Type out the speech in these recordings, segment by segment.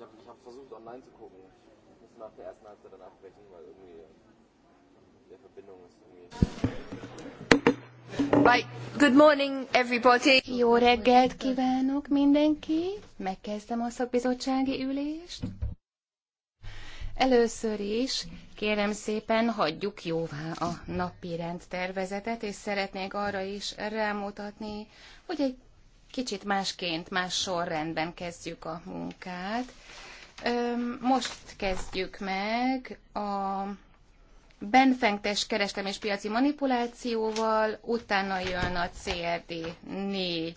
ich habe ich hab versucht online zu gucken. Ich muss nach der ersten Halbzeit dann abbrechen, weil irgendwie die Verbindung ist irgendwie. Right. Good morning, everybody. Jó reggelt kívánok mindenki. Megkezdem a szakbizottsági ülést. Először is kérem szépen hagyjuk jóvá a napi rendtervezetet, és szeretnék arra is rámutatni, hogy egy Kicsit másként, más sorrendben kezdjük a munkát. Most kezdjük meg a benfentes kerestem és piaci manipulációval, utána jön a CRD 4,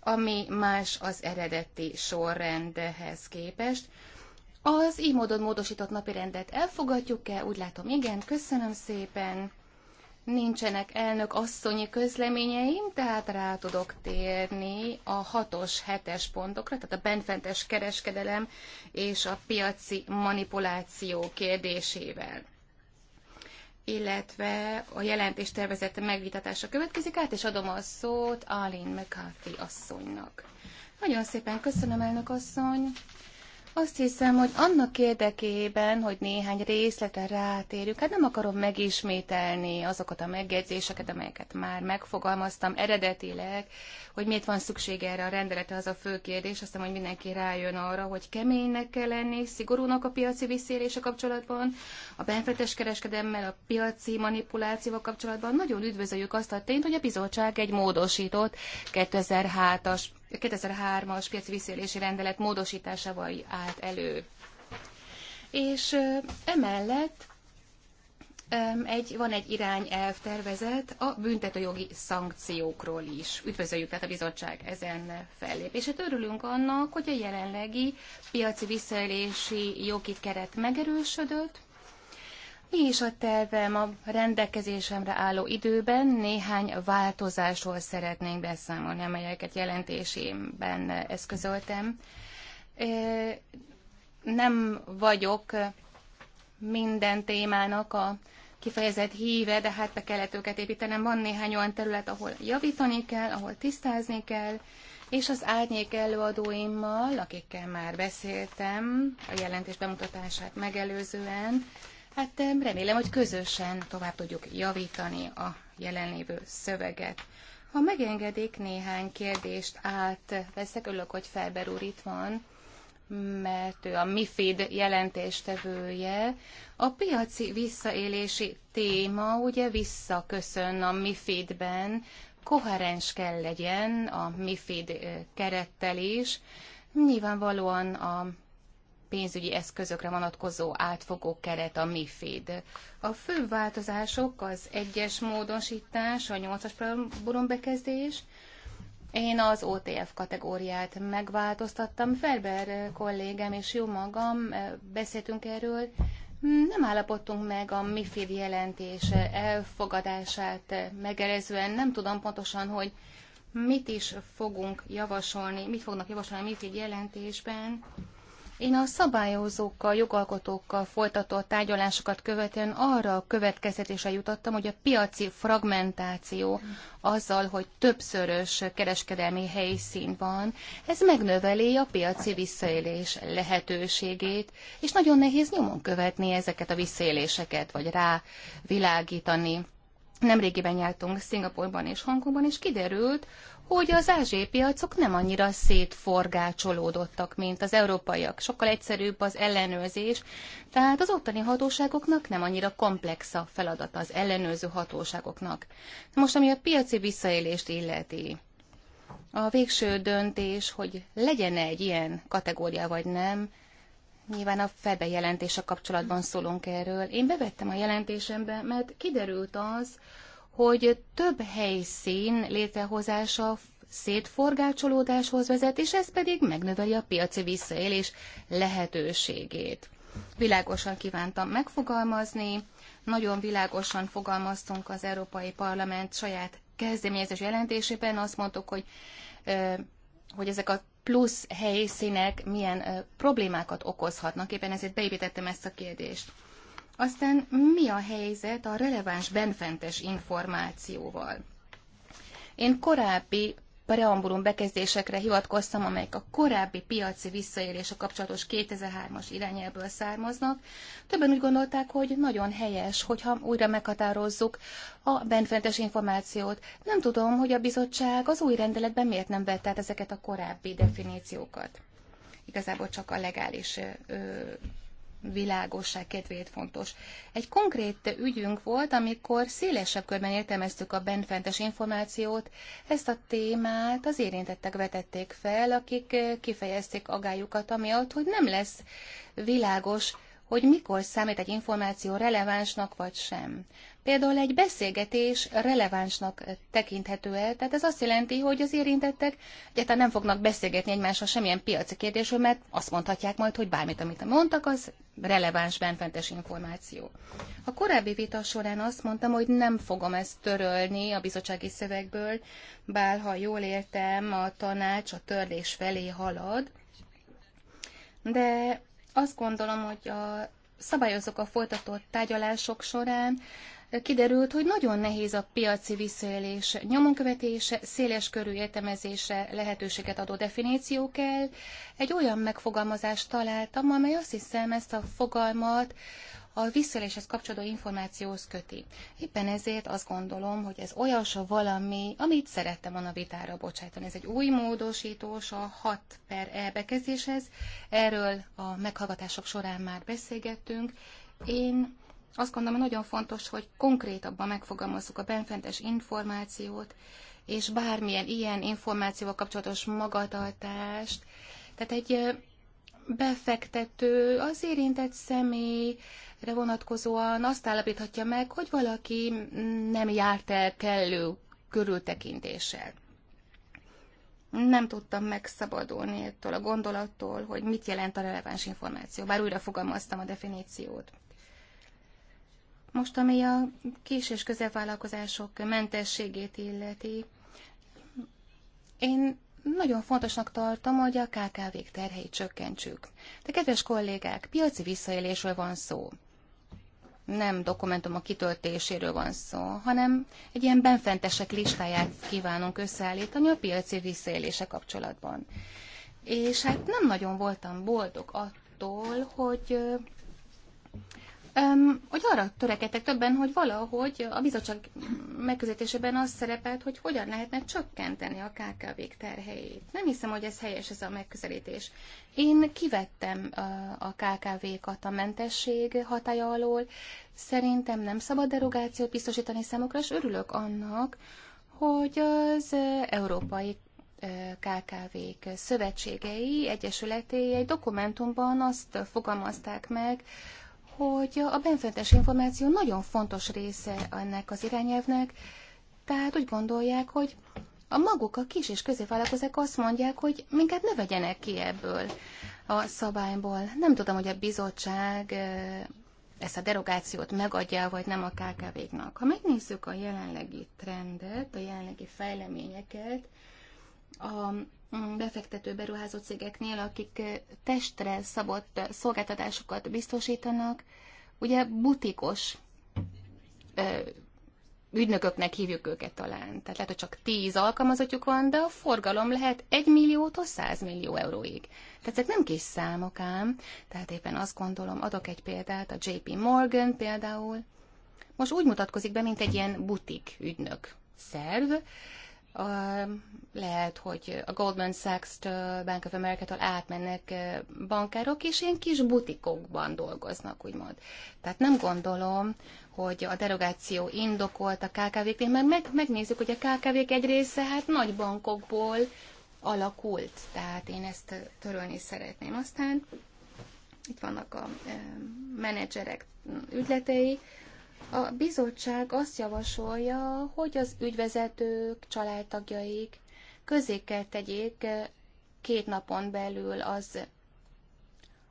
ami más az eredeti sorrendhez képest. Az így módon módosított napirendet elfogadjuk-e? Úgy látom, igen, köszönöm szépen. Nincsenek elnök asszonyi közleményeim, tehát rá tudok térni a hatos, hetes pontokra, tehát a benfentes kereskedelem és a piaci manipuláció kérdésével illetve a jelentés tervezete megvitatása következik át, és adom a szót Arlene McCarthy asszonynak. Nagyon szépen köszönöm, elnök asszony! Azt hiszem, hogy annak érdekében, hogy néhány részletre rátérjük, hát nem akarom megismételni azokat a megjegyzéseket, amelyeket már megfogalmaztam eredetileg, hogy miért van szükség erre a rendelete, az a fő kérdés. Aztán, hogy mindenki rájön arra, hogy keménynek kell lenni, szigorúnak a piaci visszérése kapcsolatban, a benfetes kereskedemmel, a piaci manipulációval kapcsolatban. Nagyon üdvözöljük azt a tényt, hogy a bizottság egy módosított 2007-as a 2003-as piaci visszaélési rendelet módosításával állt elő. És emellett egy, van egy irányelv tervezet a büntetőjogi szankciókról is. Üdvözöljük tehát a bizottság ezen fellépését. Örülünk annak, hogy a jelenlegi piaci visszaélési jogi keret megerősödött, mi is a tervem a rendelkezésemre álló időben néhány változásról szeretnénk beszámolni, amelyeket jelentésében eszközöltem. Nem vagyok minden témának a kifejezett híve, de hát be kellett őket építenem. Van néhány olyan terület, ahol javítani kell, ahol tisztázni kell, és az árnyék előadóimmal, akikkel már beszéltem a jelentés bemutatását megelőzően, Hát remélem, hogy közösen tovább tudjuk javítani a jelenlévő szöveget. Ha megengedik, néhány kérdést átveszek. Örülök, hogy Felber úr itt van, mert ő a MIFID jelentéstevője. A piaci visszaélési téma ugye visszaköszön a MIFID-ben, koherens kell legyen a MIFID kerettel is. Nyilvánvalóan a pénzügyi eszközökre vonatkozó átfogó keret, a MIFID. A fő változások az egyes módosítás, a nyolcas as bekezdés, én az OTF kategóriát megváltoztattam, Ferber kollégám és jó magam eh, beszéltünk erről, nem állapodtunk meg a MIFID jelentés elfogadását megerezően. nem tudom pontosan, hogy mit is fogunk javasolni, mit fognak javasolni a MIFID jelentésben, én a szabályozókkal, jogalkotókkal folytatott tárgyalásokat követően arra a következtetésre jutottam, hogy a piaci fragmentáció azzal, hogy többszörös kereskedelmi helyszín van, ez megnöveli a piaci visszaélés lehetőségét, és nagyon nehéz nyomon követni ezeket a visszaéléseket, vagy rávilágítani. Nemrégiben jártunk Szingapurban és Hongkongban, és kiderült, hogy az ázsiai piacok nem annyira szétforgácsolódottak, mint az európaiak. Sokkal egyszerűbb az ellenőrzés, tehát az ottani hatóságoknak nem annyira komplex a feladata az ellenőrző hatóságoknak. Most, ami a piaci visszaélést illeti, a végső döntés, hogy legyen -e egy ilyen kategória vagy nem, Nyilván a Fede jelentése kapcsolatban szólunk erről. Én bevettem a jelentésembe, mert kiderült az, hogy több helyszín létrehozása szétforgácsolódáshoz vezet, és ez pedig megnöveli a piaci visszaélés lehetőségét. Világosan kívántam megfogalmazni, nagyon világosan fogalmaztunk az Európai Parlament saját kezdeményezés jelentésében, azt mondtuk, hogy, hogy ezek a plusz helyszínek milyen problémákat okozhatnak, éppen ezért beépítettem ezt a kérdést. Aztán mi a helyzet a releváns benfentes információval? Én korábbi preambulum bekezdésekre hivatkoztam, amelyek a korábbi piaci a kapcsolatos 2003-as irányelből származnak. Többen úgy gondolták, hogy nagyon helyes, hogyha újra meghatározzuk a benfentes információt. Nem tudom, hogy a bizottság az új rendeletben miért nem vett át ezeket a korábbi definíciókat. Igazából csak a legális ö, világosság kedvéért fontos. Egy konkrét ügyünk volt, amikor szélesebb körben értelmeztük a bentfentes információt. Ezt a témát az érintettek vetették fel, akik eh, kifejezték agályukat, amiatt, hogy nem lesz világos, hogy mikor számít egy információ relevánsnak vagy sem. Például egy beszélgetés relevánsnak tekinthető el, tehát ez azt jelenti, hogy az érintettek egyáltalán nem fognak beszélgetni egymással semmilyen piaci kérdésről, mert azt mondhatják majd, hogy bármit, amit mondtak, az releváns benfentes információ. A korábbi vita során azt mondtam, hogy nem fogom ezt törölni a bizottsági szövegből, bár ha jól értem, a tanács a törlés felé halad, de azt gondolom, hogy a szabályozók a folytatott tárgyalások során kiderült, hogy nagyon nehéz a piaci visszaélés nyomonkövetése, széles körű értelmezésre lehetőséget adó definíció kell. Egy olyan megfogalmazást találtam, amely azt hiszem ezt a fogalmat a visszaéléshez kapcsolódó információhoz köti. Éppen ezért azt gondolom, hogy ez olyas a valami, amit szerettem volna vitára bocsájtani. Ez egy új módosítós a 6 per E bekezdéshez. Erről a meghallgatások során már beszélgettünk. Én azt gondolom, nagyon fontos, hogy konkrétabban megfogalmazzuk a benfentes információt, és bármilyen ilyen információval kapcsolatos magatartást. Tehát egy befektető, az érintett személyre vonatkozóan azt állapíthatja meg, hogy valaki nem járt el kellő körültekintéssel. Nem tudtam megszabadulni ettől a gondolattól, hogy mit jelent a releváns információ, bár újra fogalmaztam a definíciót. Most, ami a kis- és középvállalkozások mentességét illeti, én nagyon fontosnak tartom, hogy a KKV-k terheit csökkentsük. De kedves kollégák, piaci visszaélésről van szó. Nem dokumentumok kitöltéséről van szó, hanem egy ilyen benfentesek listáját kívánunk összeállítani a piaci visszaélése kapcsolatban. És hát nem nagyon voltam boldog attól, hogy Öm, hogy arra törekedtek többen, hogy valahogy a bizottság megközelítésében az szerepelt, hogy hogyan lehetne csökkenteni a KKV-k Nem hiszem, hogy ez helyes ez a megközelítés. Én kivettem a KKV-kat a mentesség hatája alól. Szerintem nem szabad derogációt biztosítani számukra, és örülök annak, hogy az európai KKV-k szövetségei, egyesületei egy dokumentumban azt fogalmazták meg, hogy a benfentes információ nagyon fontos része ennek az irányelvnek, tehát úgy gondolják, hogy a maguk, a kis és középvállalkozók azt mondják, hogy minket ne vegyenek ki ebből a szabályból. Nem tudom, hogy a bizottság ezt a derogációt megadja, vagy nem a KKV-knak. Ha megnézzük a jelenlegi trendet, a jelenlegi fejleményeket, a befektető beruházó cégeknél, akik testre szabott szolgáltatásokat biztosítanak, ugye butikos ügynököknek hívjuk őket talán. Tehát lehet, hogy csak tíz alkalmazottjuk van, de a forgalom lehet egy milliótól 100 millió euróig. Tehát ezek nem kis számok ám. Tehát éppen azt gondolom, adok egy példát, a JP Morgan például. Most úgy mutatkozik be, mint egy ilyen butik ügynök szerv, a, lehet, hogy a Goldman Sachs-től, Bank of America-tól átmennek bankárok, és ilyen kis butikokban dolgoznak, úgymond. Tehát nem gondolom, hogy a derogáció indokolt a KKV-knél, mert meg, megnézzük, hogy a KKV-k egy része hát nagy bankokból alakult. Tehát én ezt törölni szeretném. Aztán itt vannak a menedzserek ügyletei, a bizottság azt javasolja, hogy az ügyvezetők, családtagjaik közé kell tegyék két napon belül az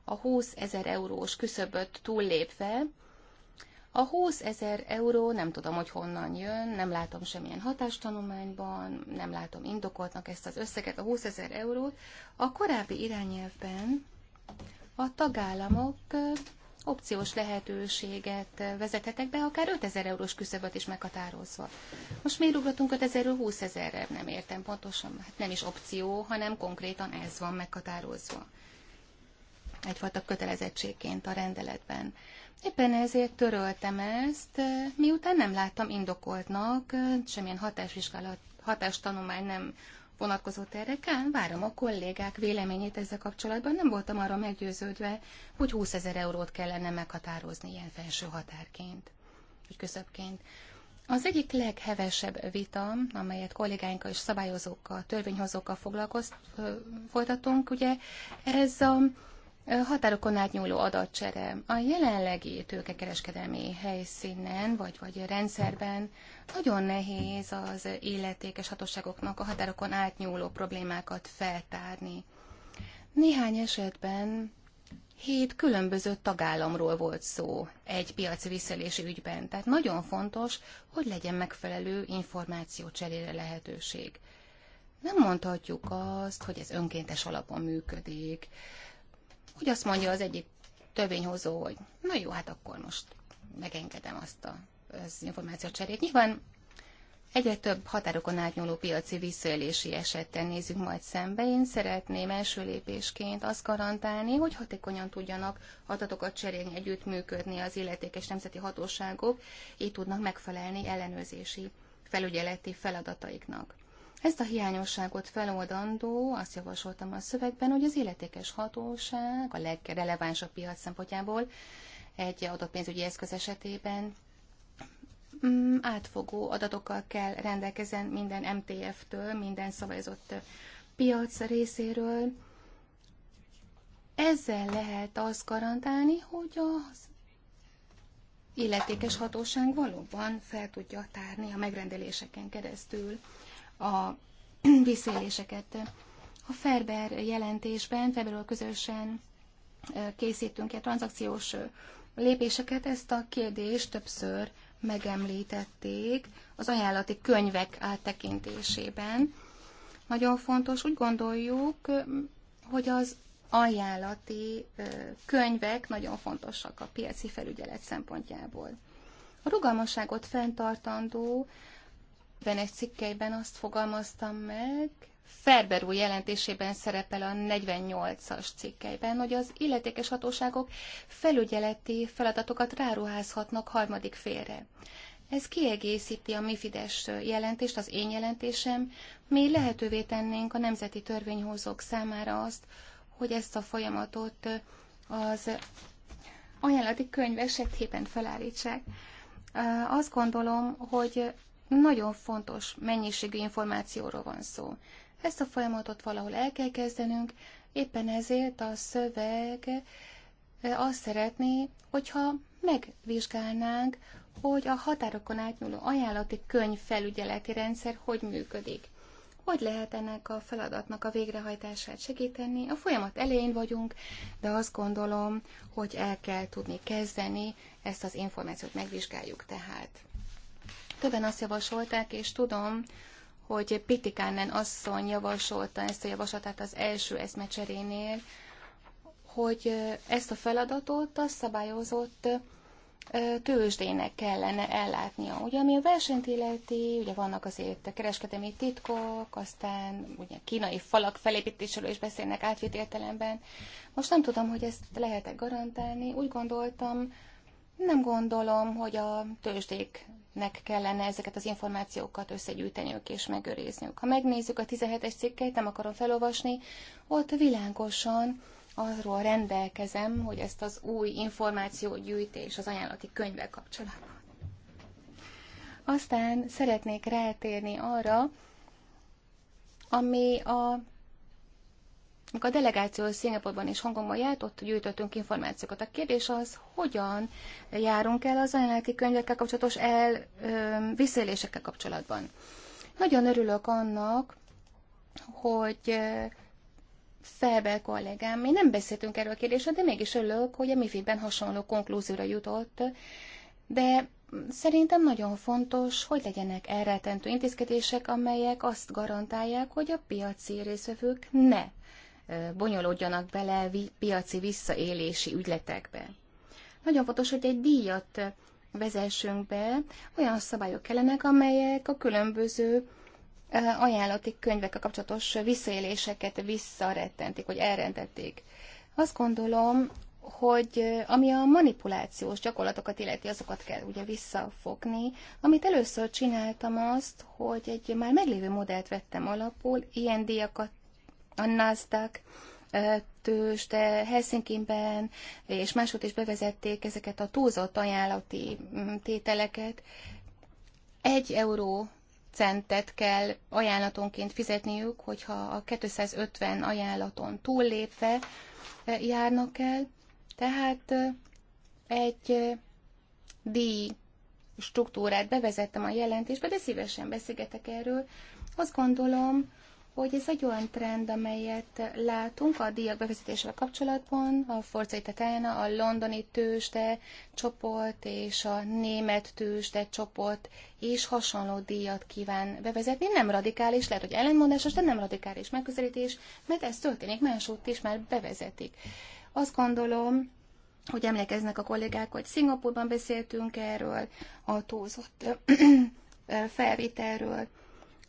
a 20 ezer eurós küszöböt túllépve. A 20 ezer euró nem tudom, hogy honnan jön, nem látom semmilyen hatástanulmányban, nem látom indokoltnak ezt az összeget, a 20 ezer eurót. A korábbi irányelvben a tagállamok opciós lehetőséget vezethetek be, akár 5000 eurós küszöböt is meghatározva. Most miért ugratunk 5000-ről 20 ezerre? Nem értem pontosan. Hát nem is opció, hanem konkrétan ez van meghatározva. Egyfajta kötelezettségként a rendeletben. Éppen ezért töröltem ezt, miután nem láttam indokoltnak, semmilyen hatásvizsgálat, hatástanulmány nem vonatkozott erre Kán, várom a kollégák véleményét ezzel kapcsolatban. Nem voltam arra meggyőződve, hogy 20 ezer eurót kellene meghatározni ilyen felső határként, vagy küszöbként. Az egyik leghevesebb vita, amelyet kollégáinkkal és szabályozókkal, törvényhozókkal foglalkozt, folytatunk, ugye ez a Határokon átnyúló adatcsere. A jelenlegi tőkekereskedelmi helyszínen, vagy, vagy rendszerben nagyon nehéz az illetékes hatóságoknak a határokon átnyúló problémákat feltárni. Néhány esetben hét különböző tagállamról volt szó egy piaci visszelési ügyben, tehát nagyon fontos, hogy legyen megfelelő információ cserére lehetőség. Nem mondhatjuk azt, hogy ez önkéntes alapon működik hogy azt mondja az egyik törvényhozó, hogy na jó, hát akkor most megengedem azt a, az cserét. Nyilván egyre több határokon átnyúló piaci visszaélési esettel nézzük majd szembe. Én szeretném első lépésként azt garantálni, hogy hatékonyan tudjanak adatokat cserélni, együttműködni az illetékes nemzeti hatóságok, így tudnak megfelelni ellenőrzési felügyeleti feladataiknak. Ezt a hiányosságot feloldandó, azt javasoltam a szövegben, hogy az életékes hatóság a legrelevánsabb piac szempontjából egy adott pénzügyi eszköz esetében mm, átfogó adatokkal kell rendelkezen minden MTF-től, minden szabályozott piac részéről. Ezzel lehet azt garantálni, hogy az illetékes hatóság valóban fel tudja tárni a megrendeléseken keresztül a visszaéléseket. A Ferber jelentésben, Ferberről közösen készítünk egy tranzakciós lépéseket, ezt a kérdést többször megemlítették az ajánlati könyvek áttekintésében. Nagyon fontos, úgy gondoljuk, hogy az ajánlati könyvek nagyon fontosak a piaci felügyelet szempontjából. A rugalmasságot fenntartandó egy cikkeiben azt fogalmaztam meg, Ferberú jelentésében szerepel a 48-as cikkeiben, hogy az illetékes hatóságok felügyeleti feladatokat ráruházhatnak harmadik félre. Ez kiegészíti a MIFIDES jelentést, az én jelentésem, mi lehetővé tennénk a nemzeti törvényhozók számára azt, hogy ezt a folyamatot az ajánlati könyv esetében felállítsák. Azt gondolom, hogy nagyon fontos mennyiségű információról van szó. Ezt a folyamatot valahol el kell kezdenünk, éppen ezért a szöveg eh, azt szeretné, hogyha megvizsgálnánk, hogy a határokon átnyúló ajánlati könyv felügyeleti rendszer hogy működik. Hogy lehet ennek a feladatnak a végrehajtását segíteni? A folyamat elején vagyunk, de azt gondolom, hogy el kell tudni kezdeni, ezt az információt megvizsgáljuk tehát. Többen azt javasolták, és tudom, hogy Pitikánen asszony javasolta ezt a javaslatát az első eszmecserénél, hogy ezt a feladatot a szabályozott tőzsdének kellene ellátnia. Ugye, ami a versenyt illeti, ugye vannak azért kereskedelmi titkok, aztán ugye kínai falak felépítéséről is beszélnek átvitt értelemben. Most nem tudom, hogy ezt lehet-e garantálni. Úgy gondoltam, nem gondolom, hogy a tőzsdéknek kellene ezeket az információkat összegyűjteniük és megőrizniük. Ha megnézzük a 17-es cikkeit, nem akarom felolvasni, ott világosan arról rendelkezem, hogy ezt az új információgyűjtés az ajánlati könyve kapcsolatban. Aztán szeretnék rátérni arra, ami a amikor a delegáció Szingapurban és Hongkongban járt, ott gyűjtöttünk információkat. A kérdés az, hogyan járunk el az ajánlati könyvekkel kapcsolatos el, visszaélésekkel kapcsolatban. Nagyon örülök annak, hogy Felbel kollégám, mi nem beszéltünk erről a kérdésről, de mégis örülök, hogy a MIFID-ben hasonló konklúzióra jutott, de szerintem nagyon fontos, hogy legyenek elretentő intézkedések, amelyek azt garantálják, hogy a piaci részvevők ne bonyolódjanak bele piaci visszaélési ügyletekbe. Nagyon fontos, hogy egy díjat vezessünk be, olyan szabályok kellenek, amelyek a különböző ajánlati könyvekkel kapcsolatos visszaéléseket visszarettentik, hogy elrendették. Azt gondolom, hogy ami a manipulációs gyakorlatokat illeti, azokat kell ugye visszafogni. Amit először csináltam azt, hogy egy már meglévő modellt vettem alapul, ilyen díjakat a NASDAQ tős, Helsinki-ben és máshogy is bevezették ezeket a túlzott ajánlati mm, tételeket. Egy euró centet kell ajánlatonként fizetniük, hogyha a 250 ajánlaton túllépve járnak el. Tehát egy díj struktúrát bevezettem a jelentésbe, de szívesen beszélgetek erről. Azt gondolom, hogy ez egy olyan trend, amelyet látunk a díjak bevezetésével kapcsolatban, a Forza Italiana, a londoni tőzsde csoport és a német tőzsde csoport és hasonló díjat kíván bevezetni. Nem radikális, lehet, hogy ellenmondásos, de nem radikális megközelítés, mert ez történik, másútt is már bevezetik. Azt gondolom, hogy emlékeznek a kollégák, hogy Szingapurban beszéltünk erről, a túlzott felvételről.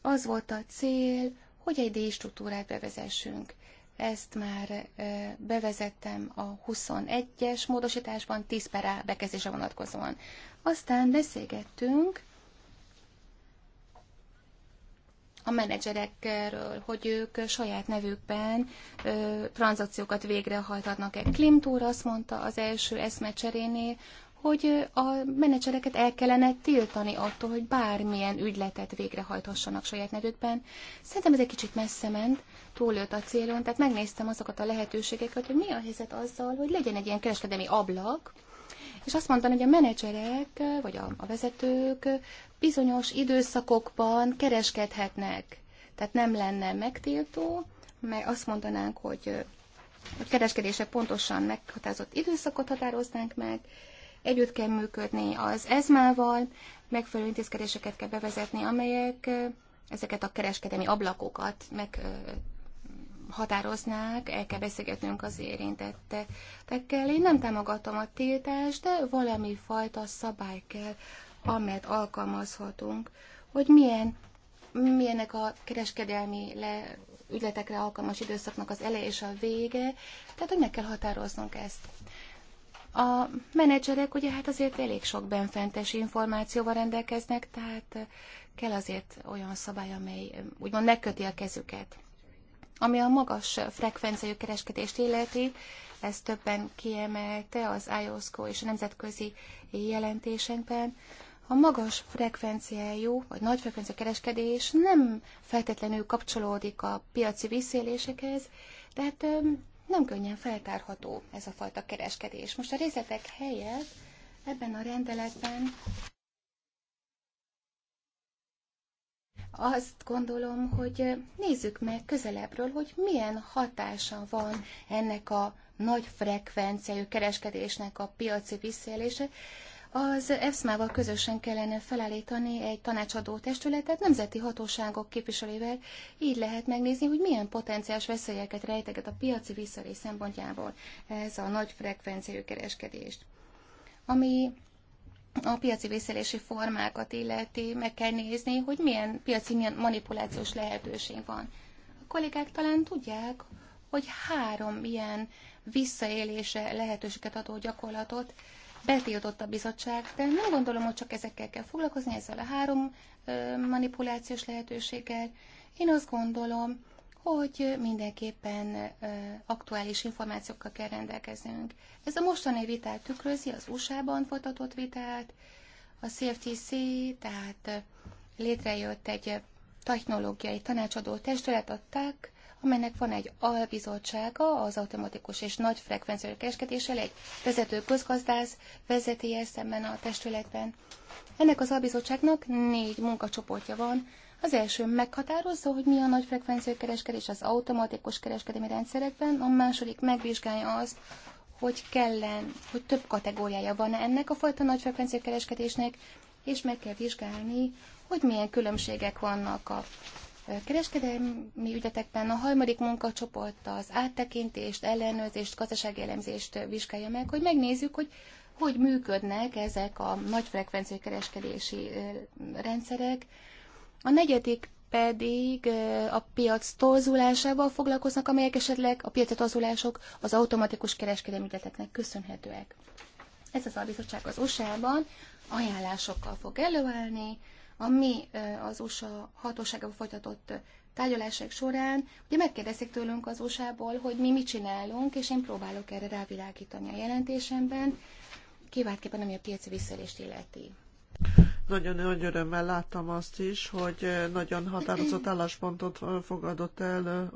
Az volt a cél, hogy egy díjstruktúrát bevezessünk. Ezt már bevezettem a 21-es módosításban 10 per A bekezdése vonatkozóan. Aztán beszélgettünk a menedzserekről, hogy ők saját nevükben ö, tranzakciókat végrehajthatnak-e. Klimtúr azt mondta az első eszmecserénél, hogy a menedzsereket el kellene tiltani attól, hogy bármilyen ügyletet végrehajthassanak saját nevükben. Szerintem ez egy kicsit messze ment, túlőtt a célon, tehát megnéztem azokat a lehetőségeket, hogy mi a helyzet azzal, hogy legyen egy ilyen kereskedemi ablak, és azt mondtam, hogy a menedzserek, vagy a, a vezetők bizonyos időszakokban kereskedhetnek. Tehát nem lenne megtiltó, mert azt mondanánk, hogy, a kereskedések pontosan meghatározott időszakot határoznánk meg, Együtt kell működni az ezmával, megfelelő intézkedéseket kell bevezetni, amelyek ezeket a kereskedelmi ablakokat meg határoznák, el kell beszélgetnünk az érintettekkel. Én nem támogatom a tiltást, de valami fajta szabály kell, amelyet alkalmazhatunk, hogy milyen, milyenek a kereskedelmi le, ügyletekre alkalmas időszaknak az eleje és a vége, tehát hogy meg kell határoznunk ezt. A menedzserek ugye hát azért elég sok benfentes információval rendelkeznek, tehát eh, kell azért olyan szabály, amely eh, úgymond megköti a kezüket. Ami a magas frekvenciájú kereskedést illeti, ezt többen kiemelte az IOSCO és a nemzetközi jelentésekben, a magas frekvenciájú vagy nagy frekvenciájú kereskedés nem feltétlenül kapcsolódik a piaci visszélésekhez, tehát nem könnyen feltárható ez a fajta kereskedés. Most a részletek helyett ebben a rendeletben azt gondolom, hogy nézzük meg közelebbről, hogy milyen hatása van ennek a nagy frekvenciájú kereskedésnek a piaci visszaélése. Az EFSMA-val közösen kellene felállítani egy tanácsadó testületet nemzeti hatóságok képviselővel, így lehet megnézni, hogy milyen potenciális veszélyeket rejteget a piaci visszalés szempontjából ez a nagy frekvenciájú kereskedést. Ami a piaci visszalési formákat illeti, meg kell nézni, hogy milyen piaci milyen manipulációs lehetőség van. A kollégák talán tudják, hogy három ilyen visszaélése lehetőséget adó gyakorlatot betiltott a bizottság, de nem gondolom, hogy csak ezekkel kell foglalkozni, ezzel a három manipulációs lehetőséggel. Én azt gondolom, hogy mindenképpen aktuális információkkal kell rendelkeznünk. Ez a mostani vitát tükrözi, az USA-ban folytatott vitát, a CFTC, tehát létrejött egy technológiai tanácsadó testület, a TAC, amelynek van egy albizottsága az automatikus és nagy frekvenciájú kereskedéssel, egy vezető közgazdász vezeti ezt szemben a testületben. Ennek az albizottságnak négy munkacsoportja van. Az első meghatározza, hogy mi a nagy frekvenciájú kereskedés az automatikus kereskedelmi rendszerekben, a második megvizsgálja azt, hogy kellen, hogy több kategóriája van -e ennek a fajta nagy frekvenciájú kereskedésnek, és meg kell vizsgálni, hogy milyen különbségek vannak a kereskedelmi ügyetekben a harmadik munkacsoport az áttekintést, ellenőrzést, gazdasági elemzést vizsgálja meg, hogy megnézzük, hogy hogy működnek ezek a nagy kereskedési rendszerek. A negyedik pedig a piac torzulásával foglalkoznak, amelyek esetleg a piaci torzulások az automatikus kereskedelmi ügyeteknek köszönhetőek. Ez az bizottság az USA-ban ajánlásokkal fog előállni, a mi az USA hatóságában folytatott tárgyalások során, ugye megkérdezik tőlünk az USA-ból, hogy mi mit csinálunk, és én próbálok erre rávilágítani a jelentésemben, kiváltképpen ami a piaci visszaélést illeti. Nagyon nagy örömmel láttam azt is, hogy nagyon határozott álláspontot fogadott el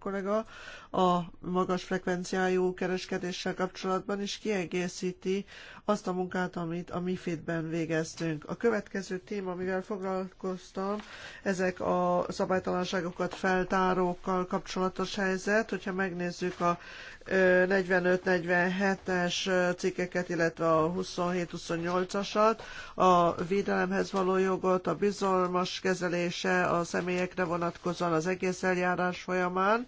kollega a magas frekvenciájú kereskedéssel kapcsolatban, is kiegészíti azt a munkát, amit a MIFID-ben végeztünk. A következő téma, amivel foglalkoztam, ezek a szabálytalanságokat feltárókkal kapcsolatos helyzet. Hogyha megnézzük a 45-47-es cikkeket, illetve a 27-28-asat, a védelemhez való jogot, a bizalmas kezelése a személyekre vonatkozóan az egész eljárás folyamán.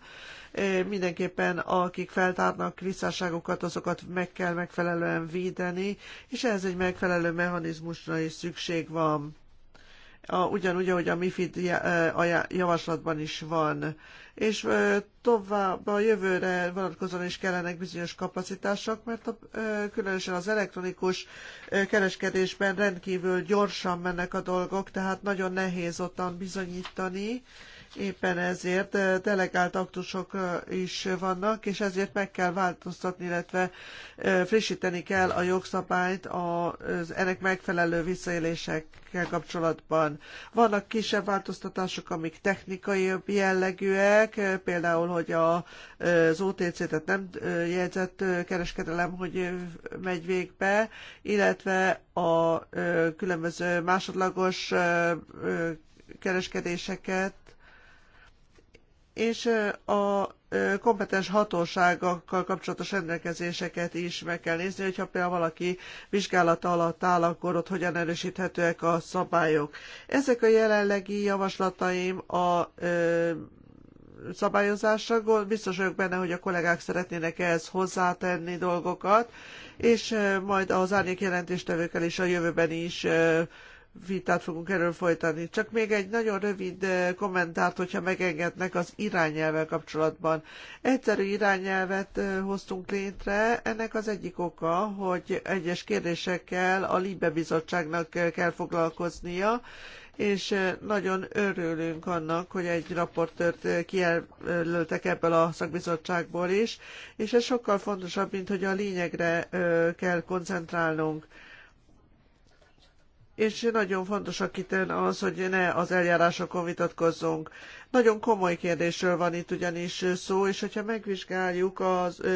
Mindenképpen akik feltárnak visszáságokat, azokat meg kell megfelelően védeni, és ehhez egy megfelelő mechanizmusra is szükség van a, ugyanúgy, ahogy a MIFID javaslatban is van. És tovább a jövőre vonatkozóan is kellenek bizonyos kapacitások, mert a, különösen az elektronikus kereskedésben rendkívül gyorsan mennek a dolgok, tehát nagyon nehéz ottan bizonyítani, Éppen ezért delegált aktusok is vannak, és ezért meg kell változtatni, illetve frissíteni kell a jogszabályt az ennek megfelelő visszaélésekkel kapcsolatban. Vannak kisebb változtatások, amik technikai jellegűek, például, hogy a, az OTC, tehát nem jegyzett kereskedelem, hogy megy végbe, illetve a különböző másodlagos kereskedéseket és a kompetens hatóságokkal kapcsolatos rendelkezéseket is meg kell nézni, hogyha például valaki vizsgálata alatt áll, akkor ott hogyan erősíthetőek a szabályok. Ezek a jelenlegi javaslataim a szabályozásra, biztos vagyok benne, hogy a kollégák szeretnének ehhez hozzátenni dolgokat, és majd az árnyék jelentéstevőkkel is a jövőben is vitát fogunk erről folytani. Csak még egy nagyon rövid kommentárt, hogyha megengednek az irányelvel kapcsolatban. Egyszerű irányelvet hoztunk létre. Ennek az egyik oka, hogy egyes kérdésekkel a Libe Bizottságnak kell foglalkoznia, és nagyon örülünk annak, hogy egy raportört kijelöltek ebből a szakbizottságból is, és ez sokkal fontosabb, mint hogy a lényegre kell koncentrálnunk és nagyon fontosak itt az, hogy ne az eljárásokon vitatkozzunk. Nagyon komoly kérdésről van itt ugyanis szó, és hogyha megvizsgáljuk az ö,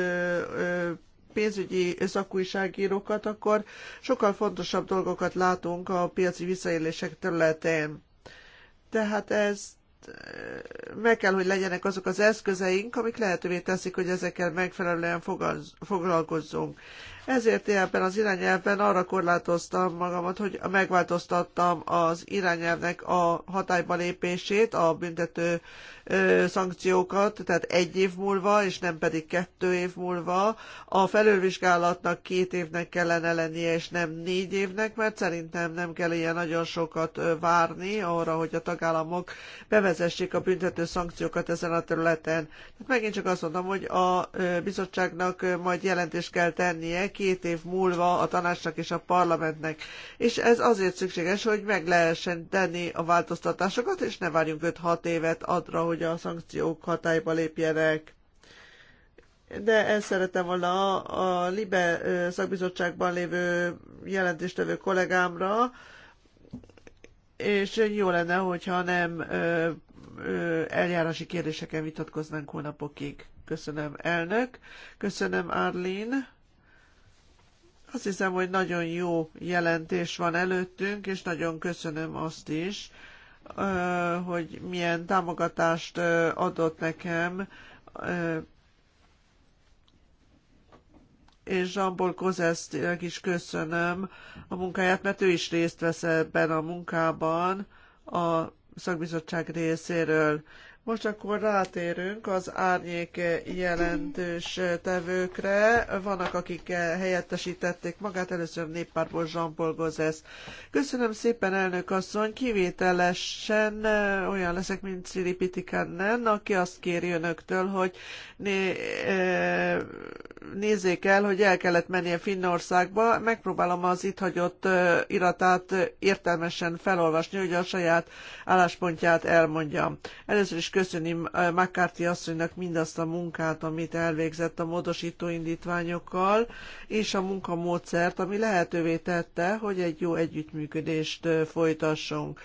ö, pénzügyi szakújságírókat, akkor sokkal fontosabb dolgokat látunk a piaci visszaélések területén. Tehát ezt meg kell, hogy legyenek azok az eszközeink, amik lehetővé teszik, hogy ezekkel megfelelően foglalkozzunk. Ezért ebben az irányelvben arra korlátoztam magamat, hogy megváltoztattam az irányelvnek a hatályba lépését, a büntető szankciókat, tehát egy év múlva, és nem pedig kettő év múlva. A felülvizsgálatnak két évnek kellene lennie, és nem négy évnek, mert szerintem nem kell ilyen nagyon sokat várni arra, hogy a tagállamok bevezessék a büntető szankciókat ezen a területen. Tehát megint csak azt mondom, hogy a bizottságnak majd jelentést kell tennie két év múlva a tanácsnak és a parlamentnek. És ez azért szükséges, hogy meg lehessen tenni a változtatásokat, és ne várjunk 5-6 évet adra, hogy a szankciók hatályba lépjenek. De ezt szeretem volna a LIBE szakbizottságban lévő jelentéstevő kollégámra, és jó lenne, hogyha nem ö, ö, eljárási kérdéseken vitatkoznánk hónapokig. Köszönöm, elnök. Köszönöm, Arlene. Azt hiszem, hogy nagyon jó jelentés van előttünk, és nagyon köszönöm azt is, hogy milyen támogatást adott nekem, és Zsambol Kozesznek is köszönöm a munkáját, mert ő is részt vesz ebben a munkában a szakbizottság részéről. Most akkor rátérünk az árnyék jelentős tevőkre. Vannak, akik helyettesítették magát, először néppárból Jean-Paul Köszönöm szépen, elnök asszony, kivételesen olyan leszek, mint Cili Pitikannen, aki azt kéri önöktől, hogy né, nézzék el, hogy el kellett a Finnországba. Megpróbálom az itt hagyott iratát értelmesen felolvasni, hogy a saját álláspontját elmondjam. Először is köszöni McCarthy asszonynak mindazt a munkát, amit elvégzett a módosító indítványokkal, és a munkamódszert, ami lehetővé tette, hogy egy jó együttműködést folytassunk.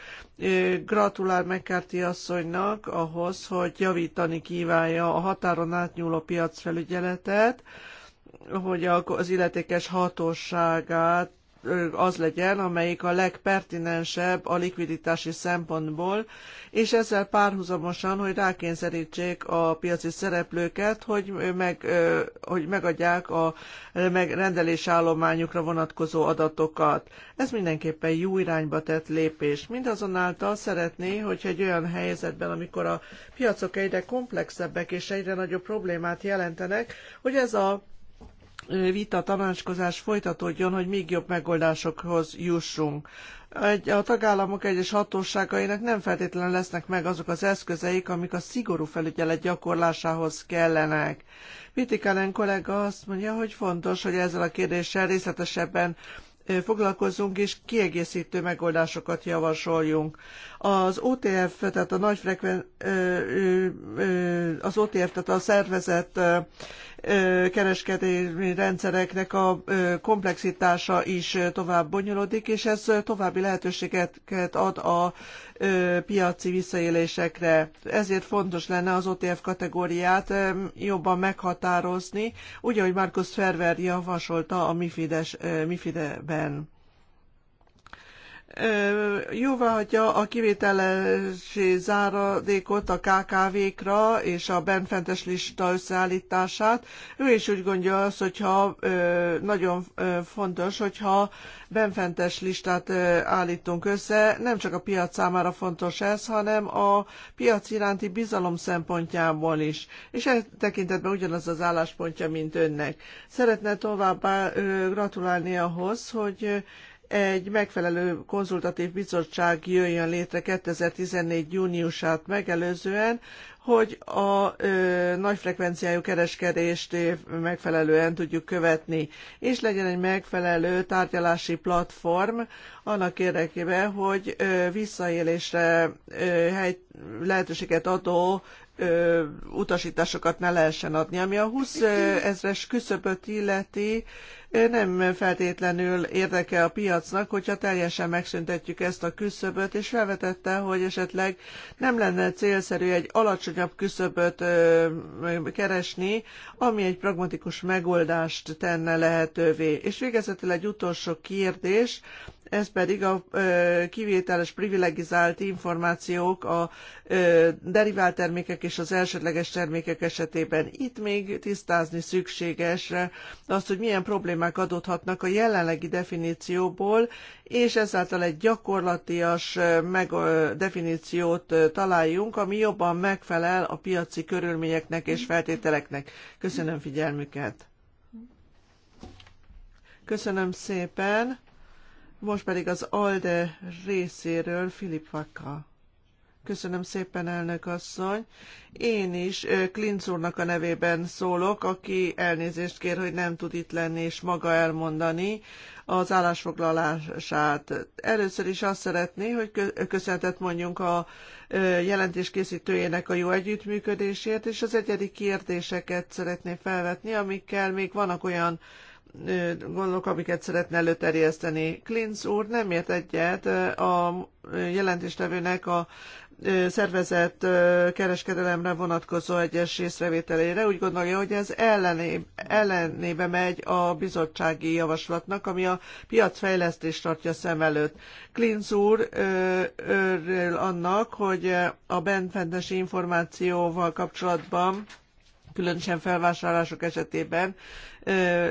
Gratulál McCarthy asszonynak ahhoz, hogy javítani kívánja a határon átnyúló piacfelügyeletet, hogy az illetékes hatóságát az legyen, amelyik a legpertinensebb a likviditási szempontból, és ezzel párhuzamosan, hogy rákényszerítsék a piaci szereplőket, hogy, meg, hogy megadják a rendelésállományukra vonatkozó adatokat. Ez mindenképpen jó irányba tett lépés. Mindazonáltal szeretné, hogyha egy olyan helyzetben, amikor a piacok egyre komplexebbek és egyre nagyobb problémát jelentenek, hogy ez a vita, tanácskozás folytatódjon, hogy még jobb megoldásokhoz jussunk. Egy, a tagállamok egyes hatóságainak nem feltétlenül lesznek meg azok az eszközeik, amik a szigorú felügyelet gyakorlásához kellenek. Vitikalen kollega azt mondja, hogy fontos, hogy ezzel a kérdéssel részletesebben foglalkozzunk és kiegészítő megoldásokat javasoljunk. Az OTF, tehát a nagy az OTF, tehát a szervezet kereskedelmi rendszereknek a komplexitása is tovább bonyolodik, és ez további lehetőségeket ad a piaci visszaélésekre. Ezért fontos lenne az OTF kategóriát jobban meghatározni, úgy, ahogy Markus Ferver javasolta a MIFID-ben jóváhagyja a kivételesi záradékot a KKV-kra és a benfentes lista összeállítását. Ő is úgy gondolja az, hogyha nagyon fontos, hogyha benfentes listát állítunk össze, nem csak a piac számára fontos ez, hanem a piac iránti bizalom szempontjából is. És e tekintetben ugyanaz az álláspontja, mint önnek. Szeretne továbbá gratulálni ahhoz, hogy egy megfelelő konzultatív bizottság jöjjön létre 2014. júniusát megelőzően, hogy a ö, nagy kereskedést megfelelően tudjuk követni, és legyen egy megfelelő tárgyalási platform annak érdekében, hogy ö, visszaélésre ö, hely, lehetőséget adó ö, utasításokat ne lehessen adni. Ami a 20 ezres küszöböt illeti, nem feltétlenül érdeke a piacnak, hogyha teljesen megszüntetjük ezt a küszöböt, és felvetette, hogy esetleg nem lenne célszerű egy alacsonyabb küszöböt ö, keresni, ami egy pragmatikus megoldást tenne lehetővé. És végezetül egy utolsó kérdés, ez pedig a kivételes privilegizált információk a derivált termékek és az elsődleges termékek esetében. Itt még tisztázni szükséges azt, hogy milyen problémák adódhatnak a jelenlegi definícióból, és ezáltal egy gyakorlatias meg, definíciót találjunk, ami jobban megfelel a piaci körülményeknek és feltételeknek. Köszönöm figyelmüket! Köszönöm szépen! Most pedig az ALDE részéről Filip Vaka. Köszönöm szépen, elnök asszony. Én is Klinc úrnak a nevében szólok, aki elnézést kér, hogy nem tud itt lenni és maga elmondani az állásfoglalását. Először is azt szeretné, hogy köszöntet mondjunk a jelentés készítőjének a jó együttműködésért, és az egyedi kérdéseket szeretné felvetni, amikkel még vannak olyan gondolok, amiket szeretne előterjeszteni. Klinz úr nem ért egyet a jelentéstevőnek a szervezett kereskedelemre vonatkozó egyes észrevételére. Úgy gondolja, hogy ez ellené, ellenébe megy a bizottsági javaslatnak, ami a piacfejlesztést tartja szem előtt. Klinz úr örül annak, hogy a benfentesi információval kapcsolatban különösen felvásárlások esetében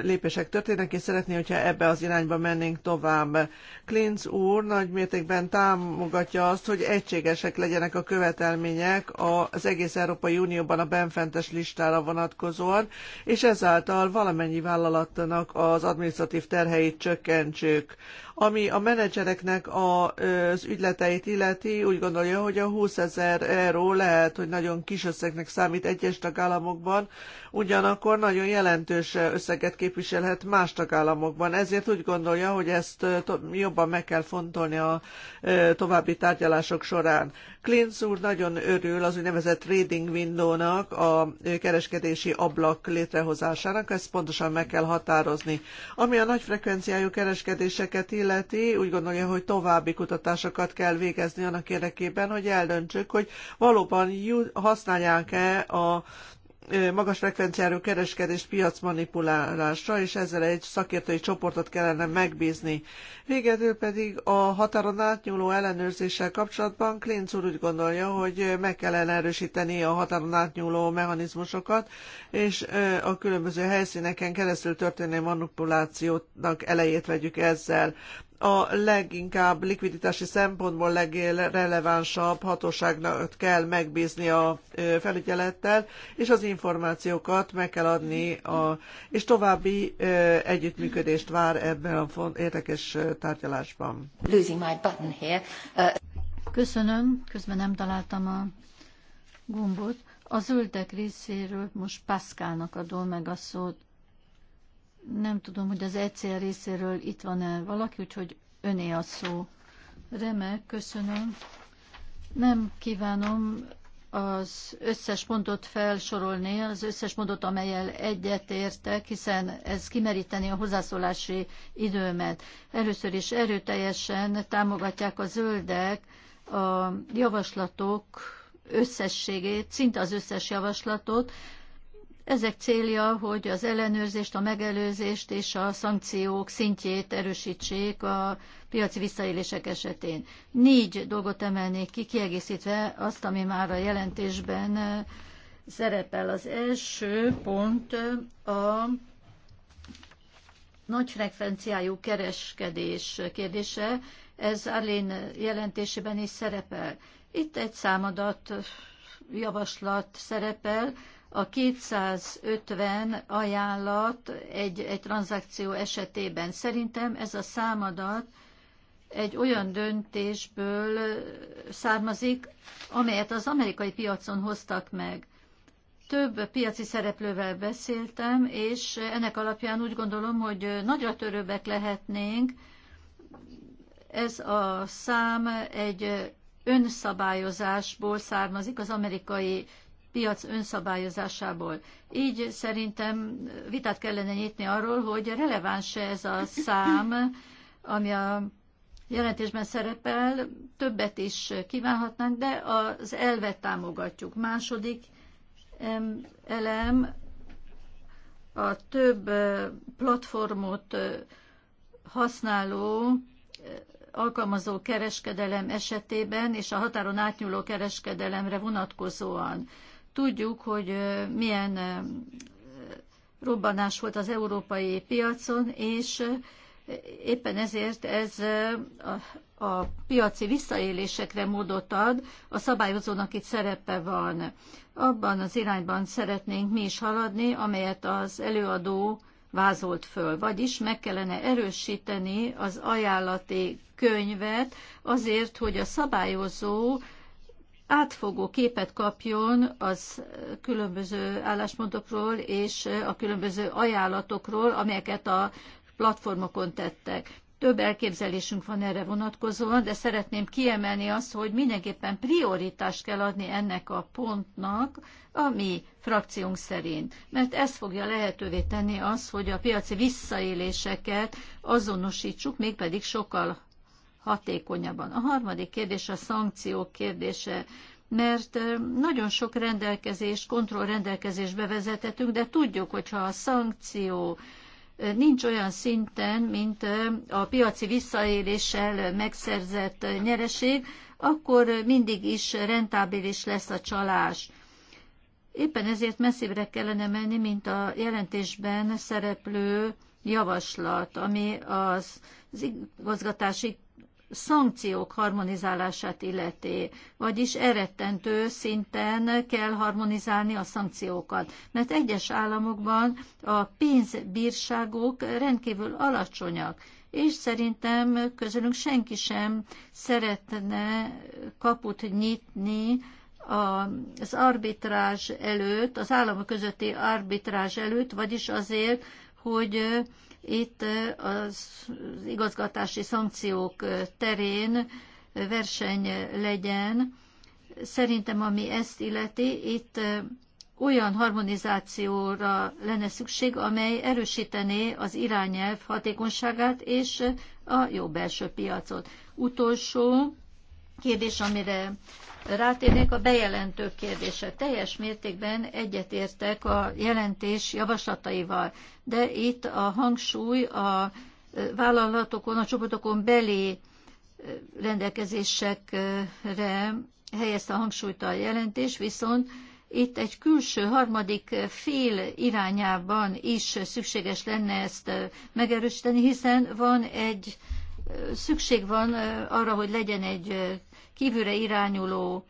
lépések történnek, és szeretné, hogyha ebbe az irányba mennénk tovább. Klinc úr nagy mértékben támogatja azt, hogy egységesek legyenek a követelmények az egész Európai Unióban a benfentes listára vonatkozóan, és ezáltal valamennyi vállalatnak az administratív terheit csökkentsük. Ami a menedzsereknek az ügyleteit illeti, úgy gondolja, hogy a 20 ezer euró lehet, hogy nagyon kis összegnek számít egyes tagállamokban, ugyanakkor nagyon jelentős összeget képviselhet más tagállamokban. Ezért úgy gondolja, hogy ezt jobban meg kell fontolni a további tárgyalások során. Klinz úr nagyon örül az úgynevezett trading window-nak, a kereskedési ablak létrehozásának, ezt pontosan meg kell határozni. Ami a nagy frekvenciájú kereskedéseket illeti, úgy gondolja, hogy további kutatásokat kell végezni annak érdekében, hogy eldöntsük, hogy valóban használják-e a magas frekvenciájú kereskedést piacmanipulálásra, és ezzel egy szakértői csoportot kellene megbízni. Végezetül pedig a határon átnyúló ellenőrzéssel kapcsolatban Klinc úr úgy gondolja, hogy meg kellene erősíteni a határon átnyúló mechanizmusokat, és a különböző helyszíneken keresztül történő manipulációnak elejét vegyük ezzel a leginkább likviditási szempontból legrelevánsabb hatóságnak kell megbízni a felügyelettel, és az információkat meg kell adni, a, és további együttműködést vár ebben a font, érdekes tárgyalásban. Uh, Köszönöm, közben nem találtam a gombot. A zöldek részéről most Pászkálnak adom meg a szót. Nem tudom, hogy az ECR részéről itt van-e valaki, úgyhogy öné a szó. Remek, köszönöm. Nem kívánom az összes pontot felsorolni, az összes pontot, amelyel egyetértek, hiszen ez kimeríteni a hozzászólási időmet. Először is erőteljesen támogatják a zöldek a javaslatok összességét, szinte az összes javaslatot, ezek célja, hogy az ellenőrzést, a megelőzést és a szankciók szintjét erősítsék a piaci visszaélések esetén. Négy dolgot emelnék ki, kiegészítve azt, ami már a jelentésben eh, szerepel. Az első pont eh, a nagy frekvenciájú kereskedés kérdése, ez Arlén jelentésében is szerepel. Itt egy számadat eh, javaslat szerepel, a 250 ajánlat egy, egy tranzakció esetében. Szerintem ez a számadat egy olyan döntésből származik, amelyet az amerikai piacon hoztak meg. Több piaci szereplővel beszéltem, és ennek alapján úgy gondolom, hogy nagyra törőbbek lehetnénk. Ez a szám egy önszabályozásból származik az amerikai piac önszabályozásából. Így szerintem vitát kellene nyitni arról, hogy releváns-e ez a szám, ami a jelentésben szerepel, többet is kívánhatnánk, de az elvet támogatjuk. Második elem a több platformot használó alkalmazó kereskedelem esetében és a határon átnyúló kereskedelemre vonatkozóan Tudjuk, hogy milyen robbanás volt az európai piacon, és éppen ezért ez a, a piaci visszaélésekre módot ad, a szabályozónak itt szerepe van. Abban az irányban szeretnénk mi is haladni, amelyet az előadó vázolt föl, vagyis meg kellene erősíteni az ajánlati könyvet azért, hogy a szabályozó átfogó képet kapjon az különböző álláspontokról és a különböző ajánlatokról, amelyeket a platformokon tettek. Több elképzelésünk van erre vonatkozóan, de szeretném kiemelni azt, hogy mindenképpen prioritást kell adni ennek a pontnak a mi frakciónk szerint, mert ez fogja lehetővé tenni azt, hogy a piaci visszaéléseket azonosítsuk, mégpedig sokkal hatékonyabban. A harmadik kérdés a szankciók kérdése, mert nagyon sok rendelkezést, kontrollrendelkezést bevezetettünk, de tudjuk, hogyha a szankció nincs olyan szinten, mint a piaci visszaéléssel megszerzett nyereség, akkor mindig is rentábilis lesz a csalás. Éppen ezért messzibbre kellene menni, mint a jelentésben szereplő javaslat, ami az, az igazgatási szankciók harmonizálását illeti, vagyis eredtentő szinten kell harmonizálni a szankciókat, mert egyes államokban a pénzbírságok rendkívül alacsonyak, és szerintem közülünk senki sem szeretne kaput nyitni az arbitrázs előtt, az államok közötti arbitrázs előtt, vagyis azért, hogy itt az igazgatási szankciók terén verseny legyen. Szerintem, ami ezt illeti, itt olyan harmonizációra lenne szükség, amely erősítené az irányelv hatékonyságát és a jó belső piacot. Utolsó kérdés, amire rátérnék, a bejelentő kérdése. Teljes mértékben egyetértek a jelentés javaslataival, de itt a hangsúly a vállalatokon, a csoportokon belé rendelkezésekre helyezte a hangsúlyt a jelentés, viszont itt egy külső harmadik fél irányában is szükséges lenne ezt megerősíteni, hiszen van egy szükség van arra, hogy legyen egy kívülre irányuló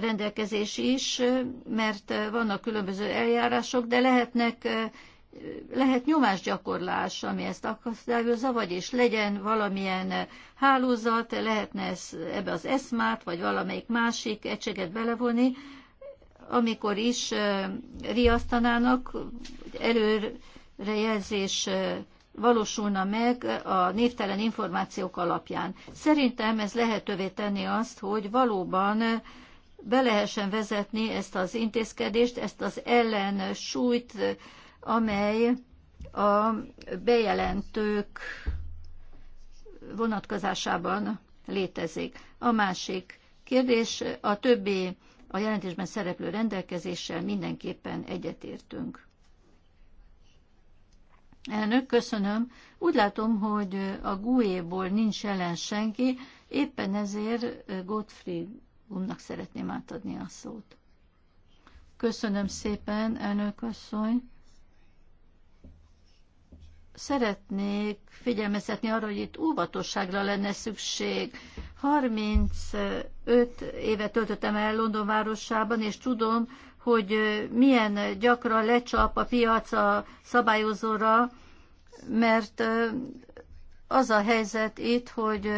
rendelkezés is, mert vannak különböző eljárások, de lehetnek lehet nyomásgyakorlás, ami ezt akadályozza, vagyis legyen valamilyen hálózat, lehetne ez, ebbe az eszmát, vagy valamelyik másik egységet belevonni, amikor is riasztanának, előrejelzés valósulna meg a névtelen információk alapján. Szerintem ez lehetővé tenni azt, hogy valóban be lehessen vezetni ezt az intézkedést, ezt az ellen amely a bejelentők vonatkozásában létezik. A másik kérdés, a többi a jelentésben szereplő rendelkezéssel mindenképpen egyetértünk. Elnök, köszönöm. Úgy látom, hogy a GUE-ból nincs jelen senki, éppen ezért Gottfried úrnak szeretném átadni a szót. Köszönöm szépen, elnök asszony. Szeretnék figyelmeztetni arra, hogy itt óvatosságra lenne szükség. 35 évet töltöttem el London városában, és tudom, hogy milyen gyakran lecsap a piac a szabályozóra, mert az a helyzet itt, hogy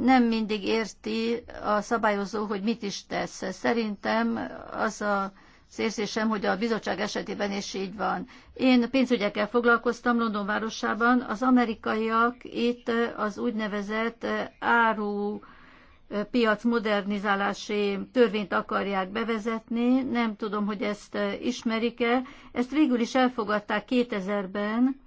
nem mindig érti a szabályozó, hogy mit is tesz. Szerintem az a az érzésem, hogy a bizottság esetében is így van. Én pénzügyekkel foglalkoztam London városában, az amerikaiak itt az úgynevezett áru piac modernizálási törvényt akarják bevezetni, nem tudom, hogy ezt ismerik-e. Ezt végül is elfogadták 2000-ben,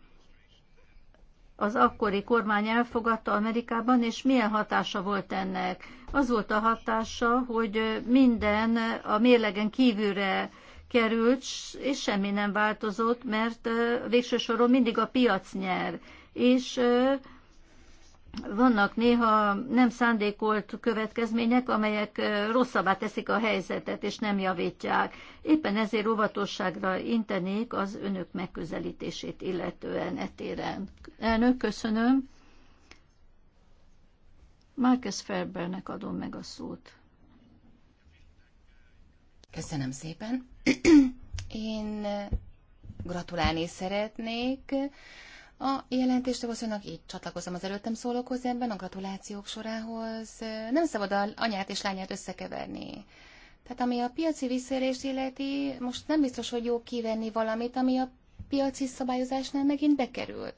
az akkori kormány elfogadta Amerikában, és milyen hatása volt ennek? Az volt a hatása, hogy minden a mérlegen kívülre került, és semmi nem változott, mert végső soron mindig a piac nyer. És vannak néha nem szándékolt következmények, amelyek rosszabbá teszik a helyzetet, és nem javítják. Éppen ezért óvatosságra intenék az önök megközelítését illetően etéren. Elnök, köszönöm. Marcus Ferbernek adom meg a szót. Köszönöm szépen. Én gratulálni szeretnék a jelentéstevőszónak így csatlakozom az előttem szólókhoz ebben a gratulációk sorához. Nem szabad a anyát és lányát összekeverni. Tehát ami a piaci visszaélést illeti, most nem biztos, hogy jó kivenni valamit, ami a piaci szabályozásnál megint bekerül.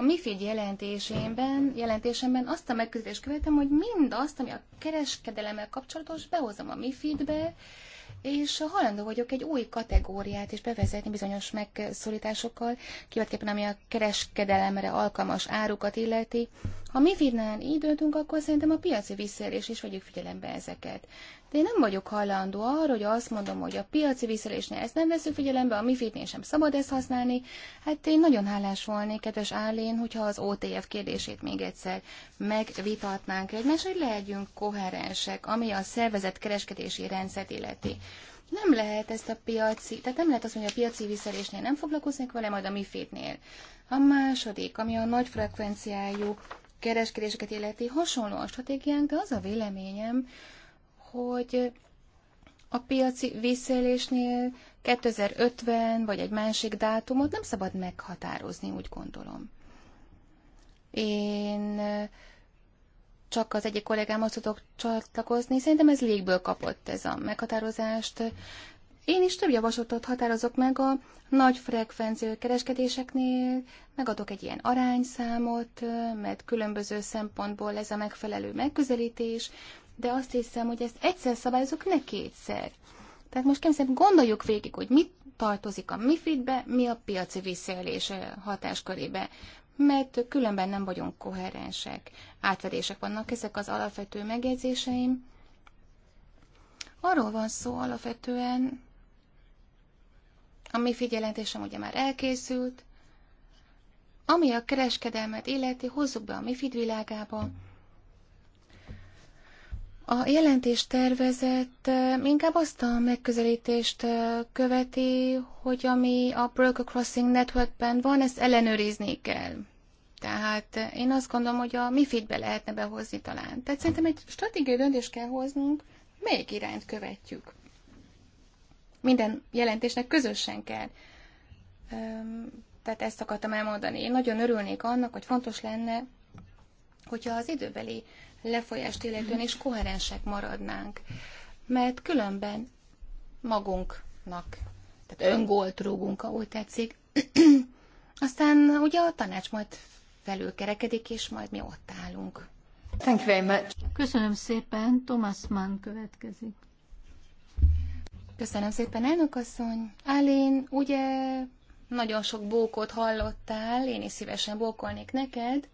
A MIFID jelentésében, jelentésemben azt a megközelítést követem, hogy mindazt, ami a kereskedelemmel kapcsolatos, behozom a MIFID-be, és hajlandó vagyok egy új kategóriát is bevezetni bizonyos megszólításokkal, kivetképpen ami a kereskedelemre alkalmas árukat illeti. Ha mi vidnán így döntünk, akkor szerintem a piaci visszaélés is vegyük figyelembe ezeket. De én nem vagyok hajlandó arra, hogy azt mondom, hogy a piaci visszaélésnél ezt nem veszük figyelembe, a mi sem szabad ezt használni. Hát én nagyon hálás volnék, kedves Állé, én, hogyha az OTF kérdését még egyszer megvitatnánk egymás, hogy legyünk koherensek, ami a szervezet kereskedési rendszert illeti. Nem lehet ezt a piaci, tehát nem lehet azt mondani, hogy a piaci visszerésnél nem foglalkoznak vele, majd a MIFID-nél. A második, ami a nagy frekvenciájú kereskedéseket illeti, hasonló a stratégiánk, de az a véleményem, hogy a piaci visszaélésnél 2050 vagy egy másik dátumot nem szabad meghatározni, úgy gondolom. Én csak az egyik kollégámhoz tudok csatlakozni. Szerintem ez légből kapott ez a meghatározást. Én is több javaslatot határozok meg a nagy frekvenciú kereskedéseknél, megadok egy ilyen arányszámot, mert különböző szempontból ez a megfelelő megközelítés, de azt hiszem, hogy ezt egyszer szabályozok, ne kétszer. Tehát most kemszebb gondoljuk végig, hogy mit tartozik a MIFID-be, mi a piaci visszaélés hatáskörébe mert különben nem vagyunk koherensek. Átfedések vannak ezek az alapvető megjegyzéseim. Arról van szó alapvetően, a mi figyelentésem ugye már elkészült, ami a kereskedelmet illeti, hozzuk be a MIFID világába, a jelentés tervezett inkább azt a megközelítést követi, hogy ami a Broker Crossing Networkben van, ezt ellenőrizni kell. Tehát én azt gondolom, hogy a MIFID-be lehetne behozni talán. Tehát szerintem egy stratégiai döntést kell hoznunk, melyik irányt követjük. Minden jelentésnek közösen kell. Tehát ezt akartam elmondani. Én nagyon örülnék annak, hogy fontos lenne, hogyha az időbeli lefolyást illetően és koherensek maradnánk, mert különben magunknak, tehát öngolt rúgunk, ahogy tetszik. Aztán ugye a tanács majd felülkerekedik, és majd mi ott állunk. Thank you very much. Köszönöm szépen, Thomas Mann következik. Köszönöm szépen, elnök asszony. Álén, ugye nagyon sok bókot hallottál, én is szívesen bókolnék neked.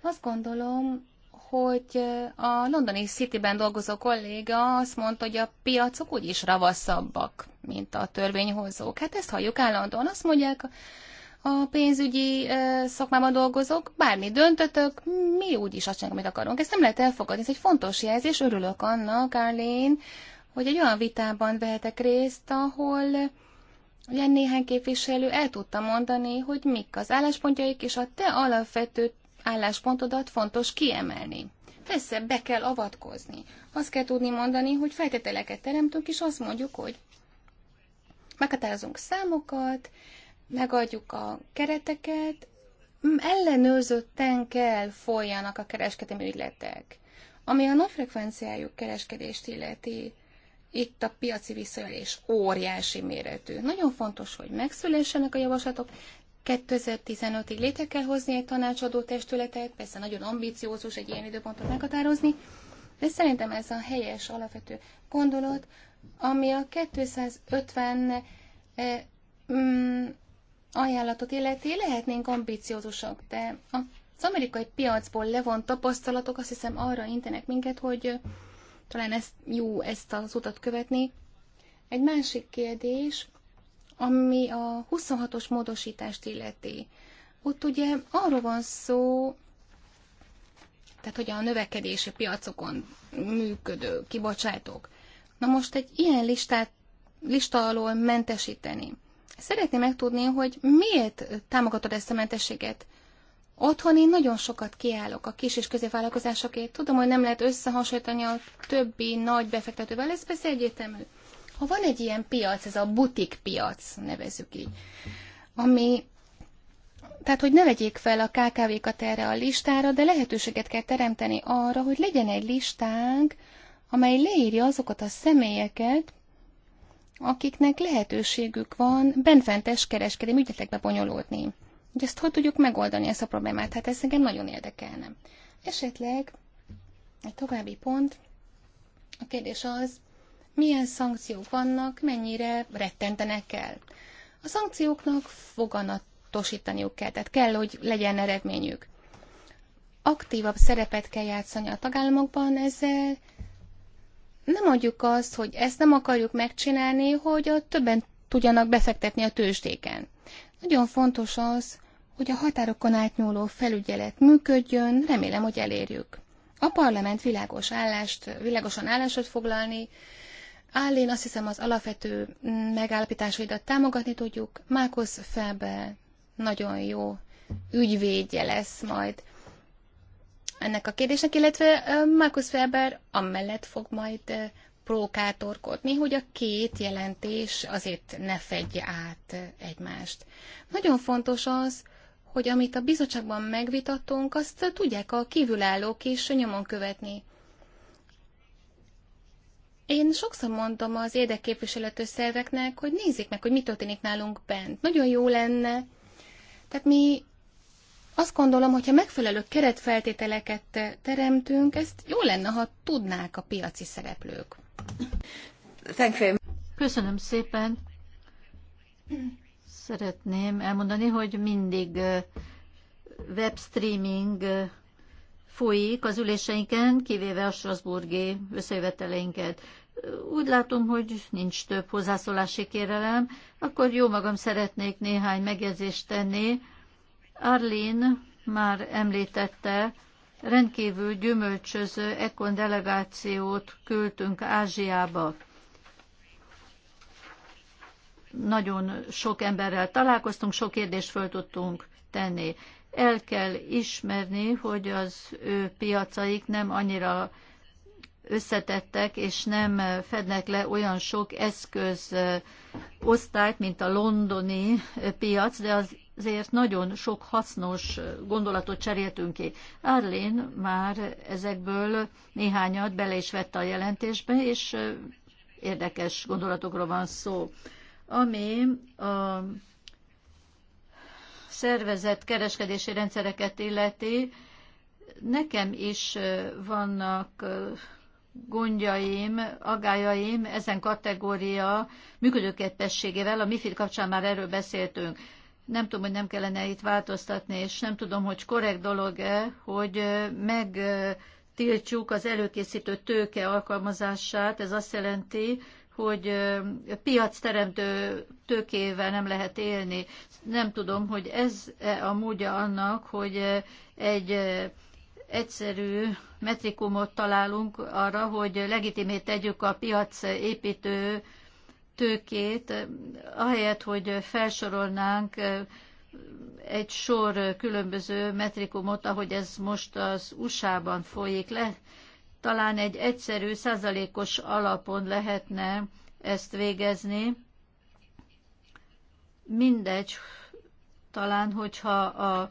Azt gondolom, hogy a londoni Cityben dolgozó kolléga azt mondta, hogy a piacok úgyis ravaszabbak, mint a törvényhozók. Hát ezt halljuk állandóan. Azt mondják a pénzügyi szakmában dolgozók, bármi döntötök, mi úgyis azt csinálunk, amit akarunk. Ezt nem lehet elfogadni, ez egy fontos jelzés. Örülök annak, Arlén, hogy egy olyan vitában vehetek részt, ahol Ugye néhány képviselő el tudta mondani, hogy mik az álláspontjaik, és a te alapvető álláspontodat fontos kiemelni. Persze, be kell avatkozni. Azt kell tudni mondani, hogy feltételeket teremtünk, és azt mondjuk, hogy meghatározunk számokat, megadjuk a kereteket, ellenőrzötten kell folyjanak a kereskedelmi ügyletek. Ami a nagyfrekvenciájuk kereskedést illeti, itt a piaci visszaélés óriási méretű. Nagyon fontos, hogy megszülessenek a javaslatok, 2015-ig létre kell hozni egy tanácsadó testületet, persze nagyon ambiciózus egy ilyen időpontot meghatározni, de szerintem ez a helyes alapvető gondolat, ami a 250 eh, mm, ajánlatot illeti, lehetnénk ambiciózusak, de az amerikai piacból levont tapasztalatok azt hiszem arra intenek minket, hogy eh, talán ez jó ezt az utat követni. Egy másik kérdés, ami a 26-os módosítást illeti, ott ugye arról van szó, tehát hogy a növekedési piacokon működő kibocsátók. Na most egy ilyen listát, lista alól mentesíteni. Szeretném megtudni, hogy miért támogatod ezt a mentességet. Otthon én nagyon sokat kiállok a kis és középvállalkozásokért. Tudom, hogy nem lehet összehasonlítani a többi nagy befektetővel, ez persze egyértelmű. Ha van egy ilyen piac, ez a butik piac, nevezük így, ami tehát, hogy ne vegyék fel a KKV-kat erre a listára, de lehetőséget kell teremteni arra, hogy legyen egy listánk, amely leírja azokat a személyeket, akiknek lehetőségük van benfentes kereskedelmi ügyletekbe bonyolódni. Hogy ezt hogy tudjuk megoldani ezt a problémát? Hát ez engem nagyon érdekelne. Esetleg egy további pont, a kérdés az, milyen szankciók vannak, mennyire rettentenek el. A szankcióknak foganatosítaniuk kell, tehát kell, hogy legyen eredményük. Aktívabb szerepet kell játszani a tagállamokban ezzel, nem adjuk azt, hogy ezt nem akarjuk megcsinálni, hogy a többen tudjanak befektetni a tőzsdéken. Nagyon fontos az, hogy a határokon átnyúló felügyelet működjön, remélem, hogy elérjük. A parlament világos állást, világosan állásot foglalni, én azt hiszem az alapvető megállapításaidat támogatni tudjuk. Márkusz Felbe nagyon jó ügyvédje lesz majd ennek a kérdésnek, illetve Markus Weber amellett fog majd prókátorkodni, hogy a két jelentés azért ne fedje át egymást. Nagyon fontos az, hogy amit a bizottságban megvitattunk, azt tudják a kívülállók is nyomon követni. Én sokszor mondom az érdekképviselető szerveknek, hogy nézzék meg, hogy mi történik nálunk bent. Nagyon jó lenne. Tehát mi azt gondolom, hogyha megfelelő keretfeltételeket teremtünk, ezt jó lenne, ha tudnák a piaci szereplők. Köszönöm szépen. Szeretném elmondani, hogy mindig webstreaming folyik az üléseinken, kivéve a Strasburgi összejöveteleinket. Úgy látom, hogy nincs több hozzászólási kérelem, akkor jó magam szeretnék néhány megjegyzést tenni. Arlin már említette, rendkívül gyümölcsöző ekon delegációt küldtünk Ázsiába. Nagyon sok emberrel találkoztunk, sok kérdést föl tudtunk tenni. El kell ismerni, hogy az ő piacaik nem annyira összetettek, és nem fednek le olyan sok eszköz osztályt, mint a londoni piac, de az ezért nagyon sok hasznos gondolatot cseréltünk ki. Arlén már ezekből néhányat bele is vette a jelentésbe, és érdekes gondolatokról van szó. Ami a szervezett kereskedési rendszereket illeti, nekem is vannak gondjaim, agájaim ezen kategória működőképességével, a MIFID kapcsán már erről beszéltünk. Nem tudom, hogy nem kellene itt változtatni, és nem tudom, hogy korrekt dolog-e, hogy megtiltjuk az előkészítő tőke alkalmazását. Ez azt jelenti, hogy piac teremtő tőkével nem lehet élni. Nem tudom, hogy ez e a módja annak, hogy egy egyszerű metrikumot találunk arra, hogy legitimé tegyük a piac építő tőkét, ahelyett, hogy felsorolnánk egy sor különböző metrikumot, ahogy ez most az USA-ban folyik le, talán egy egyszerű százalékos alapon lehetne ezt végezni. Mindegy, talán, hogyha a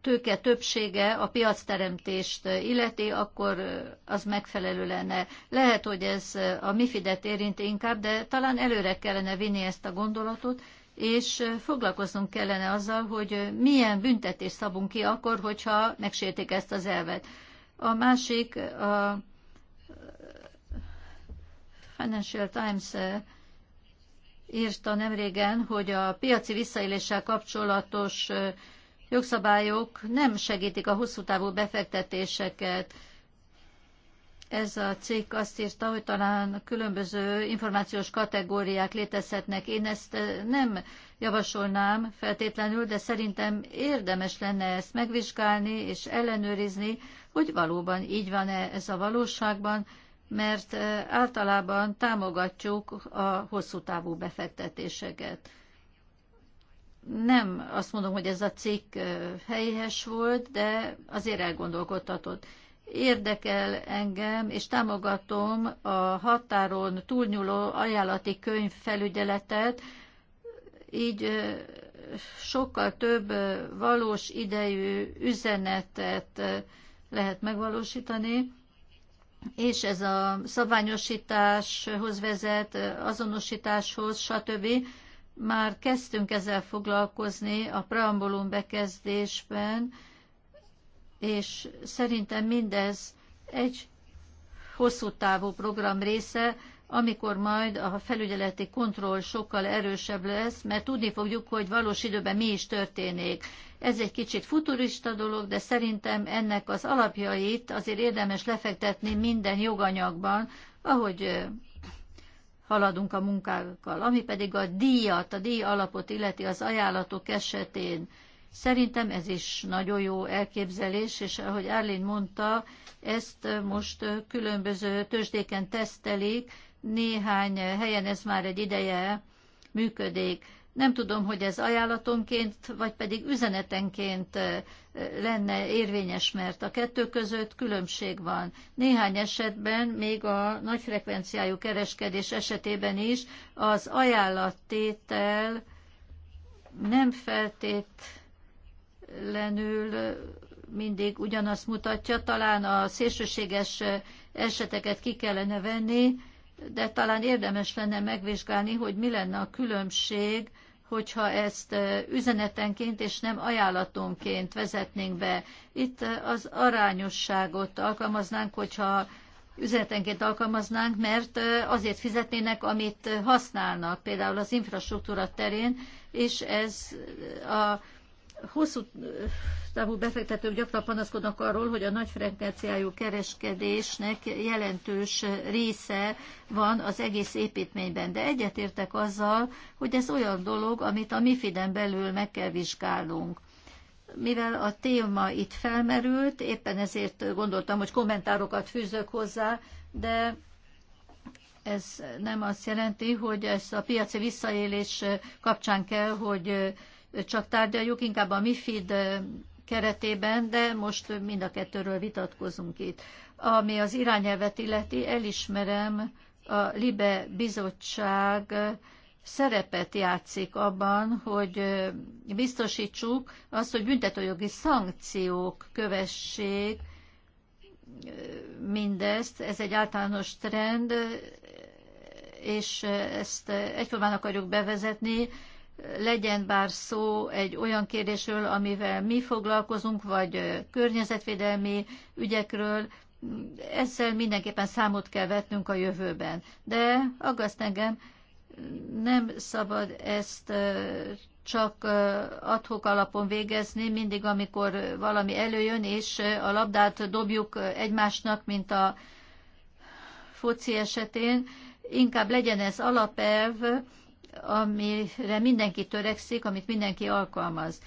tőke többsége a piacteremtést illeti, akkor az megfelelő lenne. Lehet, hogy ez a MIFID-et érinti inkább, de talán előre kellene vinni ezt a gondolatot, és foglalkoznunk kellene azzal, hogy milyen büntetést szabunk ki akkor, hogyha megsértik ezt az elvet. A másik a Financial Times eh, írta régen, hogy a piaci visszaéléssel kapcsolatos eh, jogszabályok nem segítik a hosszú távú befektetéseket. Ez a cikk azt írta, hogy talán különböző információs kategóriák létezhetnek. Én ezt eh, nem javasolnám feltétlenül, de szerintem érdemes lenne ezt megvizsgálni és ellenőrizni, hogy valóban így van-e ez a valóságban, mert eh, általában támogatjuk a hosszú távú befektetéseket. Nem azt mondom, hogy ez a cikk eh, helyes volt, de azért elgondolkodtatott. Érdekel engem, és támogatom a határon túlnyúló ajánlati könyv felügyeletet, így eh, sokkal több valós idejű üzenetet lehet megvalósítani, és ez a szabványosításhoz vezet, azonosításhoz, stb. Már kezdtünk ezzel foglalkozni a preambulum bekezdésben, és szerintem mindez egy hosszú távú program része, amikor majd a felügyeleti kontroll sokkal erősebb lesz, mert tudni fogjuk, hogy valós időben mi is történik. Ez egy kicsit futurista dolog, de szerintem ennek az alapjait azért érdemes lefektetni minden joganyagban, ahogy haladunk a munkákkal. Ami pedig a díjat, a díj alapot illeti az ajánlatok esetén, Szerintem ez is nagyon jó elképzelés, és ahogy Árlén mondta, ezt most különböző tőzsdéken tesztelik, néhány helyen ez már egy ideje működik. Nem tudom, hogy ez ajánlatonként, vagy pedig üzenetenként lenne érvényes, mert a kettő között különbség van. Néhány esetben, még a nagy frekvenciájú kereskedés esetében is, az ajánlattétel nem feltétlenül mindig ugyanazt mutatja, talán a szélsőséges eseteket ki kellene venni, de talán érdemes lenne megvizsgálni, hogy mi lenne a különbség, hogyha ezt üzenetenként és nem ajánlatonként vezetnénk be. Itt az arányosságot alkalmaznánk, hogyha üzenetenként alkalmaznánk, mert azért fizetnének, amit használnak, például az infrastruktúra terén, és ez a hosszú távú befektetők gyakran panaszkodnak arról, hogy a nagy frekvenciájú kereskedésnek jelentős része van az egész építményben. De egyetértek azzal, hogy ez olyan dolog, amit a MIFID-en belül meg kell vizsgálnunk mivel a téma itt felmerült, éppen ezért gondoltam, hogy kommentárokat fűzök hozzá, de ez nem azt jelenti, hogy ez a piaci visszaélés kapcsán kell, hogy csak tárgyaljuk, inkább a MIFID keretében, de most mind a kettőről vitatkozunk itt. Ami az irányelvet illeti, elismerem, a Libe bizottság szerepet játszik abban, hogy biztosítsuk azt, hogy büntetőjogi szankciók kövessék mindezt. Ez egy általános trend, és ezt egyformán akarjuk bevezetni legyen bár szó egy olyan kérdésről, amivel mi foglalkozunk, vagy környezetvédelmi ügyekről, ezzel mindenképpen számot kell vetnünk a jövőben. De aggaszt engem, nem szabad ezt csak adhok alapon végezni, mindig amikor valami előjön, és a labdát dobjuk egymásnak, mint a foci esetén, inkább legyen ez alapelv, amire mindenki törekszik, amit mindenki alkalmaz.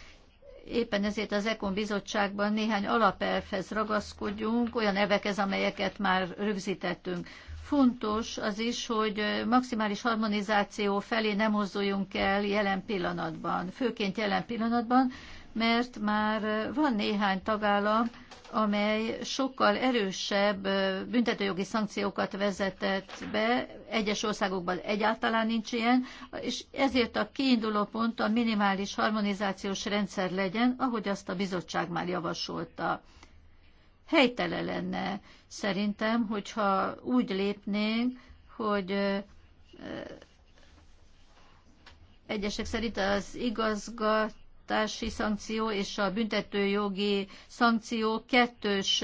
Éppen ezért az EKON bizottságban néhány alapelvhez ragaszkodjunk, olyan elvekhez, amelyeket már rögzítettünk. Fontos az is, hogy maximális harmonizáció felé nem mozduljunk el jelen pillanatban, főként jelen pillanatban, mert már van néhány tagállam, amely sokkal erősebb büntetőjogi szankciókat vezetett be, egyes országokban egyáltalán nincs ilyen, és ezért a kiinduló pont a minimális harmonizációs rendszer legyen, ahogy azt a bizottság már javasolta. Helytele lenne szerintem, hogyha úgy lépnénk, hogy egyesek szerint az igazgat foglalkoztatási szankció és a büntetőjogi szankció kettős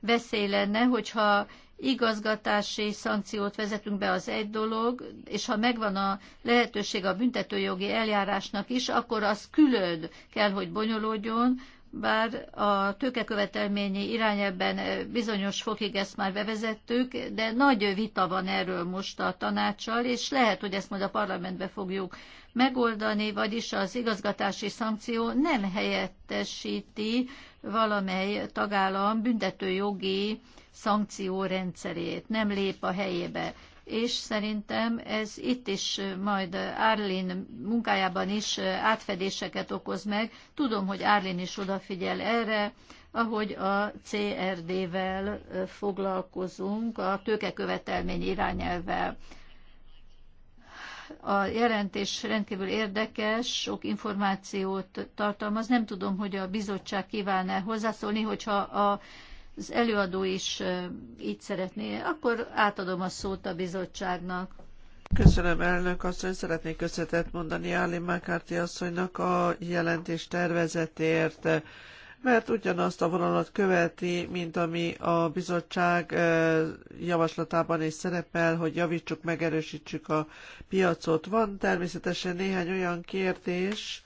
veszély lenne, hogyha igazgatási szankciót vezetünk be, az egy dolog, és ha megvan a lehetőség a büntetőjogi eljárásnak is, akkor az külön kell, hogy bonyolódjon, bár a tőkekövetelményi irányában eh, bizonyos fokig ezt már bevezettük, de nagy vita van erről most a tanácssal, és lehet, hogy ezt majd a parlamentbe fogjuk megoldani, vagyis az igazgatási szankció nem helyettesíti valamely tagállam büntetőjogi szankciórendszerét, nem lép a helyébe és szerintem ez itt is majd Árlin munkájában is átfedéseket okoz meg. Tudom, hogy Árlin is odafigyel erre, ahogy a CRD-vel foglalkozunk, a tőkekövetelmény irányelvvel. A jelentés rendkívül érdekes, sok információt tartalmaz. Nem tudom, hogy a bizottság kíván-e hozzászólni, hogyha a az előadó is így szeretné, akkor átadom a szót a bizottságnak. Köszönöm, elnök asszony, szeretnék köszönetet mondani Áli Mákárti asszonynak a jelentés tervezetért, mert ugyanazt a vonalat követi, mint ami a bizottság javaslatában is szerepel, hogy javítsuk, megerősítsük a piacot. Van természetesen néhány olyan kérdés,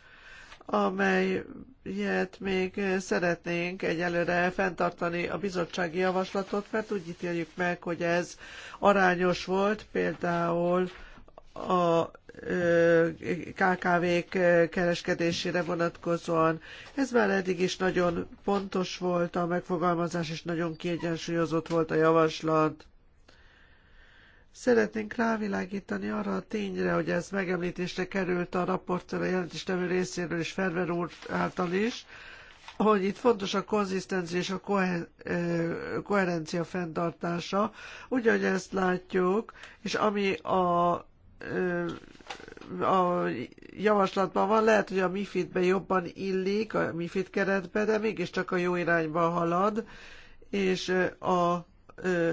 amely ilyet még szeretnénk egyelőre fenntartani a bizottsági javaslatot, mert úgy ítéljük meg, hogy ez arányos volt például a KKV-k kereskedésére vonatkozóan. Ez már eddig is nagyon pontos volt, a megfogalmazás is nagyon kiegyensúlyozott volt a javaslat. Szeretnénk rávilágítani arra a tényre, hogy ez megemlítésre került a raportőr a jelentéstevő részéről és Ferver úr által is, hogy itt fontos a konzisztencia és a koherencia fenntartása, ugyanegy ezt látjuk, és ami a, a javaslatban van, lehet, hogy a MIFID-be jobban illik, a MIFID keretbe, de mégiscsak a jó irányba halad, és a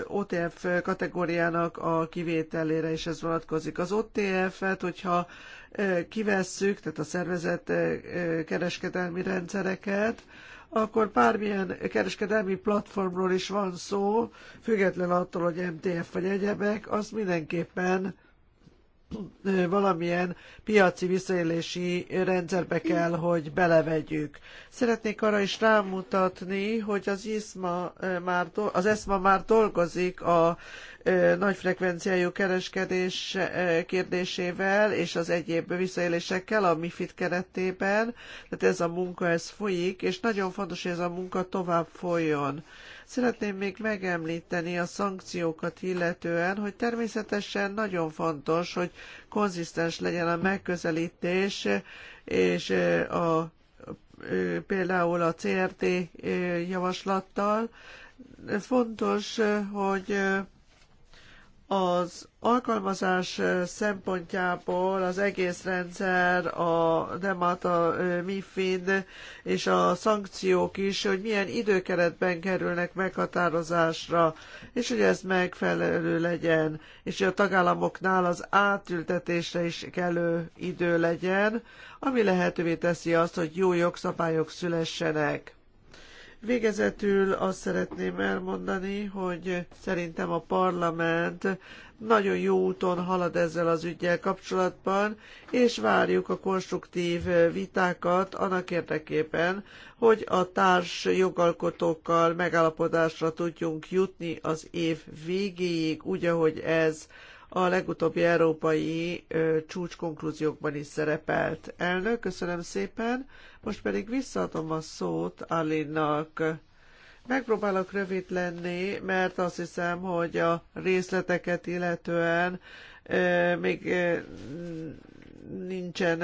OTF kategóriának a kivételére is ez vonatkozik. Az OTF-et, hogyha kivesszük, tehát a szervezet kereskedelmi rendszereket, akkor bármilyen kereskedelmi platformról is van szó, független attól, hogy MTF vagy egyebek, az mindenképpen valamilyen piaci visszaélési rendszerbe kell, hogy belevegyük. Szeretnék arra is rámutatni, hogy az, ISMA már, az ESMA már dolgozik a nagy frekvenciájú kereskedés kérdésével és az egyéb visszaélésekkel a MIFID keretében. Tehát ez a munka, ez folyik, és nagyon fontos, hogy ez a munka tovább folyjon Szeretném még megemlíteni a szankciókat illetően, hogy természetesen nagyon fontos, hogy konzisztens legyen a megközelítés, és a, például a CRT javaslattal. Fontos, hogy az alkalmazás eh, szempontjából az egész rendszer, a NEMAT, a eh, MIFIN és a szankciók is, hogy milyen időkeretben kerülnek meghatározásra, és hogy ez megfelelő legyen, és hogy a tagállamoknál az átültetésre is kellő idő legyen, ami lehetővé teszi azt, hogy jó jogszabályok szülessenek. Végezetül azt szeretném elmondani, hogy szerintem a parlament nagyon jó úton halad ezzel az ügyel kapcsolatban, és várjuk a konstruktív vitákat annak érdekében, hogy a társ jogalkotókkal megállapodásra tudjunk jutni az év végéig, úgy, ahogy ez a legutóbbi európai csúcskonklúziókban is szerepelt. Elnök, köszönöm szépen. Most pedig visszaadom a szót Alinnak. Megpróbálok rövid lenni, mert azt hiszem, hogy a részleteket illetően euh, még euh, nincsen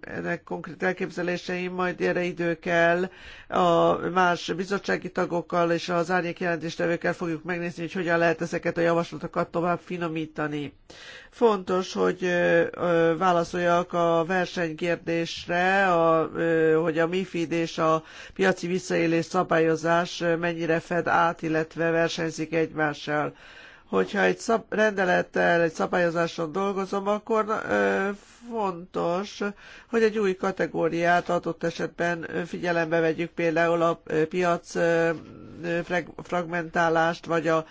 ennek konkrét elképzeléseim, majd erre idő kell. A más bizottsági tagokkal és az árnyék jelentéstevőkkel fogjuk megnézni, hogy hogyan lehet ezeket a javaslatokat tovább finomítani. Fontos, hogy válaszoljak a versenykérdésre, a, hogy a MIFID és a piaci visszaélés szabályozás mennyire fed át, illetve versenyzik egymással hogyha egy szab- rendelettel, egy szabályozáson dolgozom, akkor ö, fontos, hogy egy új kategóriát adott esetben figyelembe vegyük, például a piac fragmentálást, vagy a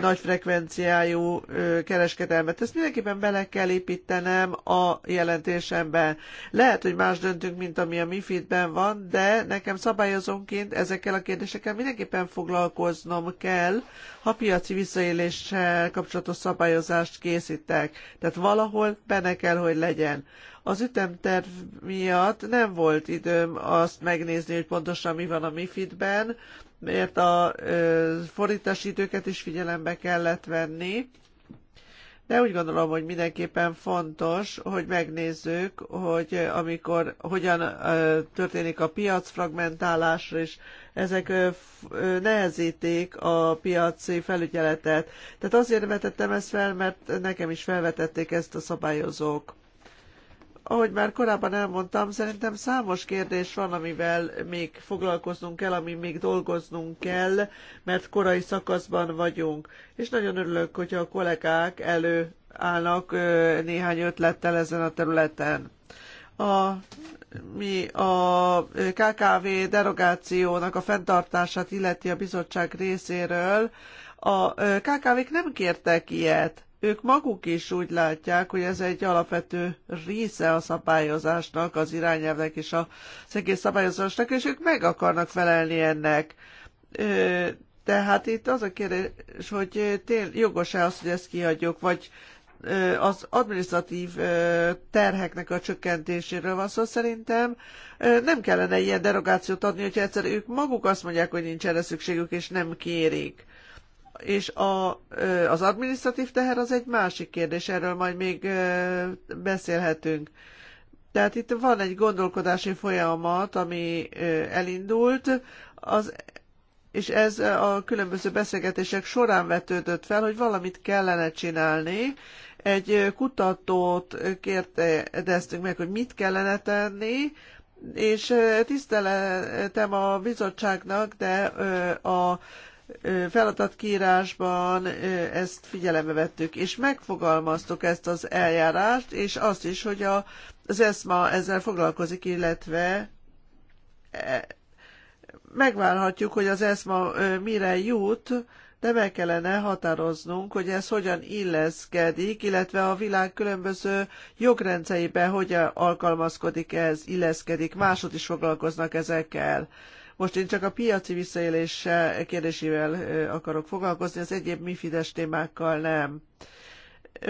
nagy frekvenciájú kereskedelmet. Ezt mindenképpen bele kell építenem a jelentésemben. Lehet, hogy más döntünk, mint ami a MIFID-ben van, de nekem szabályozónként ezekkel a kérdésekkel mindenképpen foglalkoznom kell, ha piaci visszaéléssel kapcsolatos szabályozást készítek. Tehát valahol benne kell, hogy legyen. Az ütemterv miatt nem volt időm azt megnézni, hogy pontosan mi van a MIFID-ben, mert a fordítási időket is figyelembe kellett venni. De úgy gondolom, hogy mindenképpen fontos, hogy megnézzük, hogy amikor hogyan történik a piac fragmentálás, és ezek nehezítik a piaci felügyeletet. Tehát azért vetettem ezt fel, mert nekem is felvetették ezt a szabályozók. Ahogy már korábban elmondtam, szerintem számos kérdés van, amivel még foglalkoznunk kell, ami még dolgoznunk kell, mert korai szakaszban vagyunk. És nagyon örülök, hogyha a kollégák előállnak néhány ötlettel ezen a területen. A, mi a KKV derogációnak a fenntartását illeti a bizottság részéről, a KKV-k nem kértek ilyet ők maguk is úgy látják, hogy ez egy alapvető része a szabályozásnak, az irányelvnek és a egész szabályozásnak, és ők meg akarnak felelni ennek. Tehát itt az a kérdés, hogy jogos-e az, hogy ezt kihagyjuk, vagy az administratív terheknek a csökkentéséről van szó, szóval szerintem nem kellene ilyen derogációt adni, hogyha egyszer ők maguk azt mondják, hogy nincs erre szükségük, és nem kérik és a, az administratív teher az egy másik kérdés, erről majd még beszélhetünk. Tehát itt van egy gondolkodási folyamat, ami elindult, az, és ez a különböző beszélgetések során vetődött fel, hogy valamit kellene csinálni. Egy kutatót kérdeztünk meg, hogy mit kellene tenni, és tiszteletem a bizottságnak, de a feladatkírásban ezt figyelembe vettük, és megfogalmaztuk ezt az eljárást, és azt is, hogy a, az ESMA ezzel foglalkozik, illetve e, megvárhatjuk, hogy az ESMA mire jut, de meg kellene határoznunk, hogy ez hogyan illeszkedik, illetve a világ különböző jogrendszeibe hogyan alkalmazkodik ez, illeszkedik, másod is foglalkoznak ezekkel. Most én csak a piaci visszaélés kérdésével akarok foglalkozni, az egyéb mifides témákkal nem.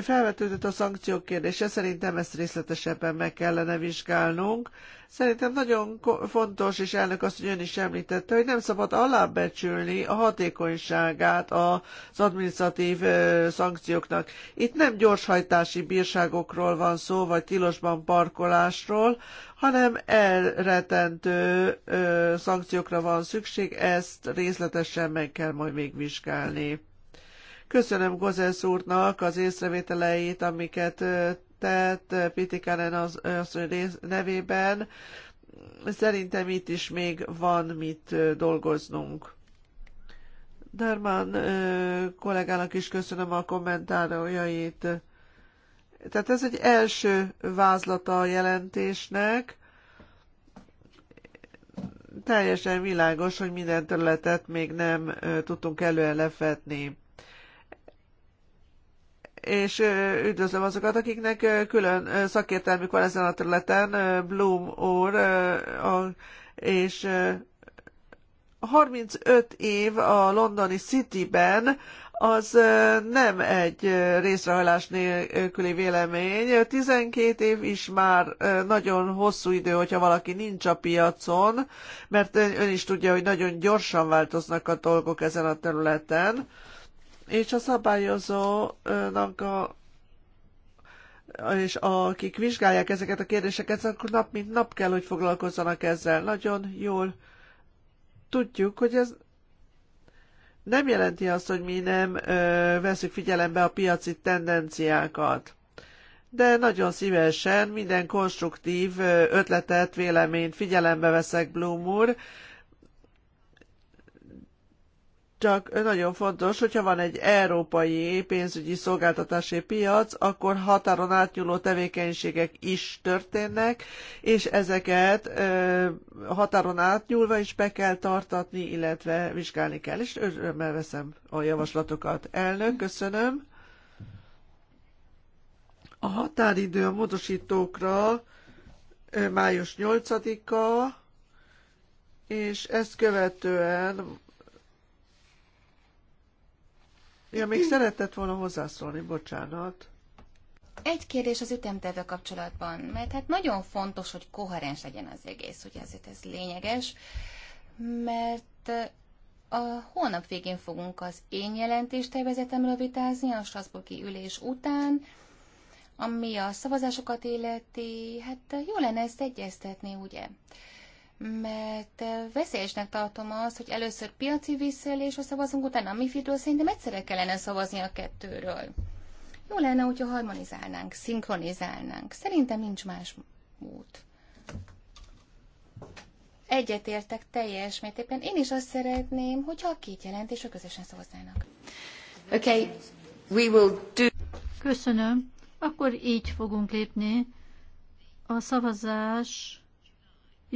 Felvetődött a szankciók kérdése, szerintem ezt részletesebben meg kellene vizsgálnunk. Szerintem nagyon fontos, és elnök azt, hogy ön is említette, hogy nem szabad alábecsülni a hatékonyságát az administratív szankcióknak. Itt nem gyorshajtási bírságokról van szó, vagy tilosban parkolásról, hanem elretentő szankciókra van szükség, ezt részletesen meg kell majd még vizsgálni. Köszönöm Gozesz úrnak az észrevételeit, amiket tett Pitikánen az, az nevében. Szerintem itt is még van mit dolgoznunk. Darman kollégának is köszönöm a kommentárójait. Tehát ez egy első vázlata a jelentésnek. Teljesen világos, hogy minden területet még nem tudtunk elően lefetni és üdvözlöm azokat, akiknek külön szakértelmük van ezen a területen, Bloom úr, és 35 év a londoni Cityben az nem egy részrehajlás nélküli vélemény. 12 év is már nagyon hosszú idő, hogyha valaki nincs a piacon, mert ön is tudja, hogy nagyon gyorsan változnak a dolgok ezen a területen és a szabályozónak a és akik vizsgálják ezeket a kérdéseket, akkor nap mint nap kell, hogy foglalkozzanak ezzel. Nagyon jól tudjuk, hogy ez nem jelenti azt, hogy mi nem ö, veszük figyelembe a piaci tendenciákat. De nagyon szívesen minden konstruktív ötletet, véleményt figyelembe veszek, Blumur. úr, csak nagyon fontos, hogyha van egy európai pénzügyi szolgáltatási piac, akkor határon átnyúló tevékenységek is történnek, és ezeket határon átnyúlva is be kell tartatni, illetve vizsgálni kell. És örömmel veszem a javaslatokat. Elnök, köszönöm. A határidő a módosítókra május 8-a, és ezt követően Ja, még szeretett volna hozzászólni, bocsánat. Egy kérdés az ütemterve kapcsolatban, mert hát nagyon fontos, hogy koherens legyen az egész, ugye ezért ez lényeges, mert eh, a hónap végén fogunk az én jelentéstervezetemről vitázni a Strasburgi ülés után, ami a szavazásokat illeti, hát jó lenne ezt egyeztetni, ugye? mert veszélyesnek tartom azt, hogy először piaci visszaélésre szavazunk, utána a MIFID-ről szerintem egyszerre kellene szavazni a kettőről. Jó lenne, hogyha harmonizálnánk, szinkronizálnánk. Szerintem nincs más mód. Egyetértek teljes mértékben. Én is azt szeretném, hogyha a két jelentésre közösen szavaznának. Okay, we will do... Köszönöm. Akkor így fogunk lépni. A szavazás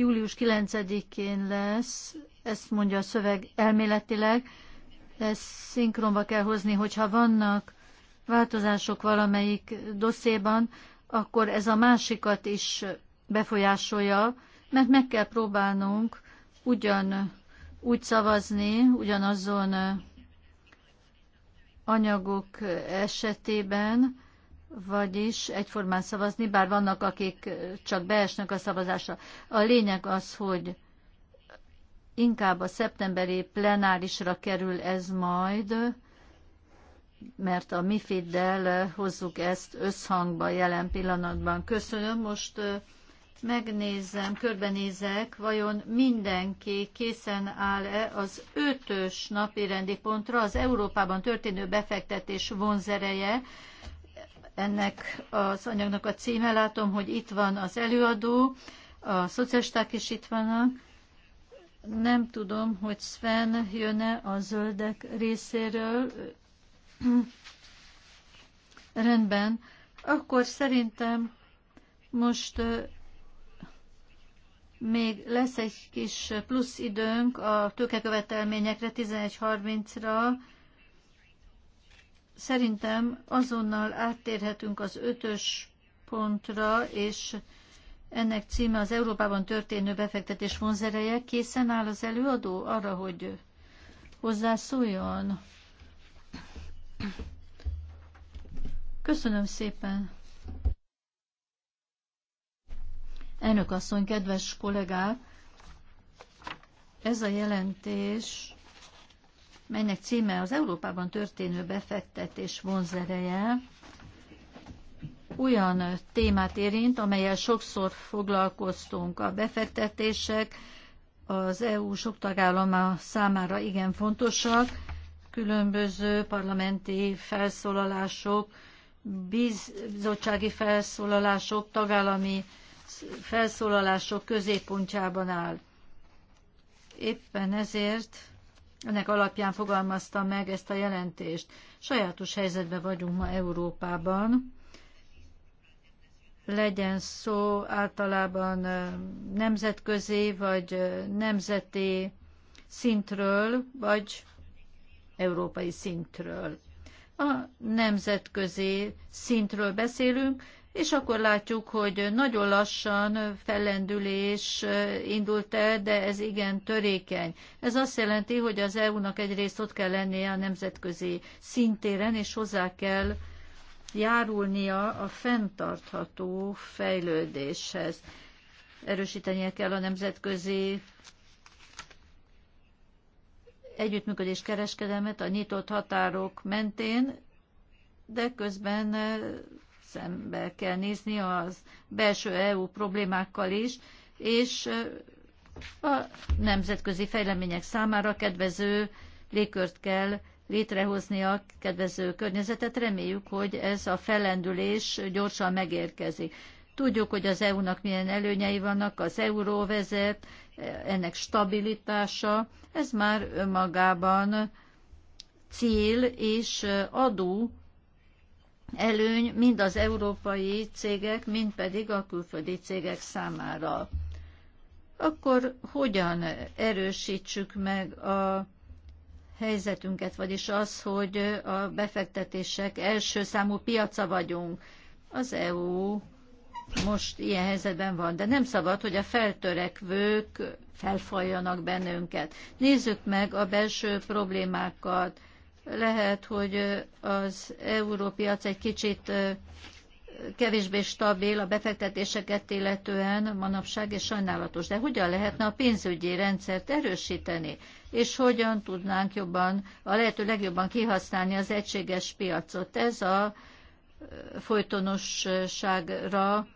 július 9-én lesz, ezt mondja a szöveg elméletileg, ezt szinkronba kell hozni, hogyha vannak változások valamelyik dosszéban, akkor ez a másikat is befolyásolja, mert meg kell próbálnunk ugyan úgy szavazni, ugyanazon anyagok esetében, vagyis egyformán szavazni, bár vannak, akik csak beesnek a szavazásra. A lényeg az, hogy inkább a szeptemberi plenárisra kerül ez majd, mert a MIFID-del hozzuk ezt összhangba jelen pillanatban. Köszönöm. Most megnézem, körbenézek, vajon mindenki készen áll-e az ötös napi rendi pontra, az Európában történő befektetés vonzereje, ennek az anyagnak a címe. Látom, hogy itt van az előadó, a szocialisták is itt vannak. Nem tudom, hogy Sven jön-e a zöldek részéről. Rendben. Akkor szerintem most még lesz egy kis plusz időnk a tőkekövetelményekre 11.30-ra, Szerintem azonnal áttérhetünk az ötös pontra, és ennek címe az Európában történő befektetés vonzereje. Készen áll az előadó arra, hogy hozzászóljon? Köszönöm szépen. Elnök asszony, kedves kollégák! Ez a jelentés melynek címe az Európában történő befektetés vonzereje, olyan témát érint, amelyel sokszor foglalkoztunk. A befektetések az EU sok tagállama számára igen fontosak, különböző parlamenti felszólalások, bizottsági felszólalások, tagállami felszólalások középpontjában áll. Éppen ezért ennek alapján fogalmazta meg ezt a jelentést. Sajátos helyzetben vagyunk ma Európában. Legyen szó általában nemzetközi vagy nemzeti szintről, vagy európai szintről. A nemzetközi szintről beszélünk, és akkor látjuk, hogy nagyon lassan fellendülés eh, indult el, de ez igen törékeny. Ez azt jelenti, hogy az EU-nak egyrészt ott kell lennie a nemzetközi szintéren, és hozzá kell járulnia a fenntartható fejlődéshez. Erősítenie kell a nemzetközi együttműködés kereskedelmet a nyitott határok mentén, de közben eh, szembe kell nézni az belső EU problémákkal is, és a nemzetközi fejlemények számára kedvező légkört kell létrehozni a kedvező környezetet. Reméljük, hogy ez a fellendülés gyorsan megérkezik. Tudjuk, hogy az EU-nak milyen előnyei vannak, az euróvezet, ennek stabilitása, ez már önmagában cél és adó előny mind az európai cégek, mind pedig a külföldi cégek számára. Akkor hogyan erősítsük meg a helyzetünket, vagyis az, hogy a befektetések első számú piaca vagyunk. Az EU most ilyen helyzetben van, de nem szabad, hogy a feltörekvők felfaljanak bennünket. Nézzük meg a belső problémákat, lehet, hogy az euró piac egy kicsit kevésbé stabil a befektetéseket illetően manapság, és sajnálatos. De hogyan lehetne a pénzügyi rendszert erősíteni, és hogyan tudnánk jobban, a lehető legjobban kihasználni az egységes piacot? Ez a folytonosságra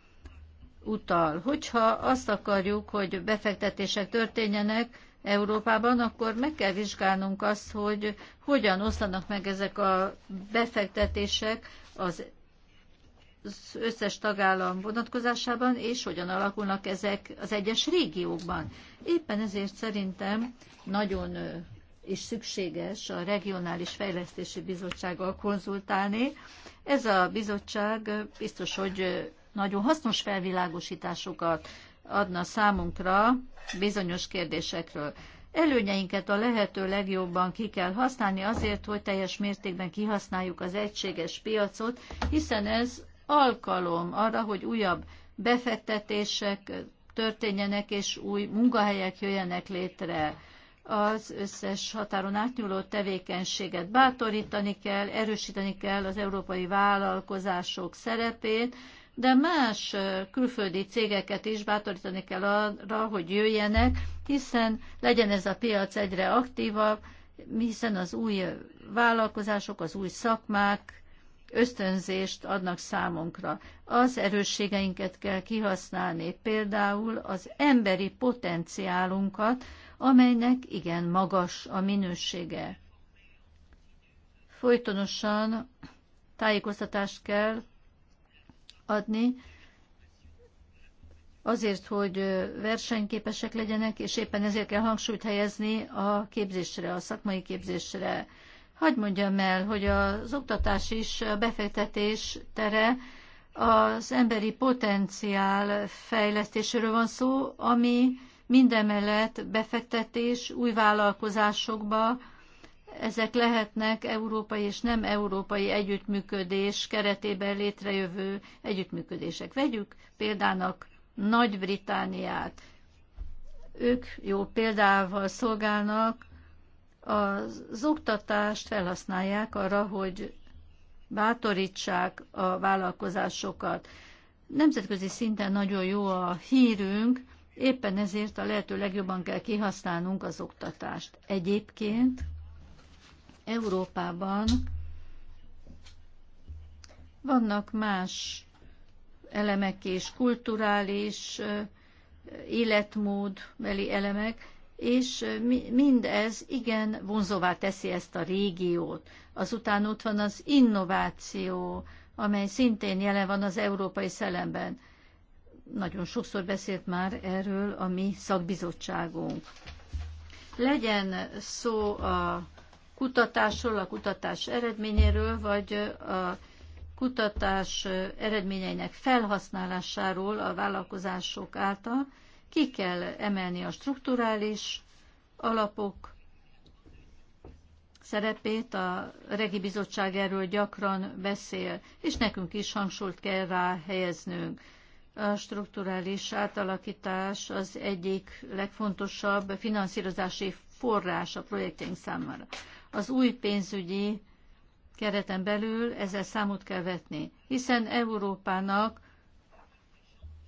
utal. Hogyha azt akarjuk, hogy befektetések történjenek, Európában, akkor meg kell vizsgálnunk azt, hogy hogyan oszlanak meg ezek a befektetések az az összes tagállam vonatkozásában, és hogyan alakulnak ezek az egyes régiókban. Éppen ezért szerintem nagyon és szükséges a Regionális Fejlesztési Bizottsággal konzultálni. Ez a bizottság biztos, hogy nagyon hasznos felvilágosításokat adna számunkra bizonyos kérdésekről. Előnyeinket a lehető legjobban ki kell használni azért, hogy teljes mértékben kihasználjuk az egységes piacot, hiszen ez alkalom arra, hogy újabb befektetések történjenek és új munkahelyek jöjjenek létre. Az összes határon átnyúló tevékenységet bátorítani kell, erősíteni kell az európai vállalkozások szerepét, de más külföldi cégeket is bátorítani kell arra, hogy jöjjenek, hiszen legyen ez a piac egyre aktívabb, hiszen az új vállalkozások, az új szakmák ösztönzést adnak számunkra. Az erősségeinket kell kihasználni, például az emberi potenciálunkat, amelynek igen magas a minősége. Folytonosan tájékoztatást kell adni, azért, hogy versenyképesek legyenek, és éppen ezért kell hangsúlyt helyezni a képzésre, a szakmai képzésre. Hagy mondjam el, hogy az oktatás is a befektetés tere, az emberi potenciál fejlesztéséről van szó, ami mindemellett befektetés új vállalkozásokba, ezek lehetnek európai és nem európai együttműködés keretében létrejövő együttműködések. Vegyük példának Nagy-Britániát. Ők jó példával szolgálnak, az oktatást felhasználják arra, hogy bátorítsák a vállalkozásokat. Nemzetközi szinten nagyon jó a hírünk, éppen ezért a lehető legjobban kell kihasználnunk az oktatást. Egyébként Európában vannak más elemek és kulturális életmódbeli elemek, és mindez igen vonzóvá teszi ezt a régiót. Azután ott van az innováció, amely szintén jelen van az európai szellemben. Nagyon sokszor beszélt már erről a mi szakbizottságunk. Legyen szó a kutatásról, a kutatás eredményéről, vagy a kutatás eredményeinek felhasználásáról a vállalkozások által, ki kell emelni a strukturális alapok szerepét, a Regi Bizottság erről gyakran beszél, és nekünk is hangsúlyt kell rá helyeznünk. A strukturális átalakítás az egyik legfontosabb finanszírozási forrás a projektünk számára az új pénzügyi kereten belül ezzel számot kell vetni, hiszen Európának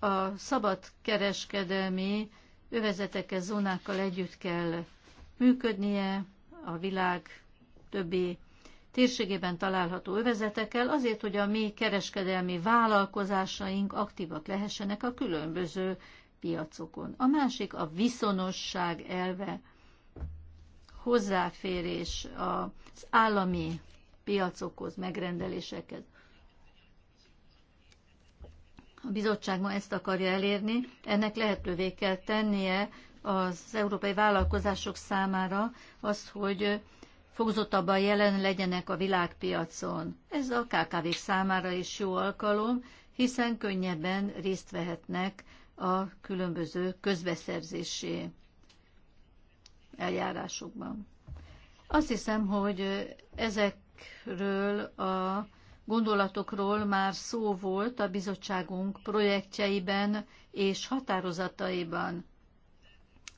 a szabad kereskedelmi övezetekkel, zónákkal együtt kell működnie a világ többi térségében található övezetekkel, azért, hogy a mi kereskedelmi vállalkozásaink aktívak lehessenek a különböző piacokon. A másik a viszonosság elve hozzáférés az állami piacokhoz, megrendelésekhez. A bizottság ma ezt akarja elérni, ennek lehetővé kell tennie az európai vállalkozások számára azt, hogy fokozottabban jelen legyenek a világpiacon. Ez a kkv számára is jó alkalom, hiszen könnyebben részt vehetnek a különböző közbeszerzési eljárásokban. Azt hiszem, hogy ezekről a gondolatokról már szó volt a bizottságunk projektjeiben és határozataiban.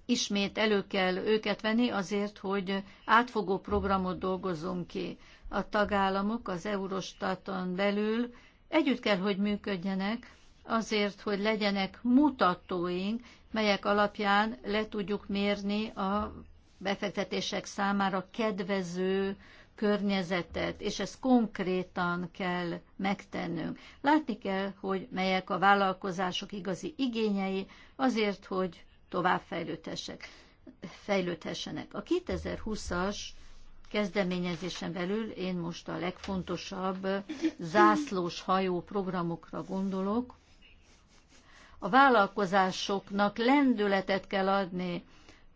Ismét elő kell őket venni azért, hogy átfogó programot dolgozzunk ki. A tagállamok az Eurostaton belül együtt kell, hogy működjenek, azért, hogy legyenek mutatóink, melyek alapján le tudjuk mérni a befektetések számára kedvező környezetet, és ezt konkrétan kell megtennünk. Látni kell, hogy melyek a vállalkozások igazi igényei azért, hogy tovább fejlődhessenek. A 2020-as kezdeményezésen belül én most a legfontosabb zászlós hajó programokra gondolok, a vállalkozásoknak lendületet kell adni,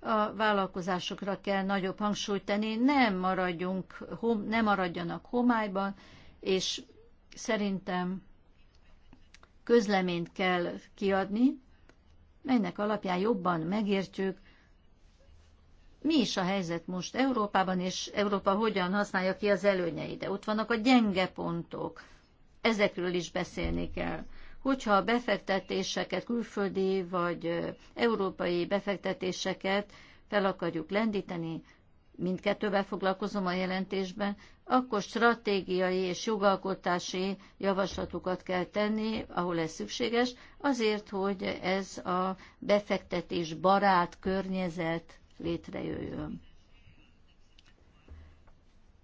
a vállalkozásokra kell nagyobb hangsúlyt tenni, nem, maradjunk, hom, nem maradjanak homályban, és szerintem közleményt kell kiadni, melynek alapján jobban megértjük, mi is a helyzet most Európában, és Európa hogyan használja ki az előnyeit. De ott vannak a gyenge pontok, ezekről is beszélni kell hogyha a befektetéseket, külföldi vagy európai befektetéseket fel akarjuk lendíteni, mindkettővel foglalkozom a jelentésben, akkor stratégiai és jogalkotási javaslatokat kell tenni, ahol ez szükséges, azért, hogy ez a befektetés barát környezet létrejöjjön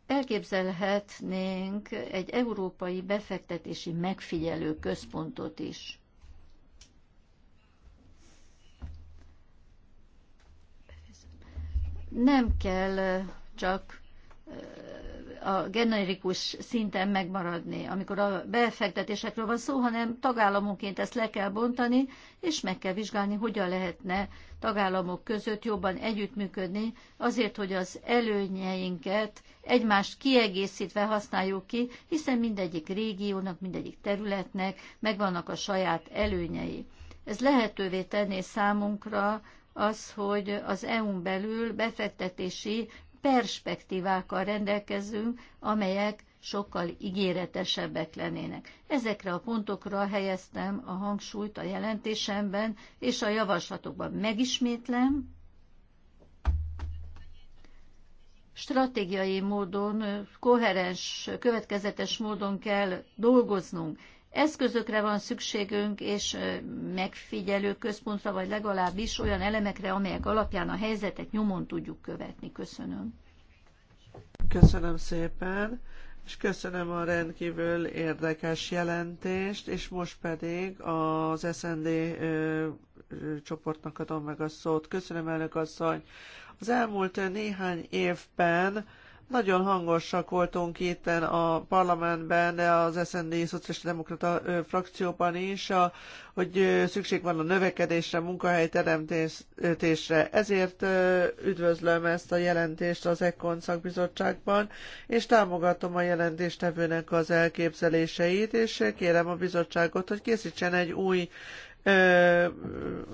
elképzelhetnénk egy európai befektetési megfigyelő központot is. Nem kell csak a generikus szinten megmaradni, amikor a befektetésekről van szó, hanem tagállamonként ezt le kell bontani, és meg kell vizsgálni, hogyan lehetne tagállamok között jobban együttműködni, azért, hogy az előnyeinket egymást kiegészítve használjuk ki, hiszen mindegyik régiónak, mindegyik területnek megvannak a saját előnyei. Ez lehetővé tenné számunkra az, hogy az EU-n belül befektetési perspektívákkal rendelkezünk, amelyek sokkal ígéretesebbek lennének. Ezekre a pontokra helyeztem a hangsúlyt a jelentésemben és a javaslatokban. Megismétlem, stratégiai módon, koherens, következetes módon kell dolgoznunk, Eszközökre van szükségünk, és megfigyelő központra, vagy legalábbis olyan elemekre, amelyek alapján a helyzetet nyomon tudjuk követni. Köszönöm. Köszönöm szépen, és köszönöm a rendkívül érdekes jelentést, és most pedig az SND csoportnak adom meg a szót. Köszönöm, elnök asszony. Az elmúlt néhány évben nagyon hangosak voltunk itt a parlamentben, de az SND szociális Demokrata frakcióban is, a, hogy szükség van a növekedésre, munkahelyteremtésre. Ezért üdvözlöm ezt a jelentést az EKON szakbizottságban, és támogatom a jelentéstevőnek az elképzeléseit, és kérem a bizottságot, hogy készítsen egy új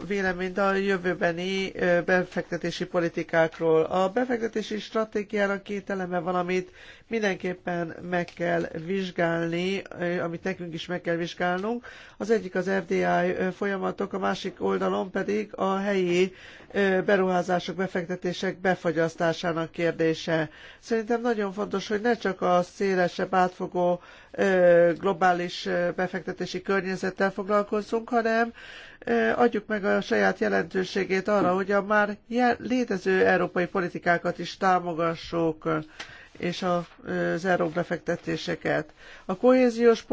véleményt a jövőbeni befektetési politikákról. A befektetési stratégiának két eleme van, amit mindenképpen meg kell vizsgálni, amit nekünk is meg kell vizsgálnunk. Az egyik az FDI folyamatok, a másik oldalon pedig a helyi beruházások, befektetések befagyasztásának kérdése. Szerintem nagyon fontos, hogy ne csak a szélesebb átfogó globális befektetési környezettel foglalkozzunk, hanem adjuk meg a saját jelentőségét arra, hogy a már létező európai politikákat is támogassuk és az euróbefektetéseket. A kohéziós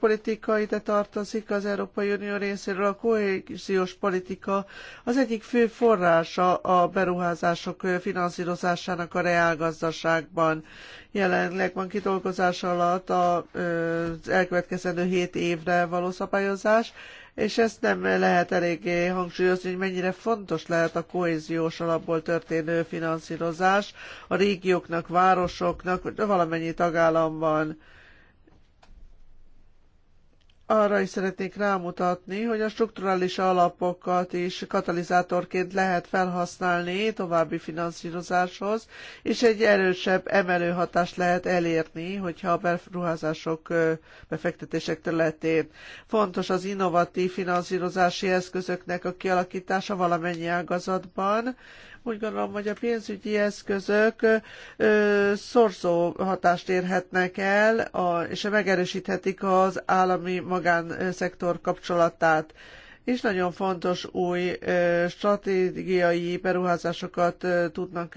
politika ide tartozik az Európai Unió részéről. A kohéziós politika az egyik fő forrása a beruházások finanszírozásának a reálgazdaságban. Jelenleg van kidolgozás alatt az elkövetkezendő 7 évre való szabályozás, és ezt nem lehet eléggé hangsúlyozni, hogy mennyire fontos lehet a kohéziós alapból történő finanszírozás a régióknak, városoknak, valamennyi tagállamban arra is szeretnék rámutatni, hogy a strukturális alapokat is katalizátorként lehet felhasználni további finanszírozáshoz, és egy erősebb emelő hatást lehet elérni, hogyha a beruházások, befektetések területén. Fontos az innovatív finanszírozási eszközöknek a kialakítása valamennyi ágazatban, úgy gondolom, hogy a pénzügyi eszközök szorzó hatást érhetnek el, és megerősíthetik az állami magánszektor kapcsolatát és nagyon fontos új stratégiai beruházásokat tudnak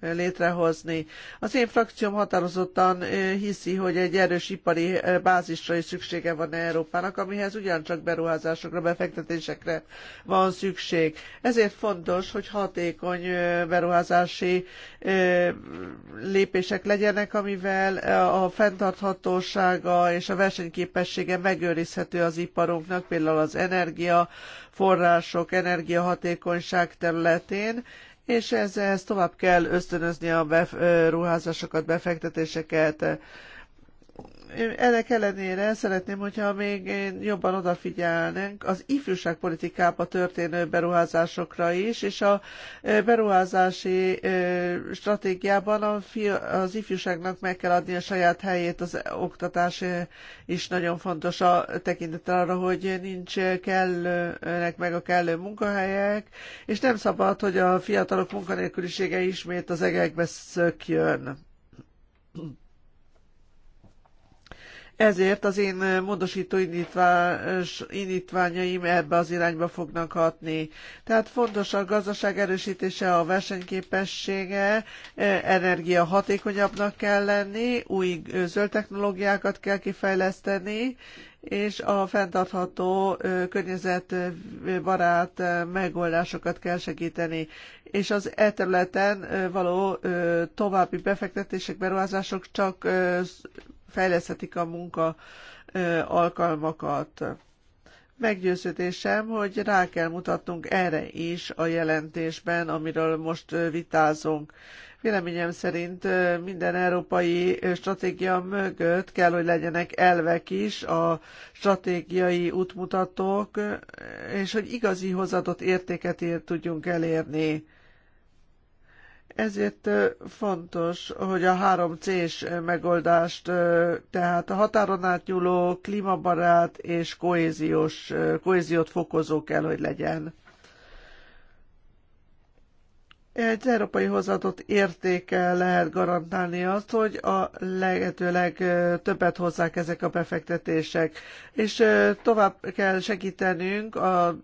létrehozni. Az én frakcióm határozottan hiszi, hogy egy erős ipari bázisra is szüksége van Európának, amihez ugyancsak beruházásokra, befektetésekre van szükség. Ezért fontos, hogy hatékony beruházási lépések legyenek, amivel a fenntarthatósága és a versenyképessége megőrizhető az iparunknak, például az energia, források, energiahatékonyság területén, és ez, ez tovább kell ösztönözni a bef, ruházásokat, befektetéseket ennek ellenére szeretném, hogyha még jobban odafigyelnénk az ifjúságpolitikába történő beruházásokra is, és a beruházási stratégiában az ifjúságnak meg kell adni a saját helyét, az oktatás is nagyon fontos a tekintettel arra, hogy nincs kellőnek meg a kellő munkahelyek, és nem szabad, hogy a fiatalok munkanélkülisége ismét az egekbe szökjön. Ezért az én módosító indítványaim ebbe az irányba fognak hatni. Tehát fontos a gazdaság erősítése, a versenyképessége, energia hatékonyabbnak kell lenni, új zöld technológiákat kell kifejleszteni, és a fenntartható környezetbarát megoldásokat kell segíteni. És az e területen való további befektetések, beruházások csak fejleszthetik a munka alkalmakat. Meggyőződésem, hogy rá kell mutatnunk erre is a jelentésben, amiről most vitázunk. Véleményem szerint minden európai stratégia mögött kell, hogy legyenek elvek is, a stratégiai útmutatók, és hogy igazi hozadott értéket ér tudjunk elérni. Ezért fontos, hogy a 3C-s megoldást, tehát a határon átnyúló, klímabarát és kohéziós, kohéziót fokozó kell, hogy legyen. Egy európai hozzáadott értéke lehet garantálni azt, hogy a lehető legtöbbet hozzák ezek a befektetések. És tovább kell segítenünk a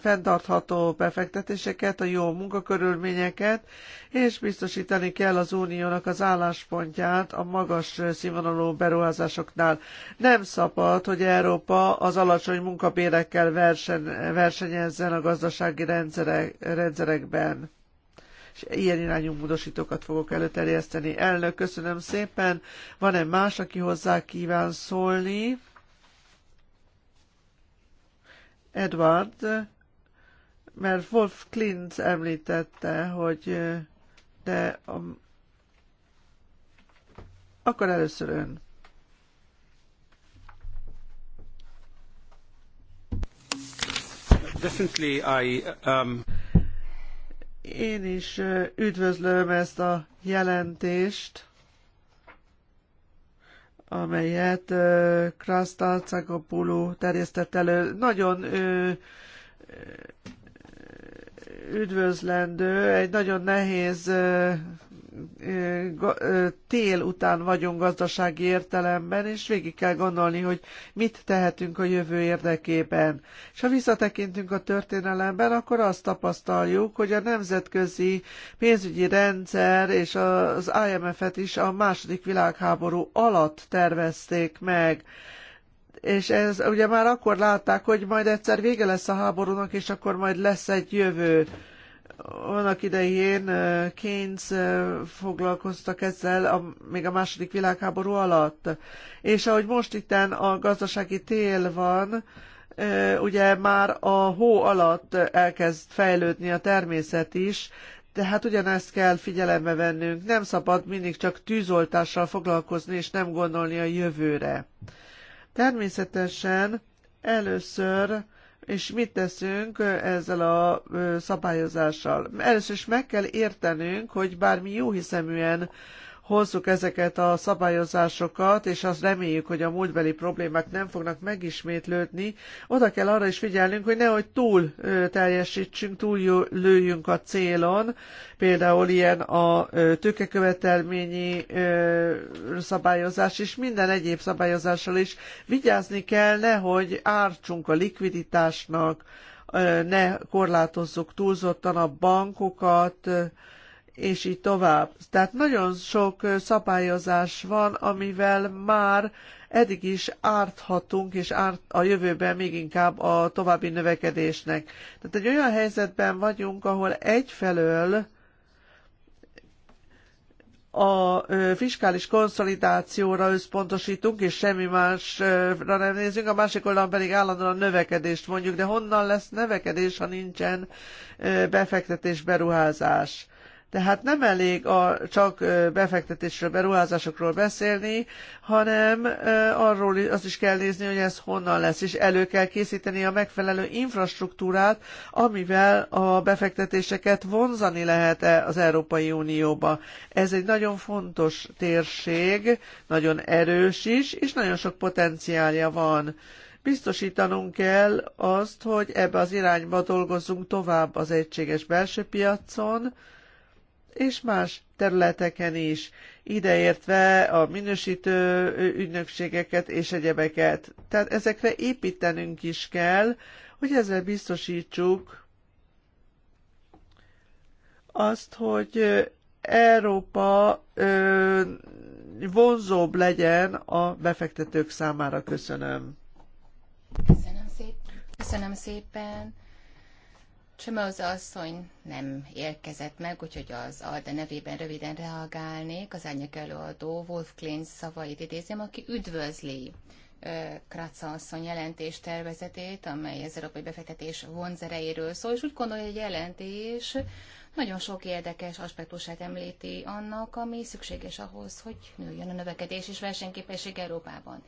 fenntartható befektetéseket, a jó munkakörülményeket, és biztosítani kell az uniónak az álláspontját a magas színvonalú beruházásoknál. Nem szabad, hogy Európa az alacsony munkabérekkel versen, versenyezzen a gazdasági rendszerek, rendszerekben és ilyen irányú módosítókat fogok előterjeszteni. Elnök, köszönöm szépen. Van-e más, aki hozzá kíván szólni? Edward, mert Wolf Klintz említette, hogy de a... Um, akkor először ön. Definitely I, um... Én is üdvözlöm ezt a jelentést, amelyet Krasztal Cagapulu terjesztett elő. Nagyon üdvözlendő. Egy nagyon nehéz tél után vagyunk gazdasági értelemben, és végig kell gondolni, hogy mit tehetünk a jövő érdekében. És ha visszatekintünk a történelemben, akkor azt tapasztaljuk, hogy a nemzetközi pénzügyi rendszer és az IMF-et is a második világháború alatt tervezték meg és ez ugye már akkor látták, hogy majd egyszer vége lesz a háborúnak, és akkor majd lesz egy jövő. Annak idején Keynes foglalkoztak ezzel a, még a második világháború alatt. És ahogy most itten a gazdasági tél van, ugye már a hó alatt elkezd fejlődni a természet is, tehát ugyanezt kell figyelembe vennünk. Nem szabad mindig csak tűzoltással foglalkozni, és nem gondolni a jövőre. Természetesen először és mit teszünk ezzel a szabályozással? Először is meg kell értenünk, hogy bármi jóhiszeműen hozzuk ezeket a szabályozásokat, és azt reméljük, hogy a múltbeli problémák nem fognak megismétlődni, oda kell arra is figyelnünk, hogy nehogy túl teljesítsünk, túl lőjünk a célon, például ilyen a tőkekövetelményi szabályozás és minden egyéb szabályozással is vigyázni kell, nehogy ártsunk a likviditásnak, ne korlátozzuk túlzottan a bankokat, és így tovább. Tehát nagyon sok szabályozás van, amivel már eddig is árthatunk, és árt a jövőben még inkább a további növekedésnek. Tehát egy olyan helyzetben vagyunk, ahol egyfelől a fiskális konszolidációra összpontosítunk, és semmi másra nem nézünk, a másik oldalon pedig állandóan növekedést mondjuk, de honnan lesz növekedés, ha nincsen befektetés, beruházás? Tehát nem elég a, csak befektetésről, beruházásokról beszélni, hanem arról azt is kell nézni, hogy ez honnan lesz, és elő kell készíteni a megfelelő infrastruktúrát, amivel a befektetéseket vonzani lehet -e az Európai Unióba. Ez egy nagyon fontos térség, nagyon erős is, és nagyon sok potenciálja van biztosítanunk kell azt, hogy ebbe az irányba dolgozzunk tovább az egységes belső piacon, és más területeken is, ideértve a minősítő ügynökségeket és egyebeket. Tehát ezekre építenünk is kell, hogy ezzel biztosítsuk azt, hogy Európa ö, vonzóbb legyen a befektetők számára. Köszönöm. Köszönöm szépen. Köszönöm szépen az asszony nem érkezett meg, úgyhogy az Alde nevében röviden reagálnék. Az árnyék előadó Wolf Klinz szavait idézem, aki üdvözli Kratza asszony jelentés tervezetét, amely az európai befektetés vonzereiről szól, és úgy gondolja, hogy a jelentés nagyon sok érdekes aspektusát említi annak, ami szükséges ahhoz, hogy nőjön a növekedés és versenyképesség Európában.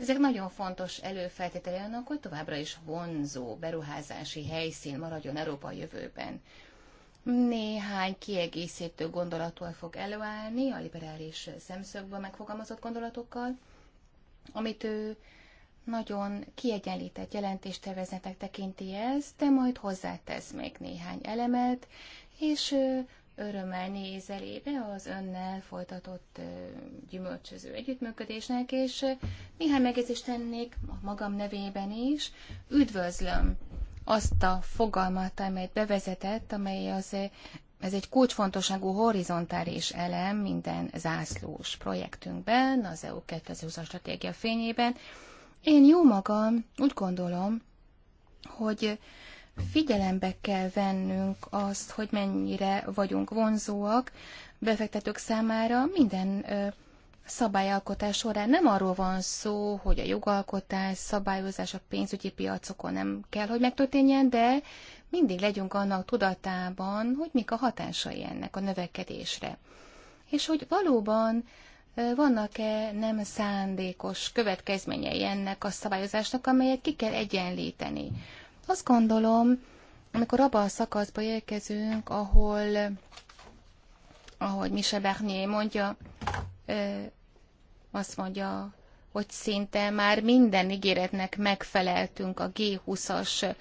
Ezek nagyon fontos előfeltétele annak, hogy továbbra is vonzó beruházási helyszín maradjon Európa a jövőben. Néhány kiegészítő gondolattal fog előállni, a liberális szemszögből megfogalmazott gondolatokkal, amit ő nagyon kiegyenlített jelentéstervezetek tekinti ezt, de majd hozzátesz még néhány elemet, és örömmel nézelébe az önnel folytatott gyümölcsöző együttműködésnek, és néhány megjegyzést tennék a magam nevében is. Üdvözlöm azt a fogalmat, amelyet bevezetett, amely az ez egy kulcsfontosságú horizontális elem minden zászlós projektünkben, az EU 2020 stratégia fényében. Én jó magam úgy gondolom, hogy figyelembe kell vennünk azt, hogy mennyire vagyunk vonzóak befektetők számára minden szabályalkotás során nem arról van szó, hogy a jogalkotás, szabályozás a pénzügyi piacokon nem kell, hogy megtörténjen, de mindig legyünk annak tudatában, hogy mik a hatásai ennek a növekedésre. És hogy valóban vannak-e nem szándékos következményei ennek a szabályozásnak, amelyet ki kell egyenlíteni azt gondolom, amikor abba a szakaszba érkezünk, ahol, ahogy Michel Bernier mondja, azt mondja, hogy szinte már minden ígéretnek megfeleltünk a G20-as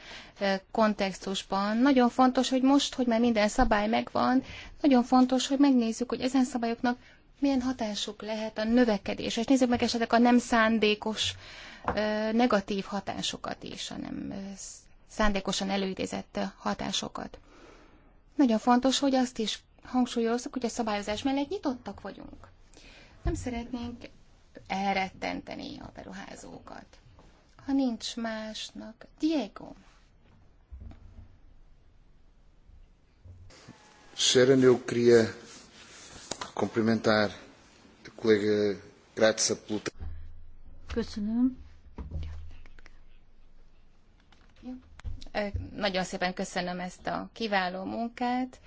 kontextusban. Nagyon fontos, hogy most, hogy már minden szabály megvan, nagyon fontos, hogy megnézzük, hogy ezen szabályoknak milyen hatásuk lehet a növekedés, és nézzük meg esetleg a nem szándékos negatív hatásokat is, a nem szándékosan előidézett hatásokat. Nagyon fontos, hogy azt is hangsúlyozzuk, hogy a szabályozás mellett nyitottak vagyunk. Nem szeretnénk elrettenteni a beruházókat. Ha nincs másnak, Diego. Sharon, eu queria cumprimentar a colega Grazia Pluta. Köszönöm. Nagyon szépen köszönöm ezt a kiváló munkát.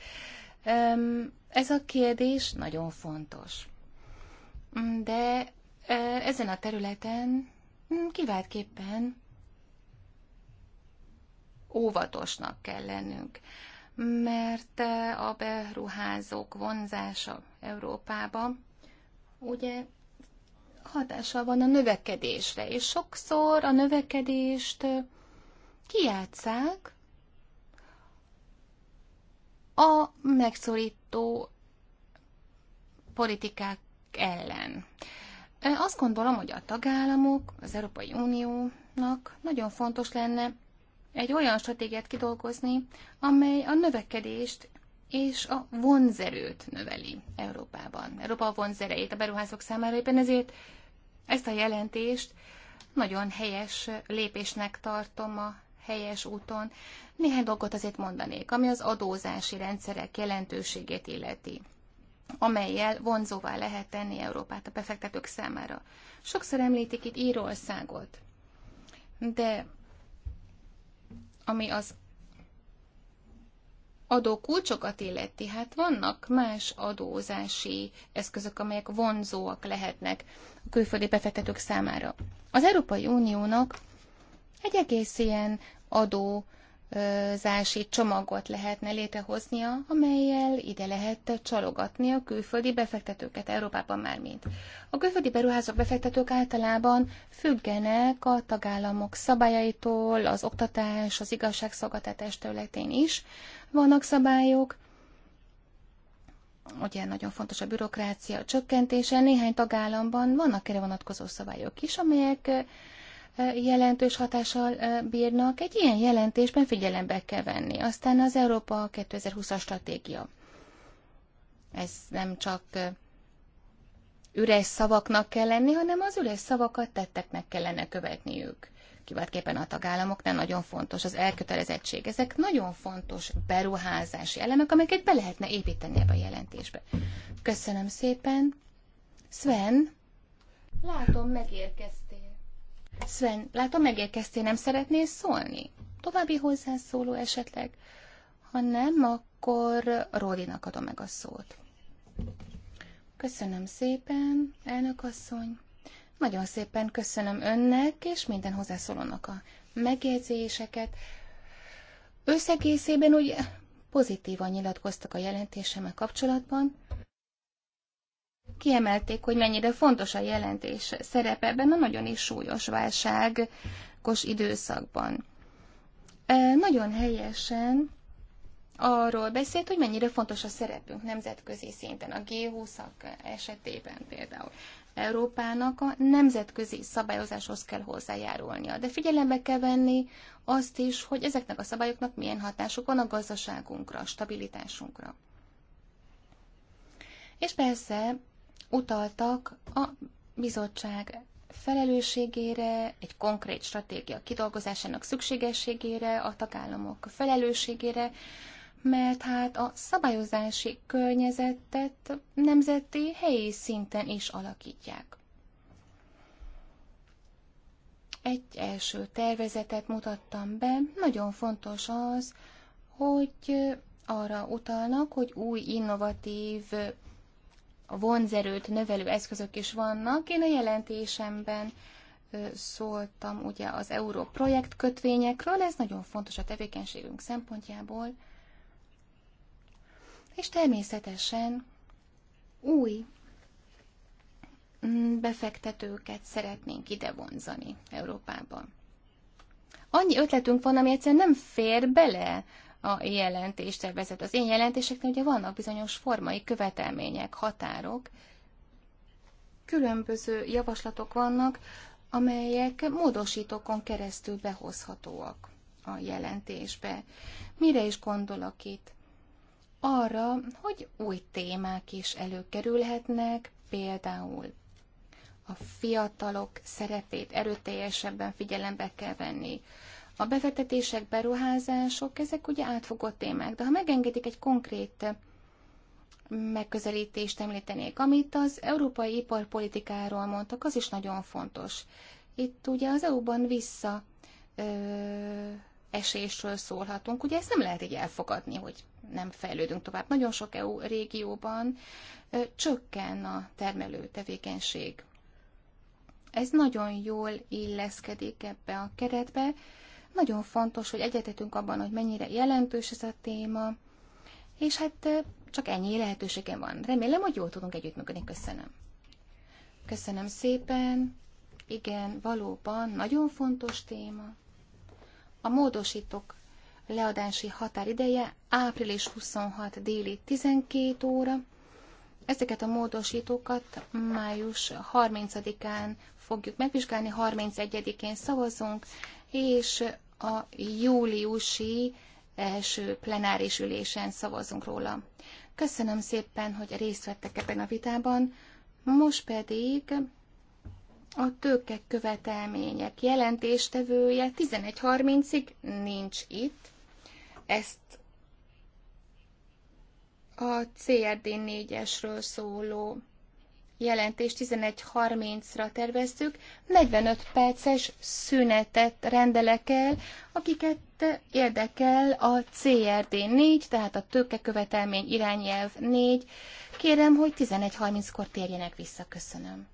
Ez a kérdés nagyon fontos. De e, ezen a területen kiváltképpen óvatosnak kell lennünk, mert a beruházók vonzása Európába ugye hatással van a növekedésre, és sokszor a növekedést kijátszák a megszorító politikák ellen. Azt gondolom, hogy a tagállamok, az Európai Uniónak nagyon fontos lenne egy olyan stratégiát kidolgozni, amely a növekedést és a vonzerőt növeli Európában. Európa vonzerejét a beruházók számára éppen ezért ezt a jelentést nagyon helyes lépésnek tartom a helyes úton. Néhány dolgot azért mondanék, ami az adózási rendszerek jelentőségét illeti amelyel vonzóvá lehet tenni Európát a befektetők számára. Sokszor említik itt Írországot, de ami az kulcsokat illeti, hát vannak más adózási eszközök, amelyek vonzóak lehetnek a külföldi befektetők számára. Az Európai Uniónak egy egész ilyen adózási csomagot lehetne létrehoznia, amelyel ide lehet csalogatni a külföldi befektetőket Európában már mint. A külföldi beruházók befektetők általában függenek a tagállamok szabályaitól, az oktatás, az igazságszolgáltatás területén is vannak szabályok, ugye nagyon fontos a bürokrácia csökkentése, néhány tagállamban vannak erre vonatkozó szabályok is, amelyek jelentős hatással bírnak, egy ilyen jelentésben figyelembe kell venni. Aztán az Európa 2020-as stratégia. Ez nem csak üres szavaknak kell lenni, hanem az üres szavakat tetteknek kellene követniük. Kiváltképpen a tagállamok de nagyon fontos az elkötelezettség. Ezek nagyon fontos beruházási elemek, amelyeket be lehetne építeni ebbe a jelentésbe. Köszönöm szépen. Sven, látom, megérkezt. Sven, látom, megérkeztél, nem szeretnél szólni? További hozzászóló esetleg? Ha nem, akkor Rólinak adom meg a szót. Köszönöm szépen, elnök asszony. Nagyon szépen köszönöm önnek és minden hozzászólónak a megjegyzéseket. Összegészében úgy pozitívan nyilatkoztak a jelentésemmel kapcsolatban, Kiemelték, hogy mennyire fontos a jelentés szerepe ebben a nagyon is súlyos válságos időszakban. Nagyon helyesen arról beszélt, hogy mennyire fontos a szerepünk nemzetközi szinten, a G20-ak esetében például. Európának a nemzetközi szabályozáshoz kell hozzájárulnia, de figyelembe kell venni azt is, hogy ezeknek a szabályoknak milyen hatásuk van a gazdaságunkra, a stabilitásunkra. És persze utaltak a bizottság felelősségére, egy konkrét stratégia kidolgozásának szükségességére, a tagállamok felelősségére, mert hát a szabályozási környezetet nemzeti, helyi szinten is alakítják. Egy első tervezetet mutattam be, nagyon fontos az, hogy arra utalnak, hogy új innovatív a vonzerőt növelő eszközök is vannak. Én a jelentésemben szóltam ugye az euró projekt kötvényekről, ez nagyon fontos a tevékenységünk szempontjából. És természetesen új mm, befektetőket szeretnénk ide vonzani Európában. Annyi ötletünk van, ami egyszerűen nem fér bele a jelentéstervezet. Az én jelentéseknél ugye vannak bizonyos formai követelmények, határok, különböző javaslatok vannak, amelyek módosítókon keresztül behozhatóak a jelentésbe. Mire is gondolok itt? Arra, hogy új témák is előkerülhetnek, például a fiatalok szerepét erőteljesebben figyelembe kell venni, a befektetések, beruházások, ezek ugye átfogó témák, de ha megengedik egy konkrét megközelítést említenék, amit az európai iparpolitikáról mondtak, az is nagyon fontos. Itt ugye az EU-ban vissza ö, esésről szólhatunk. Ugye ezt nem lehet így elfogadni, hogy nem fejlődünk tovább. Nagyon sok EU régióban ö, csökken a termelő tevékenység. Ez nagyon jól illeszkedik ebbe a keretbe, nagyon fontos, hogy egyetetünk abban, hogy mennyire jelentős ez a téma, és hát csak ennyi lehetőségem van. Remélem, hogy jól tudunk együttműködni. Köszönöm. Köszönöm szépen. Igen, valóban nagyon fontos téma. A módosítók leadási határideje április 26 déli 12 óra. Ezeket a módosítókat május 30-án fogjuk megvizsgálni, 31-én szavazunk, és a júliusi első plenáris ülésen szavazunk róla. Köszönöm szépen, hogy részt vettek ebben a vitában, most pedig a tőke követelmények jelentéstevője 11.30-ig nincs itt. Ezt a CRD 4-esről szóló jelentést 11.30-ra terveztük, 45 perces szünetet rendelek el, akiket érdekel a CRD 4, tehát a tőkekövetelmény irányelv 4. Kérem, hogy 11.30-kor térjenek vissza. Köszönöm.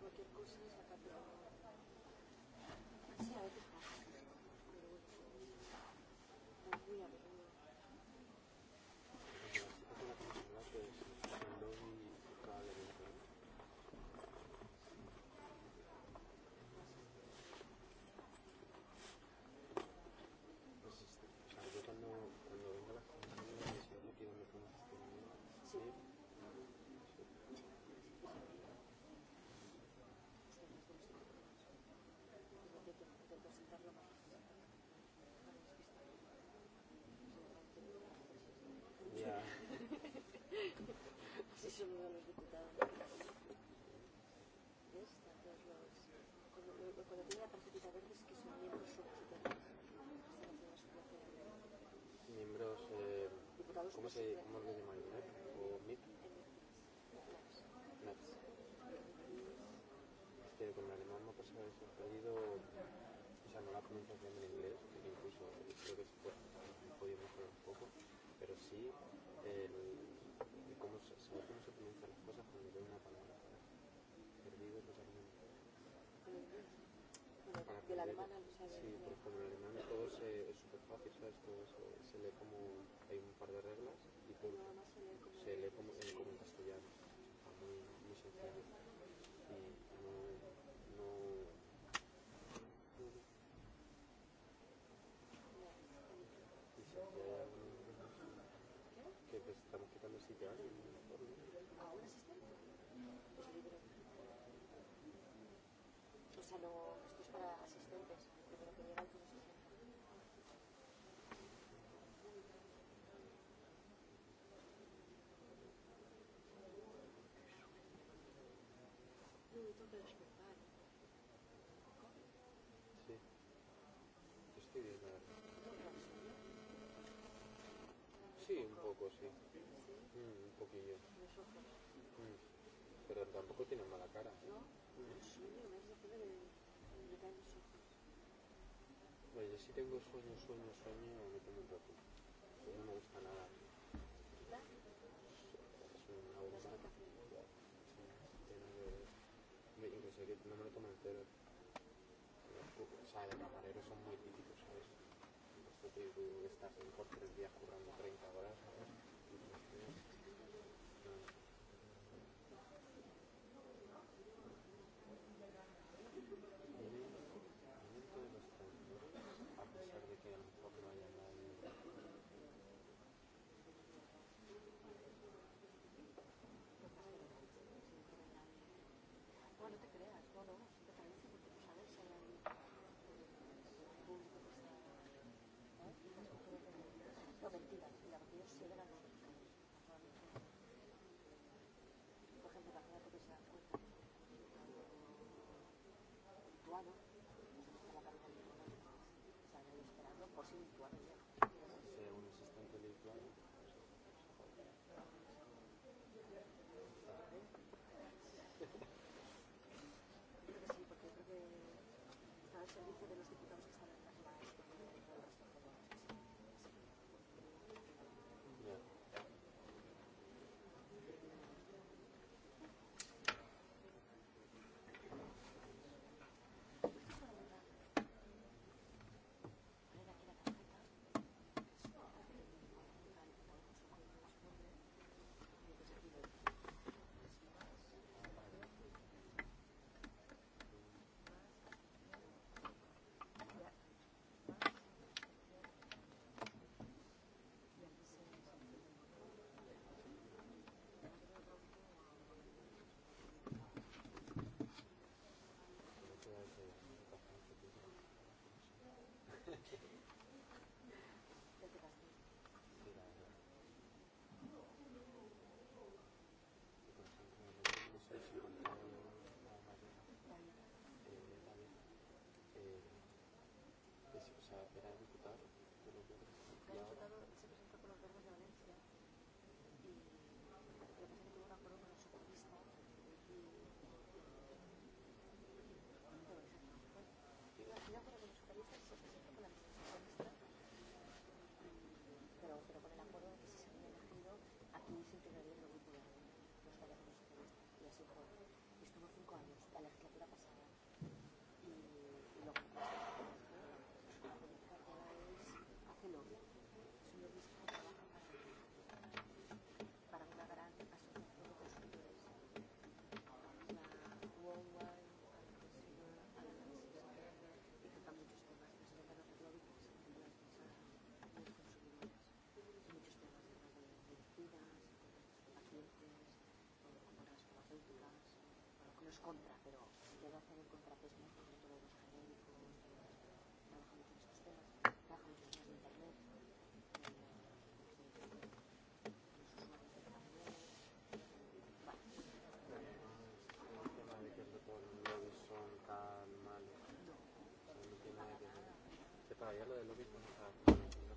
bloquer le cosinus à table derivados. ¿Cómo se cómo le llamáis? ¿MEP o MIP? MEPS. Es que con el alemán no pasa pasado eso. He perdido, o sea, no la pronunciación en inglés, que incluso creo que se puede, he podido mejorar un poco, pero sí el, el cómo se, saber cómo se pronuncian las cosas cuando veo una palabra. Perdido totalmente para que... Y el alemán Sí, pues como el alemán todo se, es súper fácil, ¿sabes? Todo se, se lee como... Hay un par de reglas y punto. No, no se lee como, se lee como, en, como en castellano. Está muy, muy sencillo. Y no... no se Que pues, estamos quitando sitio a alguien. ¿A un asistente? O sea, no... Sí, un poco, sí. Mm, un poquillo. Mm. Pero tampoco tiene mala cara. No, ¿eh? mm. Bueno, yo sí tengo sueño, sueño, sueño, me tengo un rato. No me gusta nada. Es una bomba yo qué sé, que no me lo tomo entero. O sea, de camarero son muy típicos, ¿sabes? Esto te digo que estás mejor tres días currando 30 horas, ¿sabes? no te creas. sin tener ningún problema. No estaba justo y así no es contra, pero debe hacer el contrapeso con todos los genéricos, trabajamos en estos temas, trabajamos en de lo del lobby, no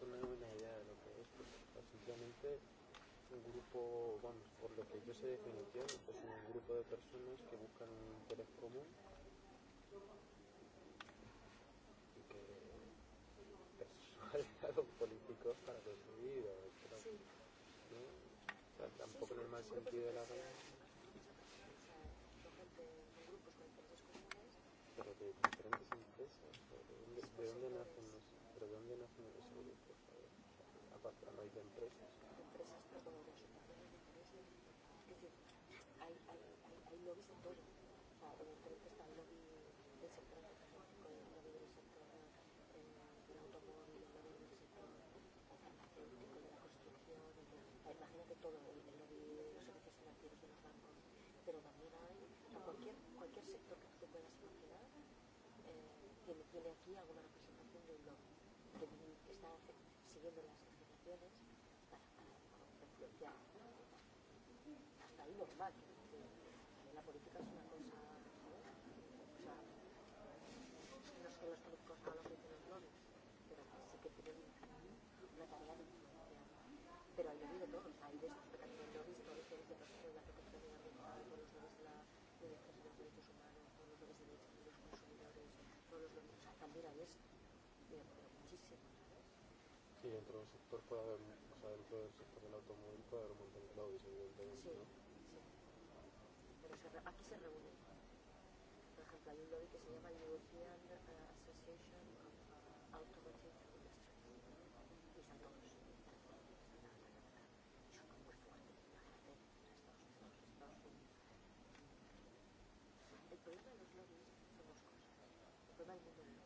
tengo una idea de lo que es, un grupo, bueno, por lo que yo sé definición, es un grupo de personas que buscan un interés común y que persuaden a los políticos para conseguir creo, sí. ¿no? o sea, tampoco en el mal sentido de la palabra. Pero de diferentes empresas, ¿de dónde, de dónde nacen los, pero de nacen los grupos? Aparte, a raíz de empresas. futuro. O sea, está el lobby del sector tecnológico, el lobby del sector del automóvil, el lobby del sector farmacéutico, de la construcción, de, imagínate todo, el lobby de los servicios financieros de los bancos, pero también hay a cualquier, cualquier sector que tú puedas imaginar eh, tiene, tiene aquí alguna representación de un lobby que está siguiendo las legislaciones para, para, para influenciar. Hasta ahí normal. ¿no? cultura y esto. muchísimo, Sí, dentro del sector puede haber, o sea, dentro del sector del automóvil puede haber un montón de lobbies, evidentemente, sí, ¿no? Sí, pero se re, aquí se reúnen. Por ejemplo, hay un lobby que se llama European eh, Association of uh, Automotive Industry. Y están todos. problema de los lobbies son dos cosas. El problema del mundo del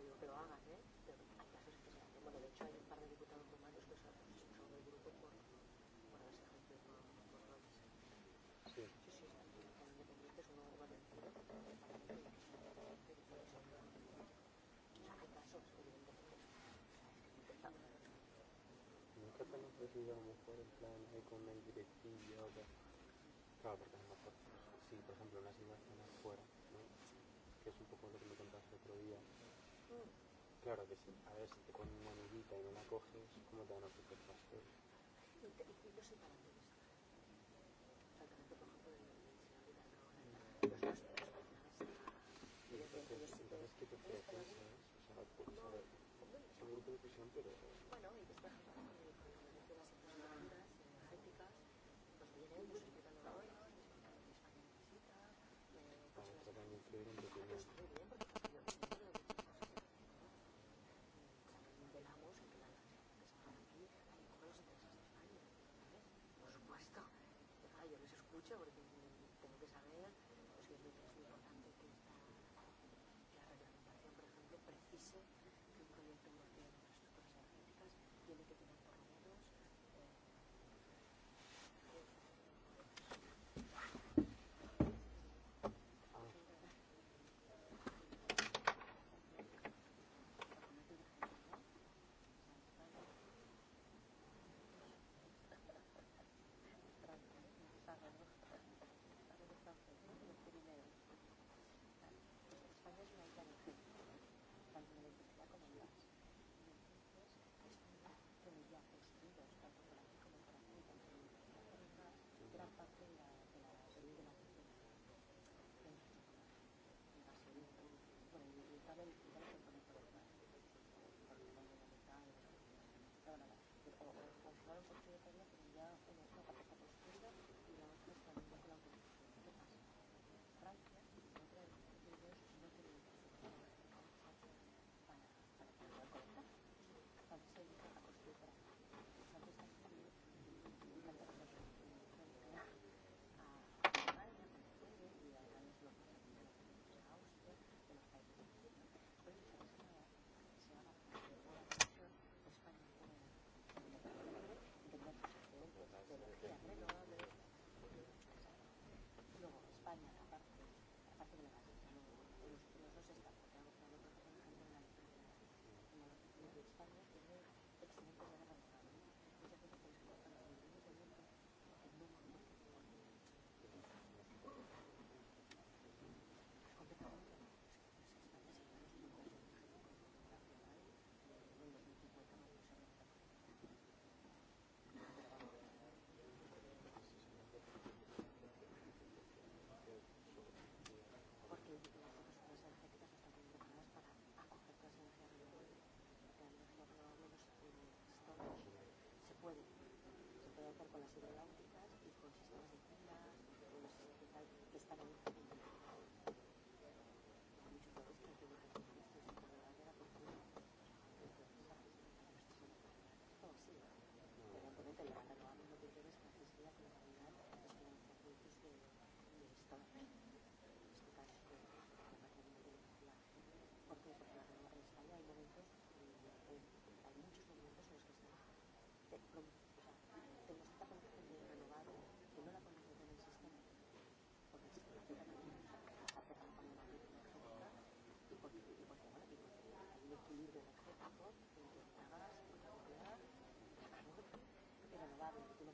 que yo que lo hagas, ¿eh? Pero acaso es que se hacen. Bueno, de hecho hay un par de diputados romanos que son, son del grupo por, por haberse regido por, por Royce. Sí. Sí, sí, están independientes, uno va vencido, el partido y que se hace que se hace. O sea, hay casos, evidentemente. Nunca te han ofrecido a lo mejor en plan ahí con el directillo, o sea, claro, porque a lo mejor, sí, por ejemplo, unas imágenes fuera, ¿no? que es un poco lo que me contaste otro día, Claro que sí. A ver, si te ponen una amiguita y no la coges, ¿cómo te van a ofrecer pastel? Y, te, y los separadores. O sea, que no te cojo por el separador roja. Los dos, los Y entonces, entonces ¿qué te ofrecen? ¿Sabes? O sea, eh, es son un grupo de prisión, pero... Bueno, y después... escucha porque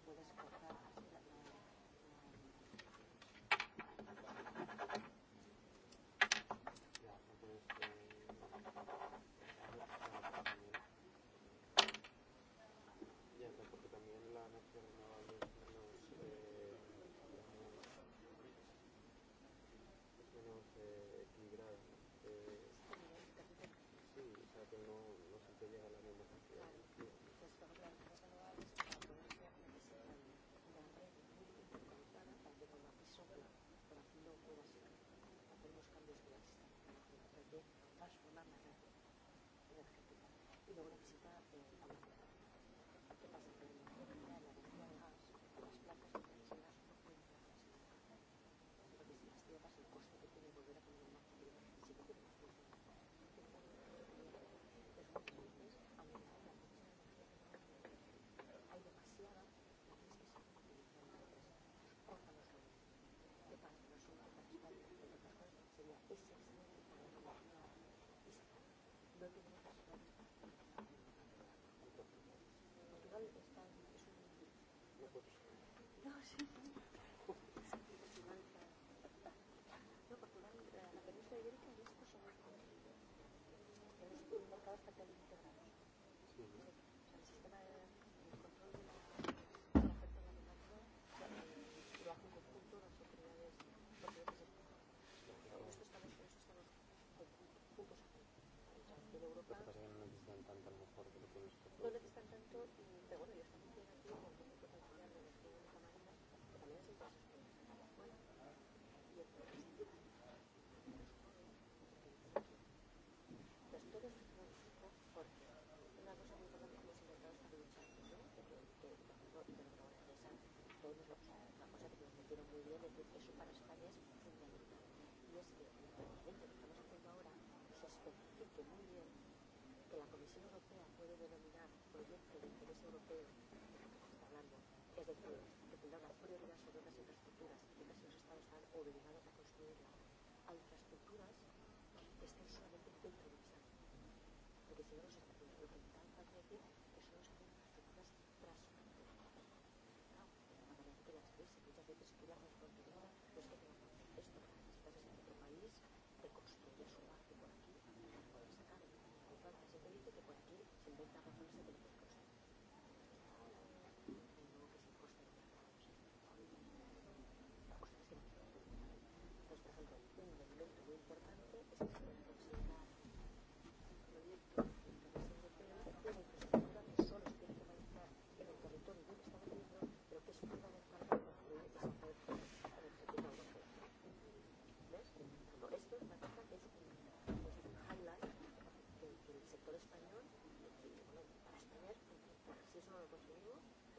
Ez a azt a területet, es que precisamente lo estamos haciendo ahora, se especifique muy bien que la Comisión Europea puede denominar proyecto de interés europeo, de lo que se está hablando, es decir, que tendrá una prioridad sobre otras infraestructuras y que los Estados están obligados a construirla, a infraestructuras que estén solamente dentro del Estado. Porque si no, los Estados, lo que está tratando de decir es que solo se hacen infraestructuras transfronterizas. Claro, la manera que las veis, muchas veces que la transfronteriza no que tengamos esto, de nuestro país te construyes un barco por aquí, por las academias, por tal, se te dice que por aquí se inventan razones de que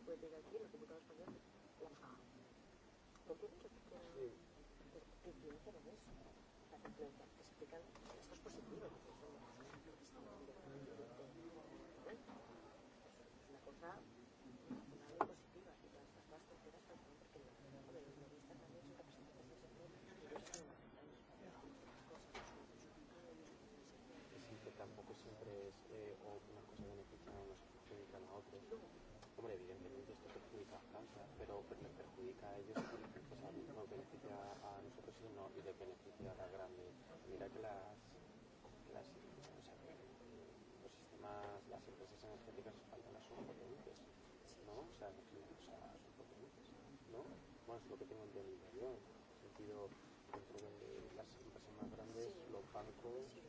puede llegar aquí, los diputados españoles la pagan. ¿Por qué muchos quieren sí. que influencian en eso? Las influencias explican esto es positivo, porque eso es una cosa bastantes, pero, pero les perjudica a ellos y o sea, nos beneficia a nosotros y, no, y les beneficia a la grande. Mira que las, las o sea, los sistemas, las empresas energéticas españolas son potentes, ¿no? O sea, o sea son potentes, ¿no? Bueno, es lo que tengo entendido yo, en el sentido dentro de las empresas más grandes, sí. los bancos, sí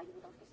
ayuda a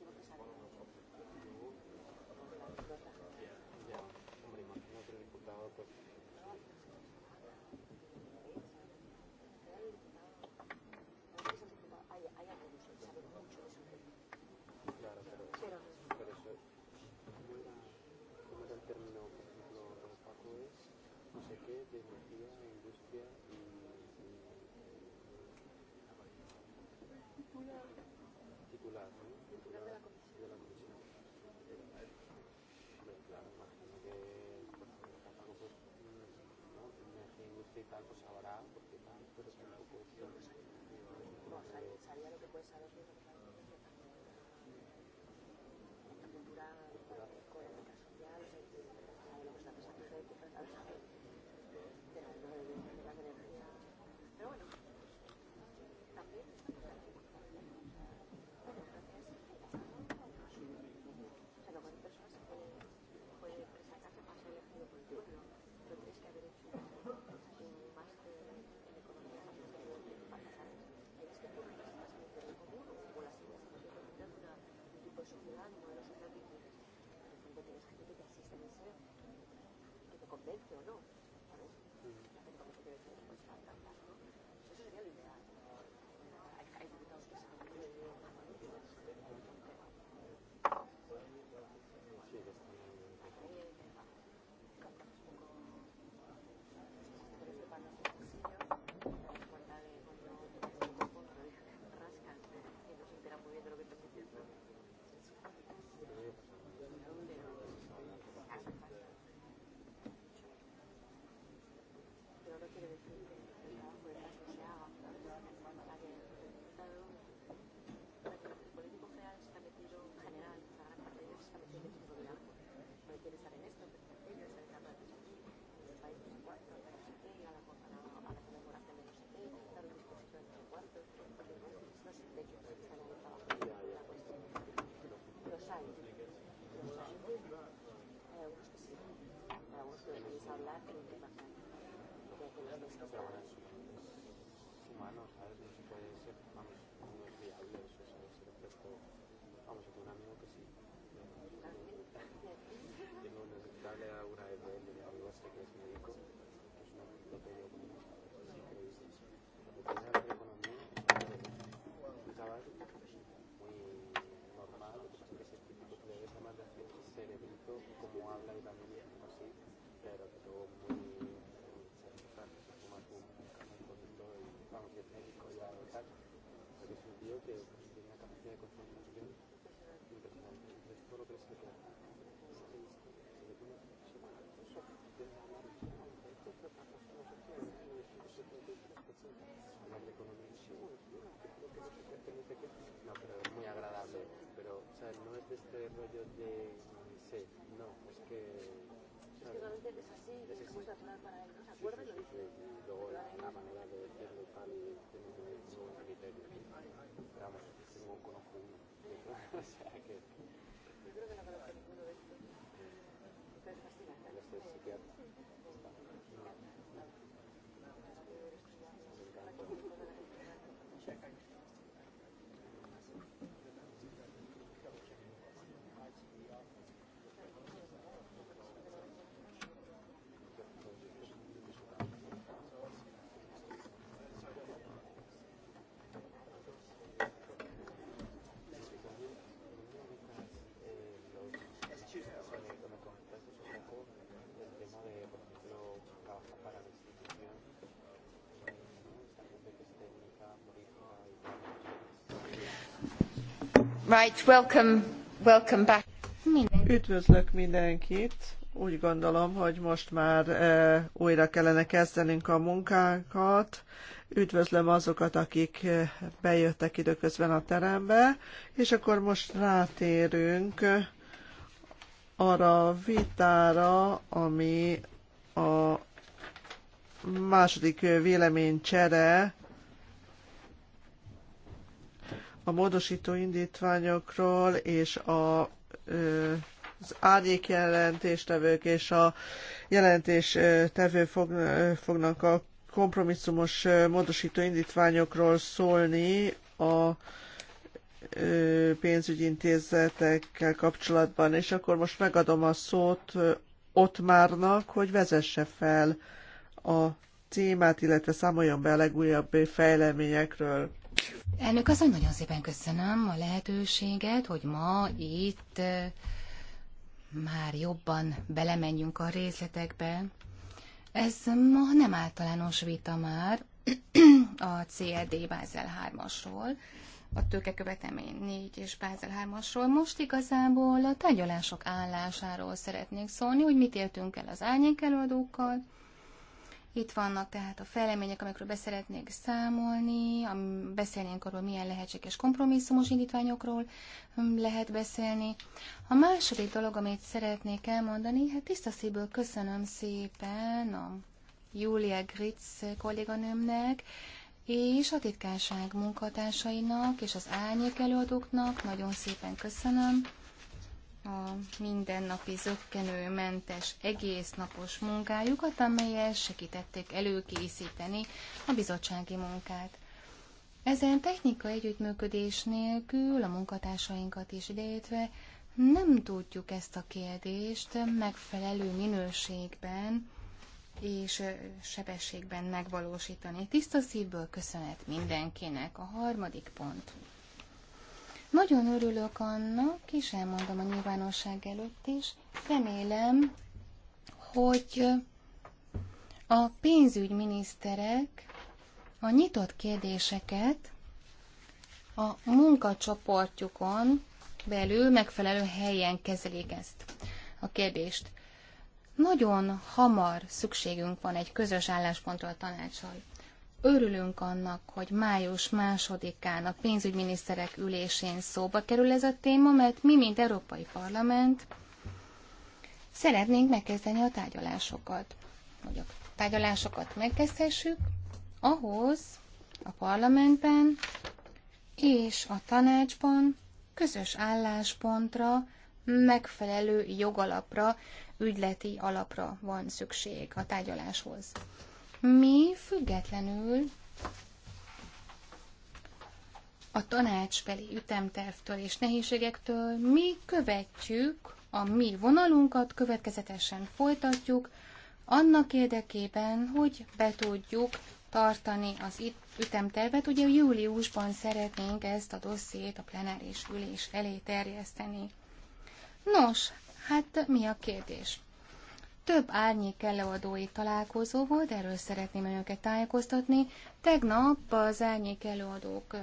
flipa pues ahora, porque tal, pero es un poco... sabía lo que puede saber, pero convence humanos este rollo de sí, no, es que es que realmente es así, es, para él, ¿Se acuerda? Sí, sí, sí, y luego la, la manera de decirlo y tal, tiene criterio. vamos, tengo un conozco uno. o sea que... Right, welcome, welcome back. Üdvözlök mindenkit. Úgy gondolom, hogy most már eh, újra kellene kezdenünk a munkákat. Üdvözlöm azokat, akik eh, bejöttek időközben a terembe, és akkor most rátérünk eh, arra a vitára, ami a második véleménycsere a módosító indítványokról és a, az árnyék jelentéstevők és a jelentéstevő fog, fognak a kompromisszumos módosító indítványokról szólni a pénzügyi intézetekkel kapcsolatban, és akkor most megadom a szót Ottmárnak, hogy vezesse fel a témát, illetve számoljon be a legújabb fejleményekről. Elnök asszony, nagyon szépen köszönöm a lehetőséget, hogy ma itt már jobban belemenjünk a részletekbe. Ez ma nem általános vita már a CLD e Bázel 3-asról, a tőkekövetemény 4 és Bázel 3-asról. Most igazából a tárgyalások állásáról szeretnék szólni, hogy mit értünk el az árnyék előadókkal, itt vannak tehát a fejlemények, amikről beszeretnék számolni, beszélnénk arról, milyen lehetséges kompromisszumos indítványokról hm, lehet beszélni. A második dolog, amit szeretnék elmondani, hát tiszta szívből köszönöm szépen a Julia Gritz kolléganőmnek, és a titkárság munkatársainak és az árnyék előadóknak nagyon szépen köszönöm a mindennapi zöggenőmentes egésznapos munkájukat, amelyel segítették előkészíteni a bizottsági munkát. Ezen technika együttműködés nélkül a munkatársainkat is ideértve nem tudjuk ezt a kérdést megfelelő minőségben és sebességben megvalósítani. Tiszta szívből köszönet mindenkinek. A harmadik pont. Nagyon örülök annak, és elmondom a nyilvánosság előtt is, remélem, hogy a pénzügyminiszterek a nyitott kérdéseket a munkacsoportjukon belül megfelelő helyen kezelik ezt a kérdést. Nagyon hamar szükségünk van egy közös álláspontról tanácsolni. Örülünk annak, hogy május másodikán a pénzügyminiszterek ülésén szóba kerül ez a téma, mert mi, mint Európai Parlament, szeretnénk megkezdeni a tárgyalásokat. Hogy a tárgyalásokat megkezdhessük, ahhoz a parlamentben és a tanácsban közös álláspontra, megfelelő jogalapra, ügyleti alapra van szükség a tárgyaláshoz mi függetlenül a tanácsbeli ütemtervtől és nehézségektől mi követjük a mi vonalunkat, következetesen folytatjuk, annak érdekében, hogy be tudjuk tartani az ütemtervet. Ugye júliusban szeretnénk ezt a dossziét a plenáris ülés elé terjeszteni. Nos, hát mi a kérdés? Több árnyék előadói találkozó volt, erről szeretném önöket tájékoztatni. Tegnap az árnyék előadók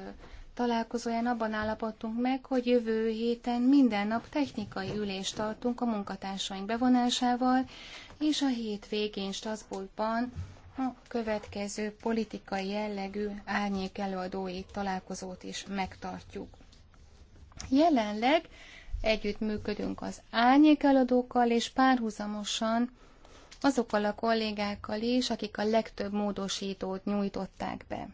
találkozóján abban állapodtunk meg, hogy jövő héten minden nap technikai ülést tartunk a munkatársaink bevonásával, és a hét végén Strasbourgban a következő politikai jellegű árnyék előadói találkozót is megtartjuk. Jelenleg együttműködünk az árnyékeladókkal, és párhuzamosan azokkal a kollégákkal is, akik a legtöbb módosítót nyújtották be.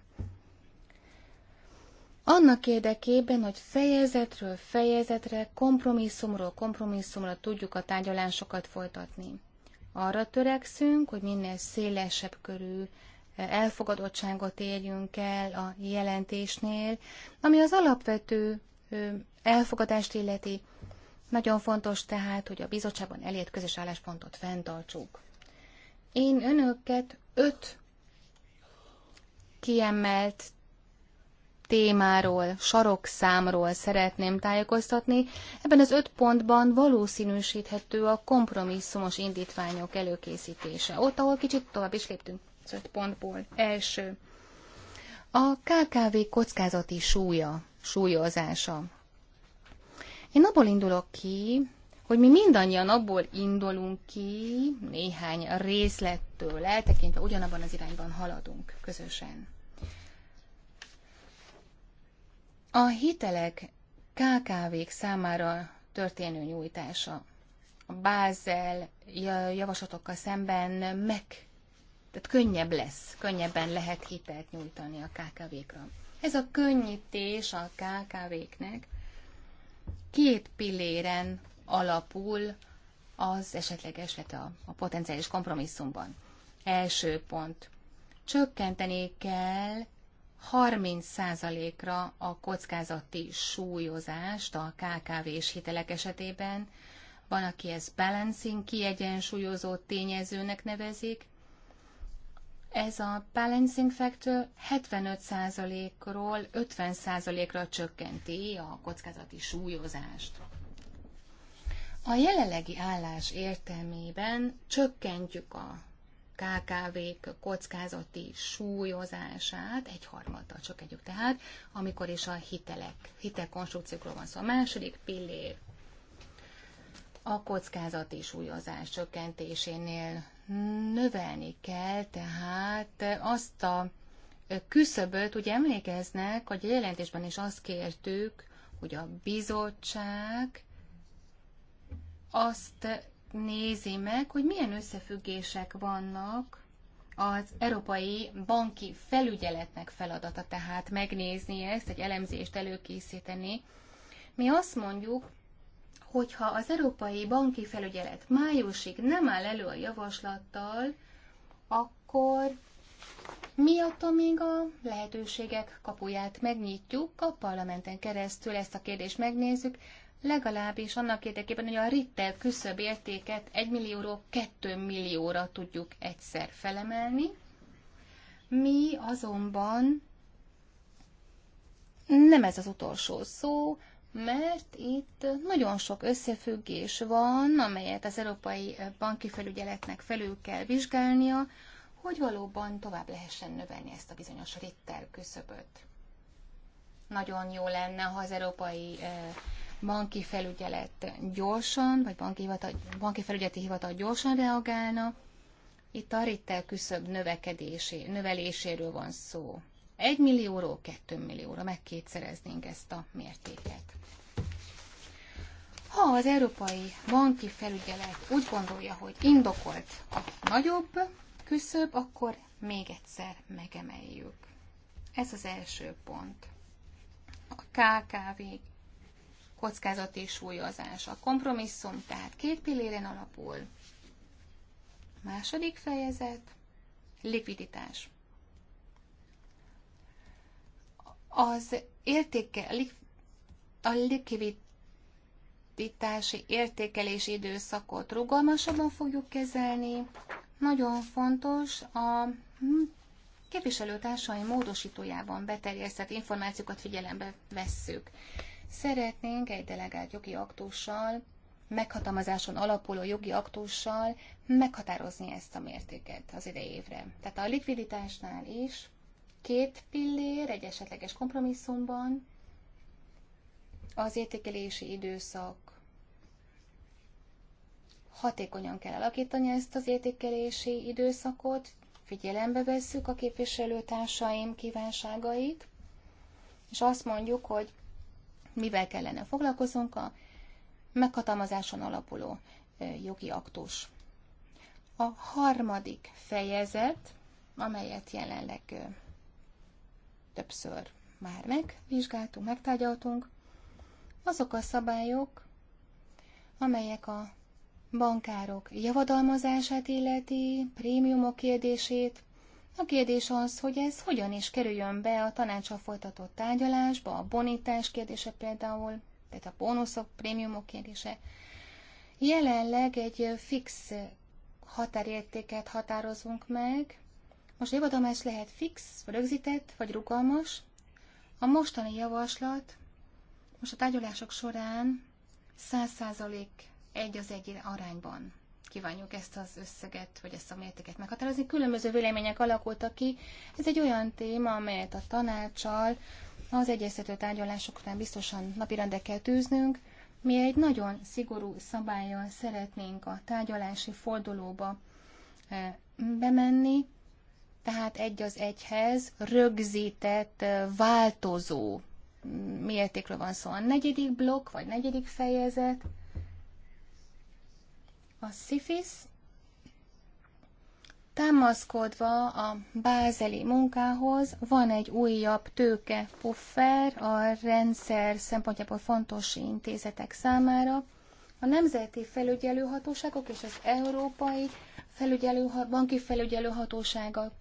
Annak érdekében, hogy fejezetről fejezetre, kompromisszumról kompromisszumra tudjuk a tárgyalásokat folytatni. Arra törekszünk, hogy minél szélesebb körű eh, elfogadottságot érjünk el a jelentésnél, ami az alapvető eh, elfogadást illeti nagyon fontos tehát, hogy a bizottságban elért közös álláspontot fenntartsuk. Én önöket öt kiemelt témáról, sarokszámról szeretném tájékoztatni. Ebben az öt pontban valószínűsíthető a kompromisszumos indítványok előkészítése. Ott, ahol kicsit tovább is léptünk az öt pontból. Első. A KKV kockázati súlya, súlyozása. Én abból indulok ki, hogy mi mindannyian abból indulunk ki, néhány részlettől eltekintve ugyanabban az irányban haladunk közösen. A hitelek KKV-k számára történő nyújtása a Bázel javaslatokkal szemben meg, tehát könnyebb lesz, könnyebben lehet hitelt nyújtani a KKV-kra. Ez a könnyítés a KKV-knek két pilléren alapul az esetleges, hát a, a potenciális kompromisszumban. Első pont. Csökkenteni kell 30%-ra a kockázati súlyozást a KKV-s hitelek esetében. Van, aki ezt balancing, kiegyensúlyozó tényezőnek nevezik, ez a balancing factor 75%-ról 50%-ra csökkenti a kockázati súlyozást. A jelenlegi állás értelmében csökkentjük a KKV-k kockázati súlyozását, egy harmaddal csökkentjük tehát, amikor is a hitelek, hitelkonstrukciókról van szó. A második pillér a kockázati súlyozás csökkentésénél növelni kell, tehát azt a küszöböt, ugye emlékeznek, hogy a jelentésben is azt kértük, hogy a bizottság azt nézi meg, hogy milyen összefüggések vannak az Európai Banki Felügyeletnek feladata, tehát megnézni ezt, egy elemzést előkészíteni. Mi azt mondjuk, hogyha az Európai Banki Felügyelet májusig nem áll elő a javaslattal, akkor mi attól még a lehetőségek kapuját megnyitjuk, a parlamenten keresztül ezt a kérdést megnézzük, legalábbis annak érdekében, hogy a Ritter küszöb értéket 1 millióról 2 millióra tudjuk egyszer felemelni. Mi azonban nem ez az utolsó szó, mert itt nagyon sok összefüggés van, amelyet az Európai Banki Felügyeletnek felül kell vizsgálnia, hogy valóban tovább lehessen növelni ezt a bizonyos Ritter küszöböt. Nagyon jó lenne, ha az Európai eh, Banki Felügyelet gyorsan, vagy banki, hivatal, banki felügyeleti hivatal gyorsan reagálna. Itt a Ritter küszöb növekedésé, növeléséről van szó. 1 millióról 2 millióra megkétszereznénk ezt a mértéket. Ha az Európai Banki Felügyelet úgy gondolja, hogy indokolt a nagyobb küszöb, akkor még egyszer megemeljük. Ez az első pont. A KKV kockázati súlyozás, a kompromisszum, tehát két pilléren alapul. második fejezet, likviditás. Az értéke, a likviditási értékelés időszakot rugalmasabban fogjuk kezelni. Nagyon fontos a képviselőtársai módosítójában beterjesztett információkat figyelembe vesszük. Szeretnénk egy delegált jogi aktussal, meghatalmazáson alapuló jogi aktussal meghatározni ezt a mértéket az idei évre. Tehát a likviditásnál is két pillér egy esetleges kompromisszumban, az értékelési időszak hatékonyan kell alakítani ezt az értékelési időszakot, figyelembe vesszük a képviselőtársaim kívánságait, és azt mondjuk, hogy mivel kellene foglalkozunk a meghatalmazáson alapuló jogi aktus. A harmadik fejezet, amelyet jelenleg többször már megvizsgáltunk, megtárgyaltunk, azok a szabályok, amelyek a bankárok javadalmazását illeti, prémiumok kérdését. A kérdés az, hogy ez hogyan is kerüljön be a tanácsa folytatott tárgyalásba, a bonitás kérdése például, tehát a bónuszok, prémiumok kérdése. Jelenleg egy fix határértéket határozunk meg, most a lehet fix, vagy rögzített, vagy rugalmas. A mostani javaslat most a tárgyalások során 100% egy az egy arányban kívánjuk ezt az összeget, vagy ezt a mértéket meghatározni. Különböző vélemények alakultak ki. Ez egy olyan téma, amelyet a tanácsal az egyeztető után biztosan napirendre kell tűznünk. Mi egy nagyon szigorú szabályjal szeretnénk a tárgyalási fordulóba eh, bemenni, tehát egy az egyhez rögzített változó mértékről van szó. A negyedik blokk, vagy negyedik fejezet, a szifisz, támaszkodva a bázeli munkához van egy újabb tőke puffer a rendszer szempontjából fontos intézetek számára. A nemzeti felügyelőhatóságok és az európai felügyelő, banki Felügyelőhatóságok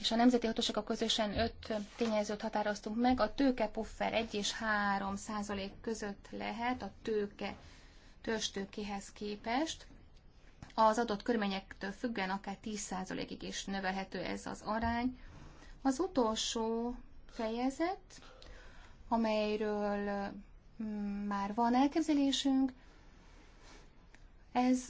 és a nemzeti hatóságok közösen öt tényezőt határoztunk meg. A tőke puffer 1 és 3 százalék között lehet a tőke törstőkéhez képest. Az adott körményektől függen akár 10%-ig is növelhető ez az arány. Az utolsó fejezet, amelyről mm, már van elképzelésünk, ez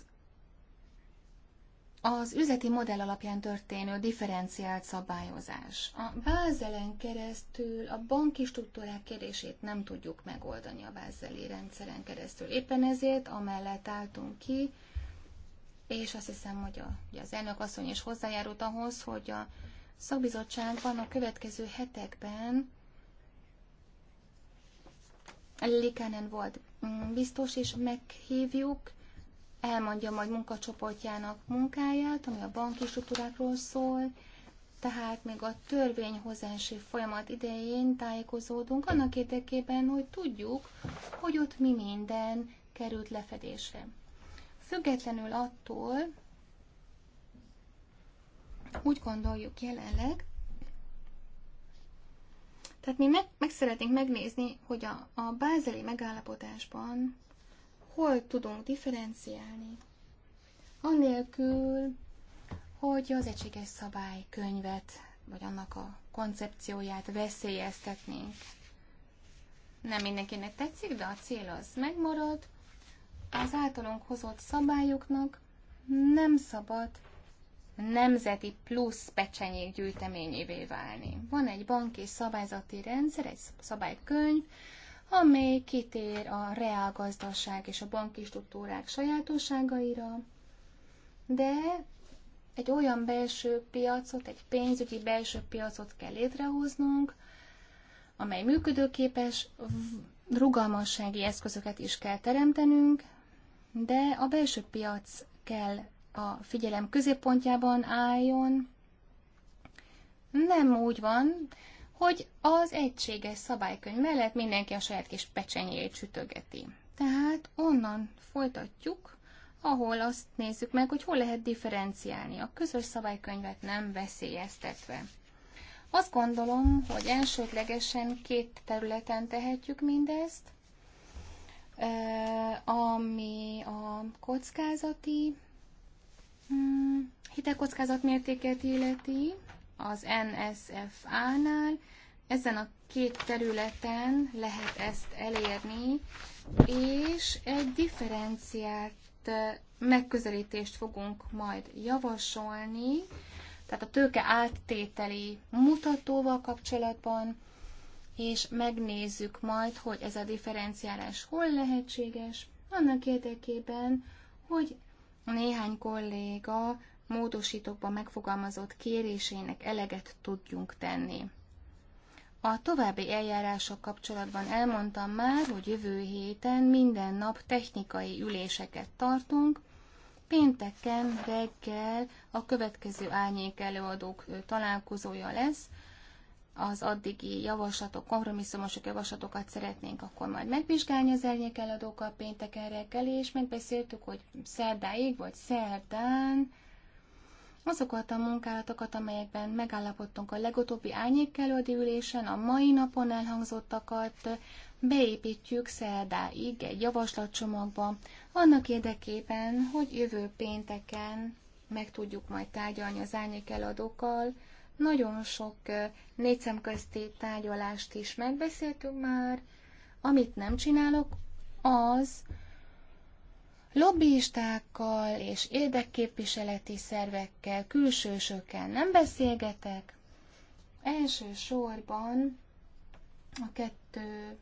az üzleti modell alapján történő differenciált szabályozás. A bázelen keresztül a banki struktúrák kérdését nem tudjuk megoldani a bázeli rendszeren keresztül. Éppen ezért amellett álltunk ki, és azt hiszem, hogy, a, hogy az elnök asszony is hozzájárult ahhoz, hogy a szakbizottságban a következő hetekben Likánen volt biztos, és meghívjuk elmondja majd munkacsoportjának munkáját, ami a banki struktúrákról szól, tehát még a törvényhozási folyamat idején tájékozódunk annak érdekében, hogy tudjuk, hogy ott mi minden került lefedésre. Függetlenül attól úgy gondoljuk jelenleg, tehát mi meg, meg szeretnénk megnézni, hogy a, a bázeli megállapodásban hol tudunk differenciálni, anélkül, hogy az egységes szabálykönyvet, vagy annak a koncepcióját veszélyeztetnénk. Nem mindenkinek tetszik, de a cél az megmarad. Az általunk hozott szabályoknak nem szabad nemzeti plusz pecsenyék gyűjteményévé válni. Van egy banki szabályzati rendszer, egy szabálykönyv, amely kitér a reálgazdaság és a banki struktúrák sajátosságaira, de egy olyan belső piacot, egy pénzügyi belső piacot kell létrehoznunk, amely működőképes, rugalmassági eszközöket is kell teremtenünk, de a belső piac kell a figyelem középpontjában álljon. Nem úgy van, hogy az egységes szabálykönyv mellett mindenki a saját kis pecsenyét sütögeti. Tehát onnan folytatjuk, ahol azt nézzük meg, hogy hol lehet differenciálni a közös szabálykönyvet nem veszélyeztetve. Azt gondolom, hogy elsődlegesen két területen tehetjük mindezt, ami a kockázati hmm, hitelkockázat mértéket illeti, az NSFA-nál. Ezen a két területen lehet ezt elérni, és egy differenciált megközelítést fogunk majd javasolni, tehát a tőke áttételi mutatóval kapcsolatban, és megnézzük majd, hogy ez a differenciálás hol lehetséges, annak érdekében, hogy néhány kolléga módosítókban megfogalmazott kérésének eleget tudjunk tenni. A további eljárások kapcsolatban elmondtam már, hogy jövő héten minden nap technikai üléseket tartunk, pénteken reggel a következő árnyék előadók találkozója lesz, az addigi javaslatok, kompromisszumosok javaslatokat szeretnénk akkor majd megvizsgálni az eladókkal pénteken reggel, és megbeszéltük, hogy szerdáig vagy szerdán azokat a munkálatokat, amelyekben megállapodtunk a legutóbbi árnyékkelődi ülésen, a mai napon elhangzottakat beépítjük szerdáig egy javaslatcsomagba, annak érdekében, hogy jövő pénteken meg tudjuk majd tárgyalni az árnyékeladókkal. Nagyon sok szemközti tárgyalást is megbeszéltünk már. Amit nem csinálok, az, lobbyistákkal és érdekképviseleti szervekkel, külsősökkel nem beszélgetek. Elsősorban a kettő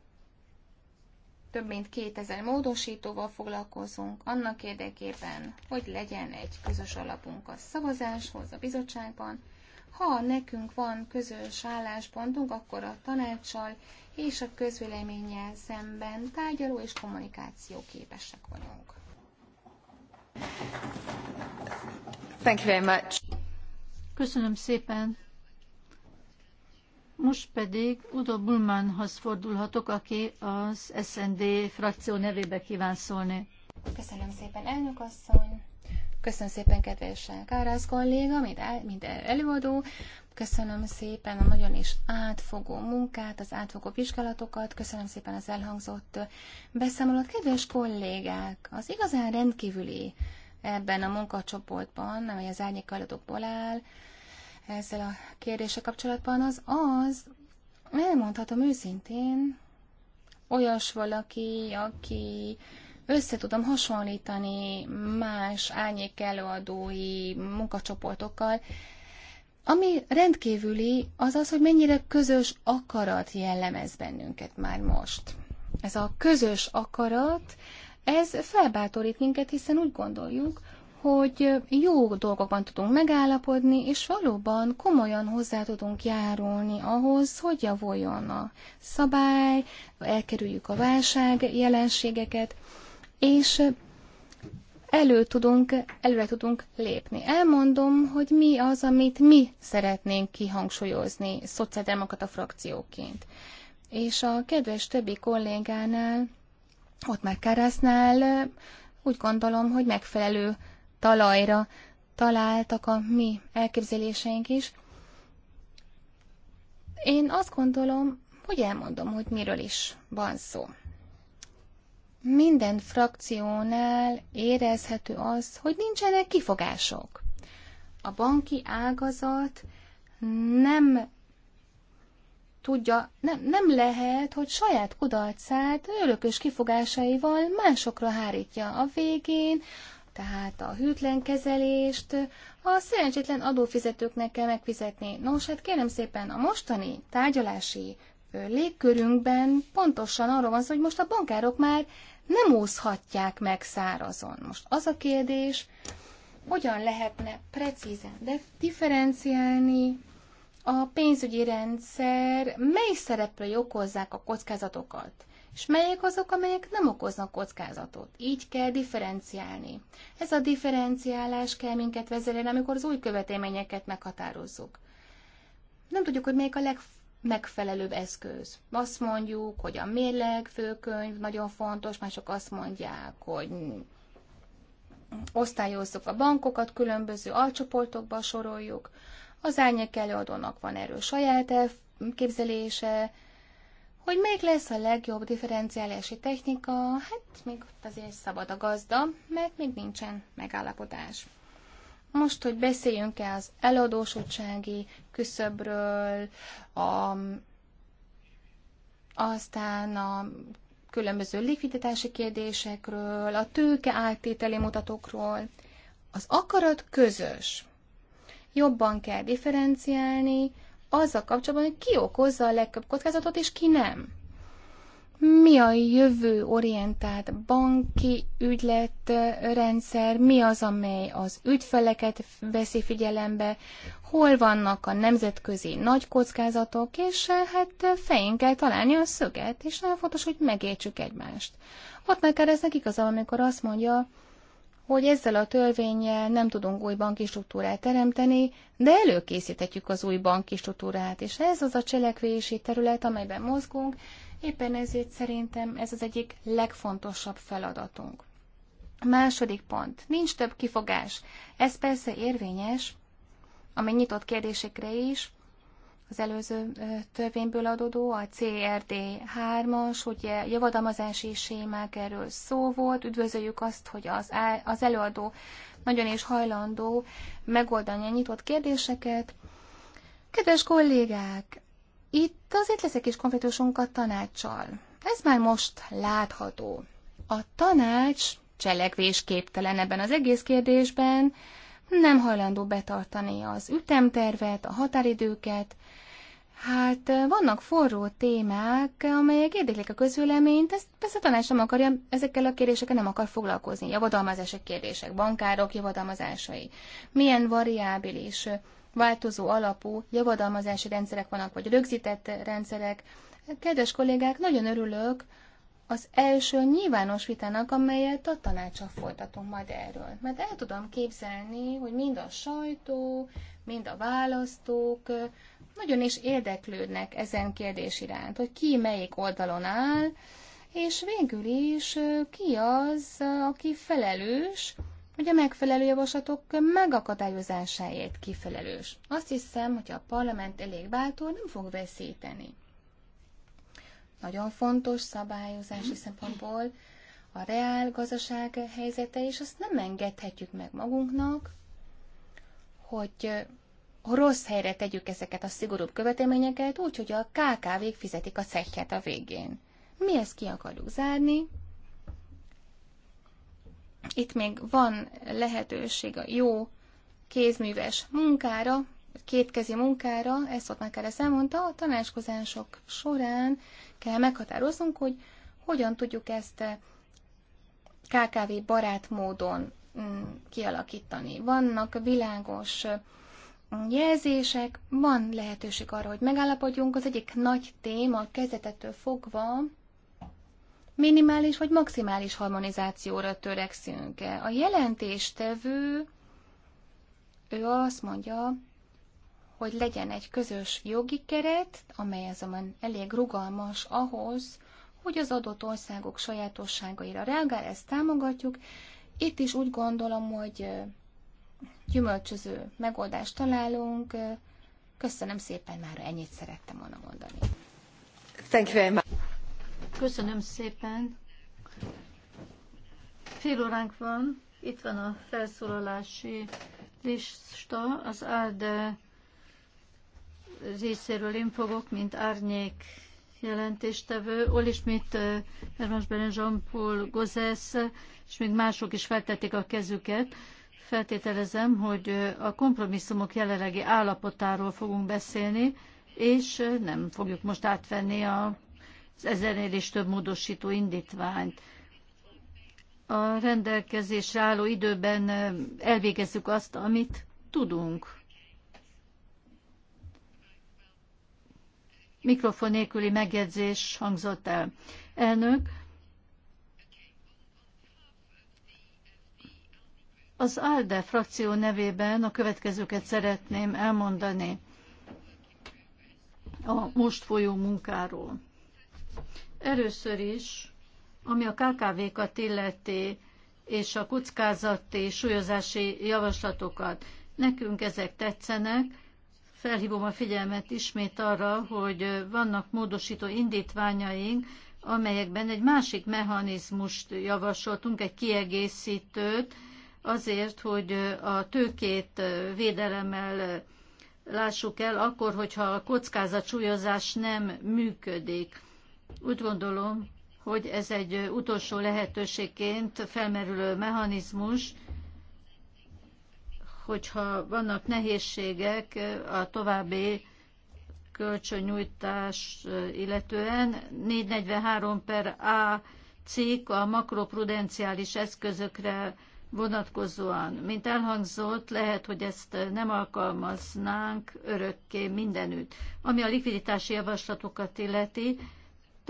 több mint 2000 módosítóval foglalkozunk, annak érdekében, hogy legyen egy közös alapunk a szavazáshoz a bizottságban. Ha nekünk van közös álláspontunk, akkor a tanácssal és a közvéleménnyel szemben tárgyaló és kommunikáció képesek vagyunk. Thank you very much. Köszönöm szépen. Most pedig Udo Bullmannhoz fordulhatok, aki az SND frakció nevébe kíván szólni. Köszönöm szépen, elnök asszony. Köszönöm szépen, kedves Kárász kolléga, mint, el, mint előadó köszönöm szépen a nagyon is átfogó munkát, az átfogó vizsgálatokat, köszönöm szépen az elhangzott beszámolót. Kedves kollégák, az igazán rendkívüli ebben a munkacsoportban, amely az árnyékajlatokból áll, ezzel a kérdése kapcsolatban az az, elmondhatom őszintén, olyas valaki, aki össze tudom hasonlítani más árnyék előadói munkacsoportokkal, ami rendkívüli, az az, hogy mennyire közös akarat jellemez bennünket már most. Ez a közös akarat, ez felbátorít minket, hiszen úgy gondoljuk, hogy jó dolgokban tudunk megállapodni, és valóban komolyan hozzá tudunk járulni ahhoz, hogy javuljon a szabály, elkerüljük a válság jelenségeket, és elő tudunk, előre tudunk lépni. Elmondom, hogy mi az, amit mi szeretnénk kihangsúlyozni szociáldemokrata frakcióként. És a kedves többi kollégánál, ott már Karasznál úgy gondolom, hogy megfelelő talajra találtak a mi elképzeléseink is. Én azt gondolom, hogy elmondom, hogy miről is van szó minden frakciónál érezhető az, hogy nincsenek kifogások. A banki ágazat nem tudja, nem, nem lehet, hogy saját kudarcát örökös kifogásaival másokra hárítja a végén, tehát a hűtlen kezelést a szerencsétlen adófizetőknek kell megfizetni. Nos, hát kérem szépen, a mostani tárgyalási légkörünkben pontosan arról van szó, hogy most a bankárok már nem úszhatják meg szárazon. Most az a kérdés, hogyan lehetne precízen de differenciálni a pénzügyi rendszer, mely szereplői okozzák a kockázatokat, és melyek azok, amelyek nem okoznak kockázatot. Így kell differenciálni. Ez a differenciálás kell minket vezérelni, amikor az új követelményeket meghatározzuk. Nem tudjuk, hogy melyik a legfontosabb megfelelőbb eszköz. Azt mondjuk, hogy a főkönyv nagyon fontos, mások azt mondják, hogy osztályozzuk a bankokat, különböző alcsoportokba soroljuk. Az árnyék előadónak van erről saját képzelése, hogy még lesz a legjobb differenciálási technika, hát még ott azért szabad a gazda, mert még nincsen megállapodás. Most, hogy beszéljünk-e az eladósultsági küszöbről, a, aztán a különböző likviditási kérdésekről, a tőke áttételi mutatókról. Az akarat közös. Jobban kell differenciálni azzal kapcsolatban, hogy ki okozza a legtöbb kockázatot, és ki nem mi a jövő orientált banki ügyletrendszer, mi az, amely az ügyfeleket veszi figyelembe, hol vannak a nemzetközi nagy kockázatok, és eh, hát eh, fején kell találni a szöget, és nagyon fontos, hogy megértsük egymást. Ott eznek igaza, amikor azt mondja, hogy ezzel a törvényel nem tudunk új banki struktúrát teremteni, de előkészíthetjük az új banki struktúrát, és ez az a cselekvési terület, amelyben mozgunk, Éppen ezért szerintem ez az egyik legfontosabb feladatunk. Második pont. Nincs több kifogás. Ez persze érvényes, ami nyitott kérdésekre is, az előző törvényből adódó, a CRD 3-as, ugye javadalmazási sémák erről szó volt. Üdvözöljük azt, hogy az, az előadó nagyon is hajlandó megoldani a nyitott kérdéseket. Kedves kollégák, itt azért leszek is konfliktusunkat tanácsal. Ez már most látható. A tanács cselekvésképtelen ebben az egész kérdésben, nem hajlandó betartani az ütemtervet, a határidőket. Hát eh, vannak forró témák, amelyek érdeklik a közvéleményt, ezt persze a tanács nem akarja, ezekkel a kérdésekkel nem akar foglalkozni. Javadalmazások kérdések, bankárok javadalmazásai, milyen variábilis eh, változó alapú javadalmazási rendszerek vannak, vagy rögzített rendszerek. Kedves kollégák, nagyon örülök az első nyilvános vitának, amelyet a tanácsa folytatunk majd erről. Mert el tudom képzelni, hogy mind a sajtó, mind a választók nagyon is érdeklődnek ezen kérdés iránt, hogy ki melyik oldalon áll, és végül is ki az, aki felelős hogy a megfelelő javaslatok megakadályozásáért kifelelős. Azt hiszem, hogy a parlament elég bátor, nem fog veszíteni. Nagyon fontos szabályozási szempontból a reál gazdaság helyzete, és azt nem engedhetjük meg magunknak, hogy rossz helyre tegyük ezeket a szigorúbb követelményeket, úgy, hogy a KKV-k fizetik a cekket a végén. Mi ezt ki akarjuk zárni, itt még van lehetőség a jó kézműves munkára, kétkezi munkára, ezt ott már Kereszt elmondta, a tanácskozások során kell meghatároznunk, hogy hogyan tudjuk ezt eh, KKV barát módon mm, kialakítani. Vannak világos mm, jelzések, van lehetőség arra, hogy megállapodjunk. Az egyik nagy téma kezdetettől fogva minimális vagy maximális harmonizációra törekszünk-e. A jelentéstevő, ő azt mondja, hogy legyen egy közös jogi keret, amely azonban elég rugalmas ahhoz, hogy az adott országok sajátosságaira reagál, ezt támogatjuk. Itt is úgy gondolom, hogy gyümölcsöző megoldást találunk. Köszönöm szépen, már ennyit szerettem volna mondani. Thank you very much. Köszönöm szépen. Fél óránk van, itt van a felszólalási lista, az árde részéről én fogok, mint árnyék jelentéstevő, Oli Schmidt, eh, Hermes Beren, Jean-Paul Gozes, és még mások is feltették a kezüket. Feltételezem, hogy eh, a kompromisszumok jelenlegi állapotáról fogunk beszélni, és eh, nem fogjuk most átvenni a ezernél is több módosító indítványt. A rendelkezésre álló időben elvégezzük azt, amit tudunk. Mikrofon nélküli megjegyzés hangzott el. Elnök, az ALDE frakció nevében a következőket szeretném elmondani a most folyó munkáról. Először is, ami a KKV-kat illeti, és a kockázati súlyozási javaslatokat. Nekünk ezek tetszenek. Felhívom a figyelmet ismét arra, hogy vannak módosító indítványaink, amelyekben egy másik mechanizmust javasoltunk, egy kiegészítőt, azért, hogy a tőkét védelemmel lássuk el, akkor, hogyha a kockázatsúlyozás nem működik. Úgy gondolom, hogy ez egy utolsó lehetőségként felmerülő mechanizmus, hogyha vannak nehézségek a további kölcsönnyújtás illetően. 443 per A cikk a makroprudenciális eszközökre vonatkozóan. Mint elhangzott, lehet, hogy ezt nem alkalmaznánk örökké mindenütt. Ami a likviditási javaslatokat illeti,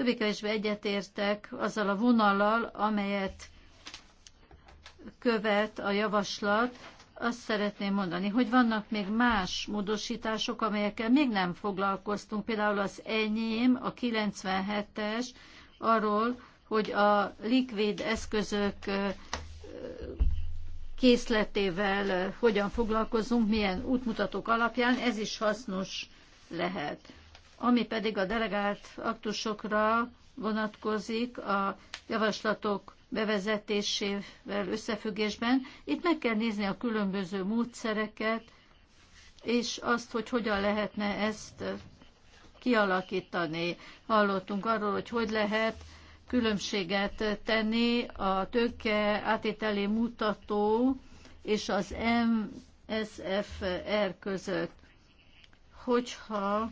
többé-kevésbé egyetértek azzal a vonallal, amelyet követ a javaslat, azt szeretném mondani, hogy vannak még más módosítások, amelyekkel még nem foglalkoztunk. Például az enyém, a 97-es, arról, hogy a likvid eszközök készletével hogyan foglalkozunk, milyen útmutatók alapján, ez is hasznos lehet. Ami pedig a delegált aktusokra vonatkozik a javaslatok bevezetésével összefüggésben, itt meg kell nézni a különböző módszereket, és azt, hogy hogyan lehetne ezt kialakítani. Hallottunk arról, hogy hogy lehet különbséget tenni a tőke átételi mutató és az MSFR között. Hogyha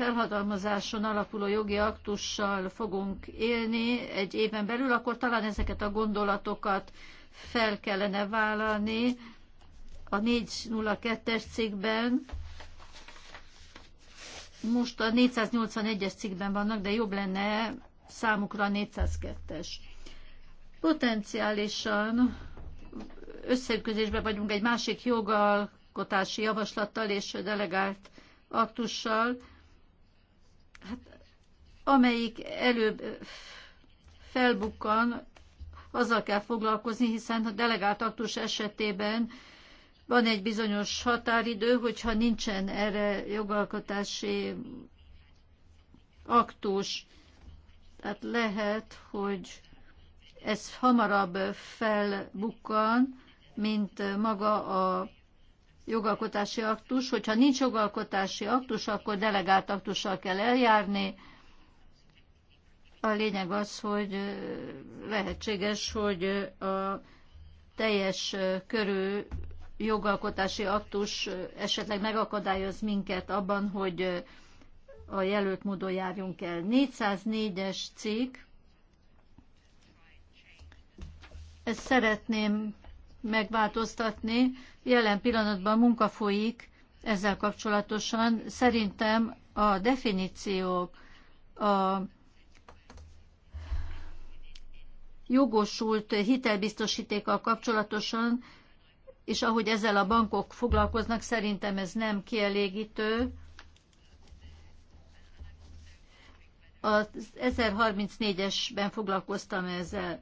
felhatalmazáson alapuló jogi aktussal fogunk élni egy éven belül, akkor talán ezeket a gondolatokat fel kellene vállalni a 402-es cikkben, most a 481-es cikkben vannak, de jobb lenne számukra a 402-es. Potenciálisan összeütközésben vagyunk egy másik jogalkotási javaslattal és delegált aktussal, hát amelyik előbb felbukkan, azzal kell foglalkozni, hiszen a delegált aktus esetében van egy bizonyos határidő, hogyha nincsen erre jogalkotási aktus, tehát lehet, hogy ez hamarabb felbukkan, mint maga a jogalkotási aktus. Hogyha nincs jogalkotási aktus, akkor delegált aktussal kell eljárni. A lényeg az, hogy lehetséges, hogy a teljes körű jogalkotási aktus esetleg megakadályoz minket abban, hogy a jelölt módon járjunk el. 404-es cikk, ezt szeretném megváltoztatni. Jelen pillanatban munka folyik ezzel kapcsolatosan. Szerintem a definíciók, a jogosult hitelbiztosítékkal kapcsolatosan, és ahogy ezzel a bankok foglalkoznak, szerintem ez nem kielégítő. Az 1034-esben foglalkoztam ezzel.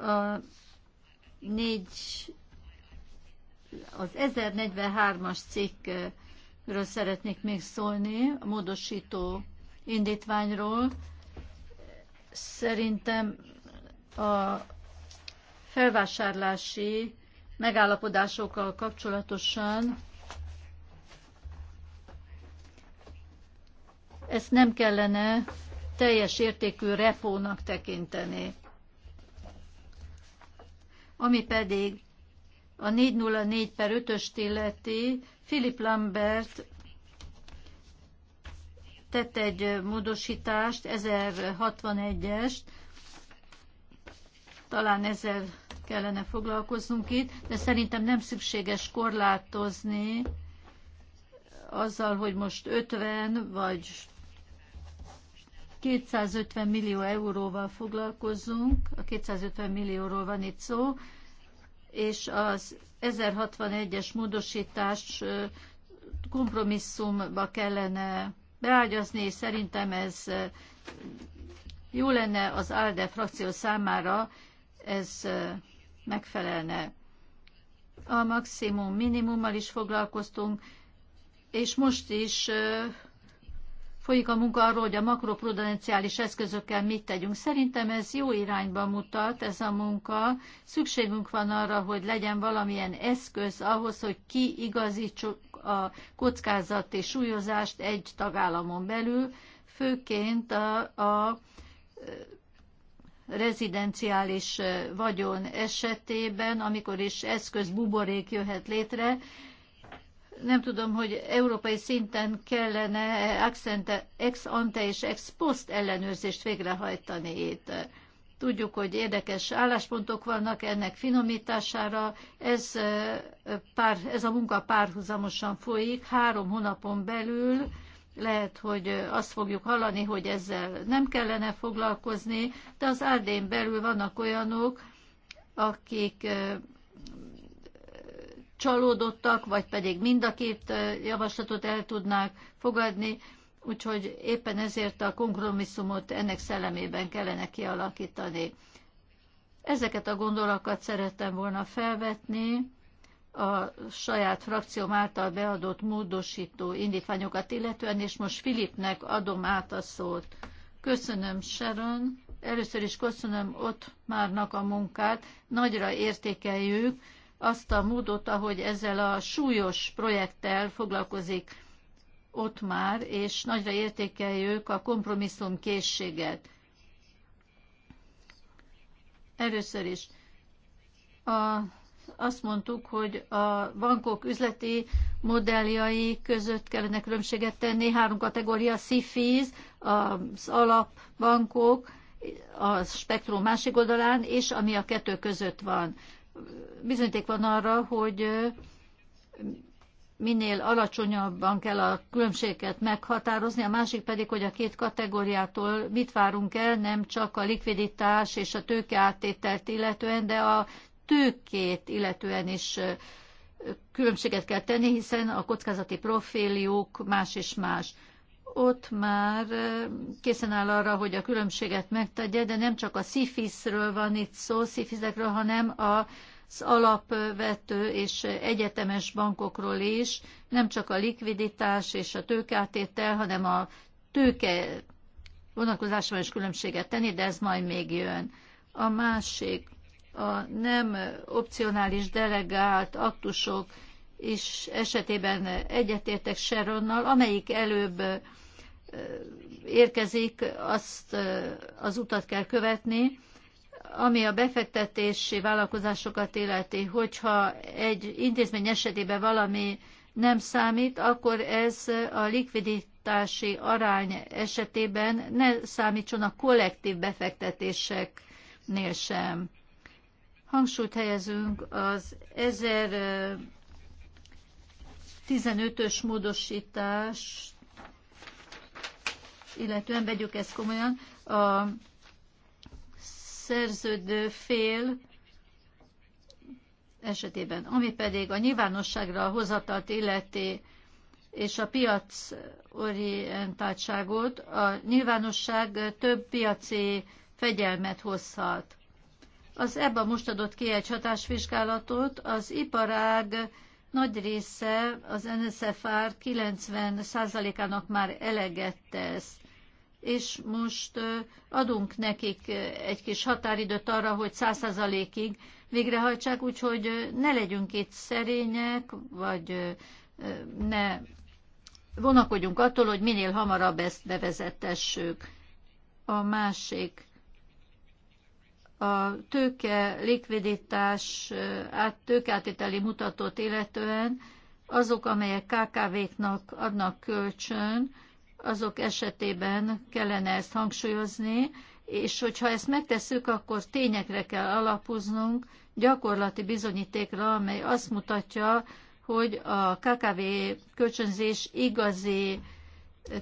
A négy, az 1043-as cikkről szeretnék még szólni, a módosító indítványról. Szerintem a felvásárlási megállapodásokkal kapcsolatosan ezt nem kellene teljes értékű repónak tekinteni. Ami pedig a 404 per 5-öst illeti, Philip Lambert tett egy módosítást, 1061-est, talán ezzel kellene foglalkoznunk itt, de szerintem nem szükséges korlátozni azzal, hogy most 50 vagy 250 millió euróval foglalkozunk, a 250 millióról van itt szó, és az 1061-es módosítás kompromisszumba kellene beágyazni, és szerintem ez jó lenne az ALDE frakció számára, ez megfelelne. A maximum minimummal is foglalkoztunk, és most is folyik a munka arról, hogy a makroprudenciális eszközökkel mit tegyünk. Szerintem ez jó irányba mutat, ez a munka. Szükségünk van arra, hogy legyen valamilyen eszköz ahhoz, hogy kiigazítsuk a és súlyozást egy tagállamon belül, főként a, a rezidenciális vagyon esetében, amikor is eszköz buborék jöhet létre, nem tudom, hogy európai szinten kellene ex ante és ex post ellenőrzést végrehajtani itt. Tudjuk, hogy érdekes álláspontok vannak ennek finomítására. Ez, pár, ez a munka párhuzamosan folyik. Három hónapon belül lehet, hogy azt fogjuk hallani, hogy ezzel nem kellene foglalkozni, de az árdén belül vannak olyanok, akik csalódottak, vagy pedig mind a két javaslatot el tudnák fogadni, úgyhogy éppen ezért a kompromisszumot ennek szellemében kellene kialakítani. Ezeket a gondolakat szerettem volna felvetni a saját frakcióm által beadott módosító indítványokat illetően, és most Filipnek adom át a szót. Köszönöm, Sharon. Először is köszönöm ott márnak a munkát. Nagyra értékeljük, azt a módot, ahogy ezzel a súlyos projekttel foglalkozik ott már, és nagyra értékeljük a kompromisszum készséget. Először is a, azt mondtuk, hogy a bankok üzleti modelljai között kellene különbséget tenni. Három kategória, SIFIs, az alapbankok, a spektrum másik oldalán, és ami a kettő között van bizonyíték van arra, hogy minél alacsonyabban kell a különbséget meghatározni, a másik pedig, hogy a két kategóriától mit várunk el, nem csak a likviditás és a tőkeáttételt illetően, de a tőkét illetően is különbséget kell tenni, hiszen a kockázati profiljuk más és más. Ott már készen áll arra, hogy a különbséget megtegye, de nem csak a szifiszről van itt szó, szifizekről, hanem a az alapvető és egyetemes bankokról is, nem csak a likviditás és a tőkátétel, hanem a tőke vonatkozásban is különbséget tenni, de ez majd még jön. A másik, a nem opcionális delegált aktusok is esetében egyetértek Sharonnal, amelyik előbb érkezik, azt az utat kell követni, ami a befektetési vállalkozásokat illeti, hogyha egy intézmény esetében valami nem számít, akkor ez a likviditási arány esetében ne számítson a kollektív befektetéseknél sem. Hangsúlyt helyezünk az 1015-ös módosítást, illetően vegyük ezt komolyan, a szerződő fél esetében, ami pedig a nyilvánosságra a hozatat illeti és a piac orientáltságot, a nyilvánosság több piaci fegyelmet hozhat. Az ebben most adott ki egy hatásvizsgálatot, az iparág nagy része az NSFR 90%-ának már eleget tesz és most adunk nekik egy kis határidőt arra, hogy 100%-ig végrehajtsák, úgyhogy ne legyünk itt szerények, vagy ne vonakodjunk attól, hogy minél hamarabb ezt bevezetessük. A másik, a tőke likviditás át, tőkátiteli mutatót illetően azok, amelyek KKV-knak adnak kölcsön, azok esetében kellene ezt hangsúlyozni, és hogyha ezt megtesszük, akkor tényekre kell alapoznunk, gyakorlati bizonyítékra, amely azt mutatja, hogy a KKV kölcsönzés igazi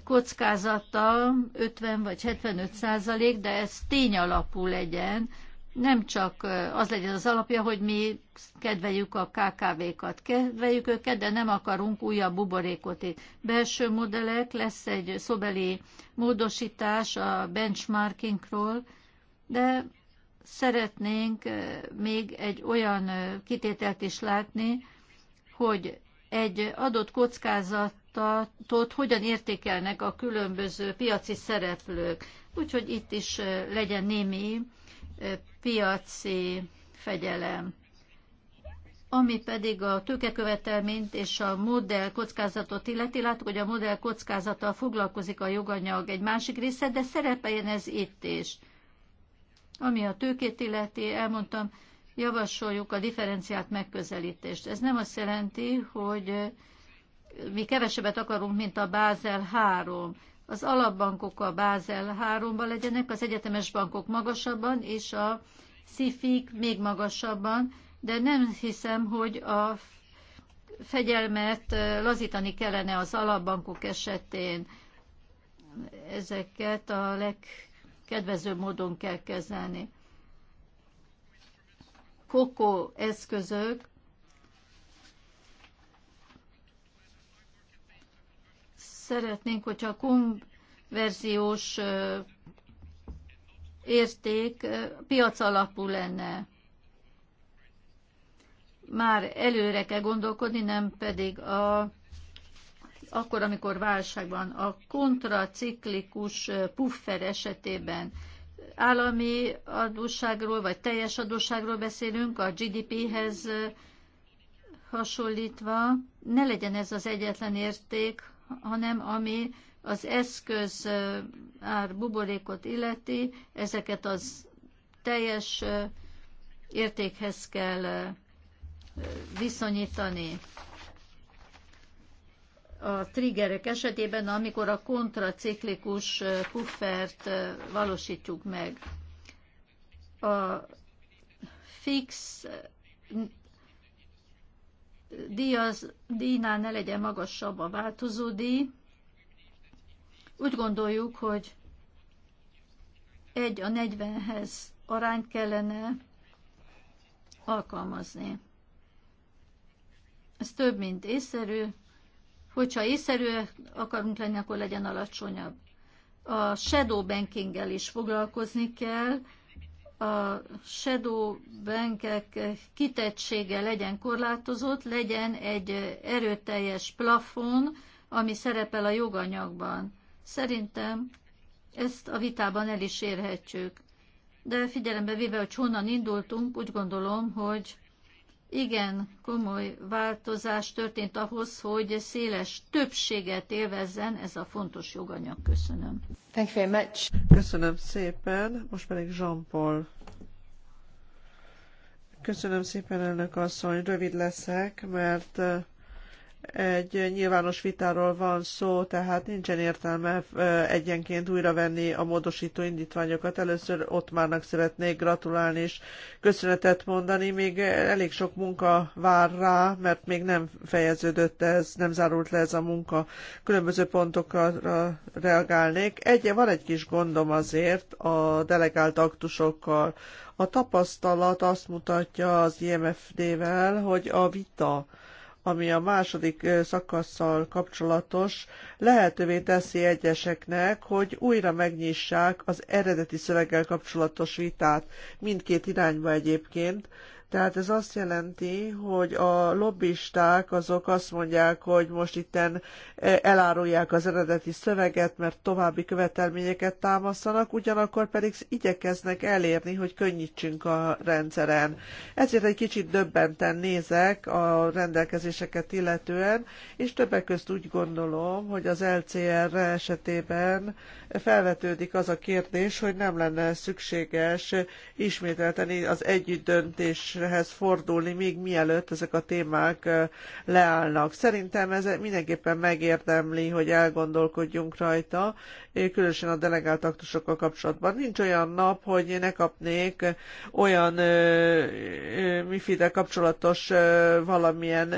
kockázata 50 vagy 75 százalék, de ez tényalapú legyen, nem csak az legyen az alapja, hogy mi kedveljük a KKV-kat, kedveljük őket, de nem akarunk újabb buborékot itt. Belső modellek, lesz egy szobeli módosítás a benchmarkingról, de szeretnénk még egy olyan kitételt is látni, hogy egy adott kockázatot hogyan értékelnek a különböző piaci szereplők. Úgyhogy itt is legyen némi piaci fegyelem. Ami pedig a tőkekövetelményt és a modell kockázatot illeti, látok, hogy a modell kockázata foglalkozik a joganyag egy másik része, de szerepeljen ez itt is. Ami a tőkét illeti, elmondtam, javasoljuk a differenciált megközelítést. Ez nem azt jelenti, hogy mi kevesebbet akarunk, mint a Bázel 3 az alapbankok a Bázel 3-ban legyenek, az egyetemes bankok magasabban, és a szifik még magasabban, de nem hiszem, hogy a fegyelmet lazítani kellene az alapbankok esetén. Ezeket a legkedvezőbb módon kell kezelni. Kokó eszközök szeretnénk, hogyha a konverziós érték piac alapú lenne. Már előre kell gondolkodni, nem pedig a, akkor, amikor válság van. A kontraciklikus puffer esetében állami adósságról, vagy teljes adósságról beszélünk, a GDP-hez hasonlítva, ne legyen ez az egyetlen érték, hanem ami az eszköz ár buborékot illeti, ezeket az teljes értékhez kell viszonyítani a triggerek esetében, amikor a kontraciklikus puffert valósítjuk meg. A fix az díjnál ne legyen magasabb a változó díj. Úgy gondoljuk, hogy egy a 40-hez arányt kellene alkalmazni. Ez több, mint észszerű. Hogyha észszerű akarunk lenni, akkor legyen alacsonyabb. A shadow banking is foglalkozni kell, a shadow bankek kitettsége legyen korlátozott, legyen egy erőteljes plafon, ami szerepel a joganyagban. Szerintem ezt a vitában el is érhetjük. De figyelembe véve, hogy honnan indultunk, úgy gondolom, hogy igen komoly változás történt ahhoz, hogy széles többséget élvezzen ez a fontos joganyag. Köszönöm. Thank you very much. Köszönöm szépen. Most pedig Jean-Paul. Köszönöm szépen, elnök asszony. Rövid leszek, mert egy nyilvános vitáról van szó, tehát nincsen értelme egyenként újra venni a módosító indítványokat. Először ott márnak szeretnék gratulálni és köszönetet mondani. Még elég sok munka vár rá, mert még nem fejeződött ez, nem zárult le ez a munka. Különböző pontokra reagálnék. Egy, van egy kis gondom azért a delegált aktusokkal. A tapasztalat azt mutatja az IMFD-vel, hogy a vita ami a második szakasszal kapcsolatos, lehetővé teszi egyeseknek, hogy újra megnyissák az eredeti szöveggel kapcsolatos vitát mindkét irányba egyébként, tehát ez azt jelenti, hogy a lobbisták azok azt mondják, hogy most itten e, elárulják az eredeti szöveget, mert további követelményeket támasztanak, ugyanakkor pedig igyekeznek elérni, hogy könnyítsünk a rendszeren. Ezért egy kicsit döbbenten nézek a rendelkezéseket illetően, és többek közt úgy gondolom, hogy az LCR esetében felvetődik az a kérdés, hogy nem lenne szükséges ismételteni az együttdöntés képviselőhez fordulni, még mielőtt ezek a témák leállnak. Szerintem ez mindenképpen megérdemli, hogy elgondolkodjunk rajta, különösen a delegált aktusokkal kapcsolatban. Nincs olyan nap, hogy ne kapnék olyan mifide kapcsolatos valamilyen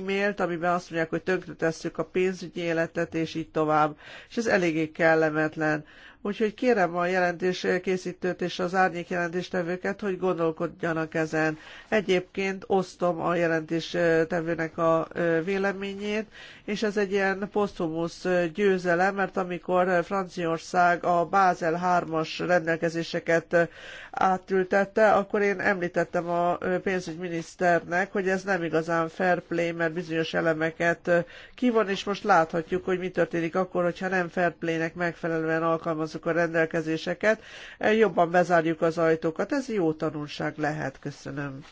e-mailt, amiben azt mondják, hogy tönkretesszük a pénzügyi életet, és így tovább. És ez eléggé kellemetlen. Úgyhogy kérem a jelentés készítőt és az árnyék jelentéstevőket, hogy gondolkodjanak ezen. Egyébként osztom a jelentéstevőnek a véleményét, és ez egy ilyen posztumusz győzelem, mert amikor Franciaország a Bázel 3-as rendelkezéseket átültette, akkor én említettem a pénzügyminiszternek, hogy ez nem igazán fair play, mert bizonyos elemeket kivon, és most láthatjuk, hogy mi történik akkor, hogyha nem fair play-nek megfelelően alkalmaz tisztázzuk a rendelkezéseket, eh, jobban bezárjuk az ajtókat. Ez jó tanulság lehet. Köszönöm.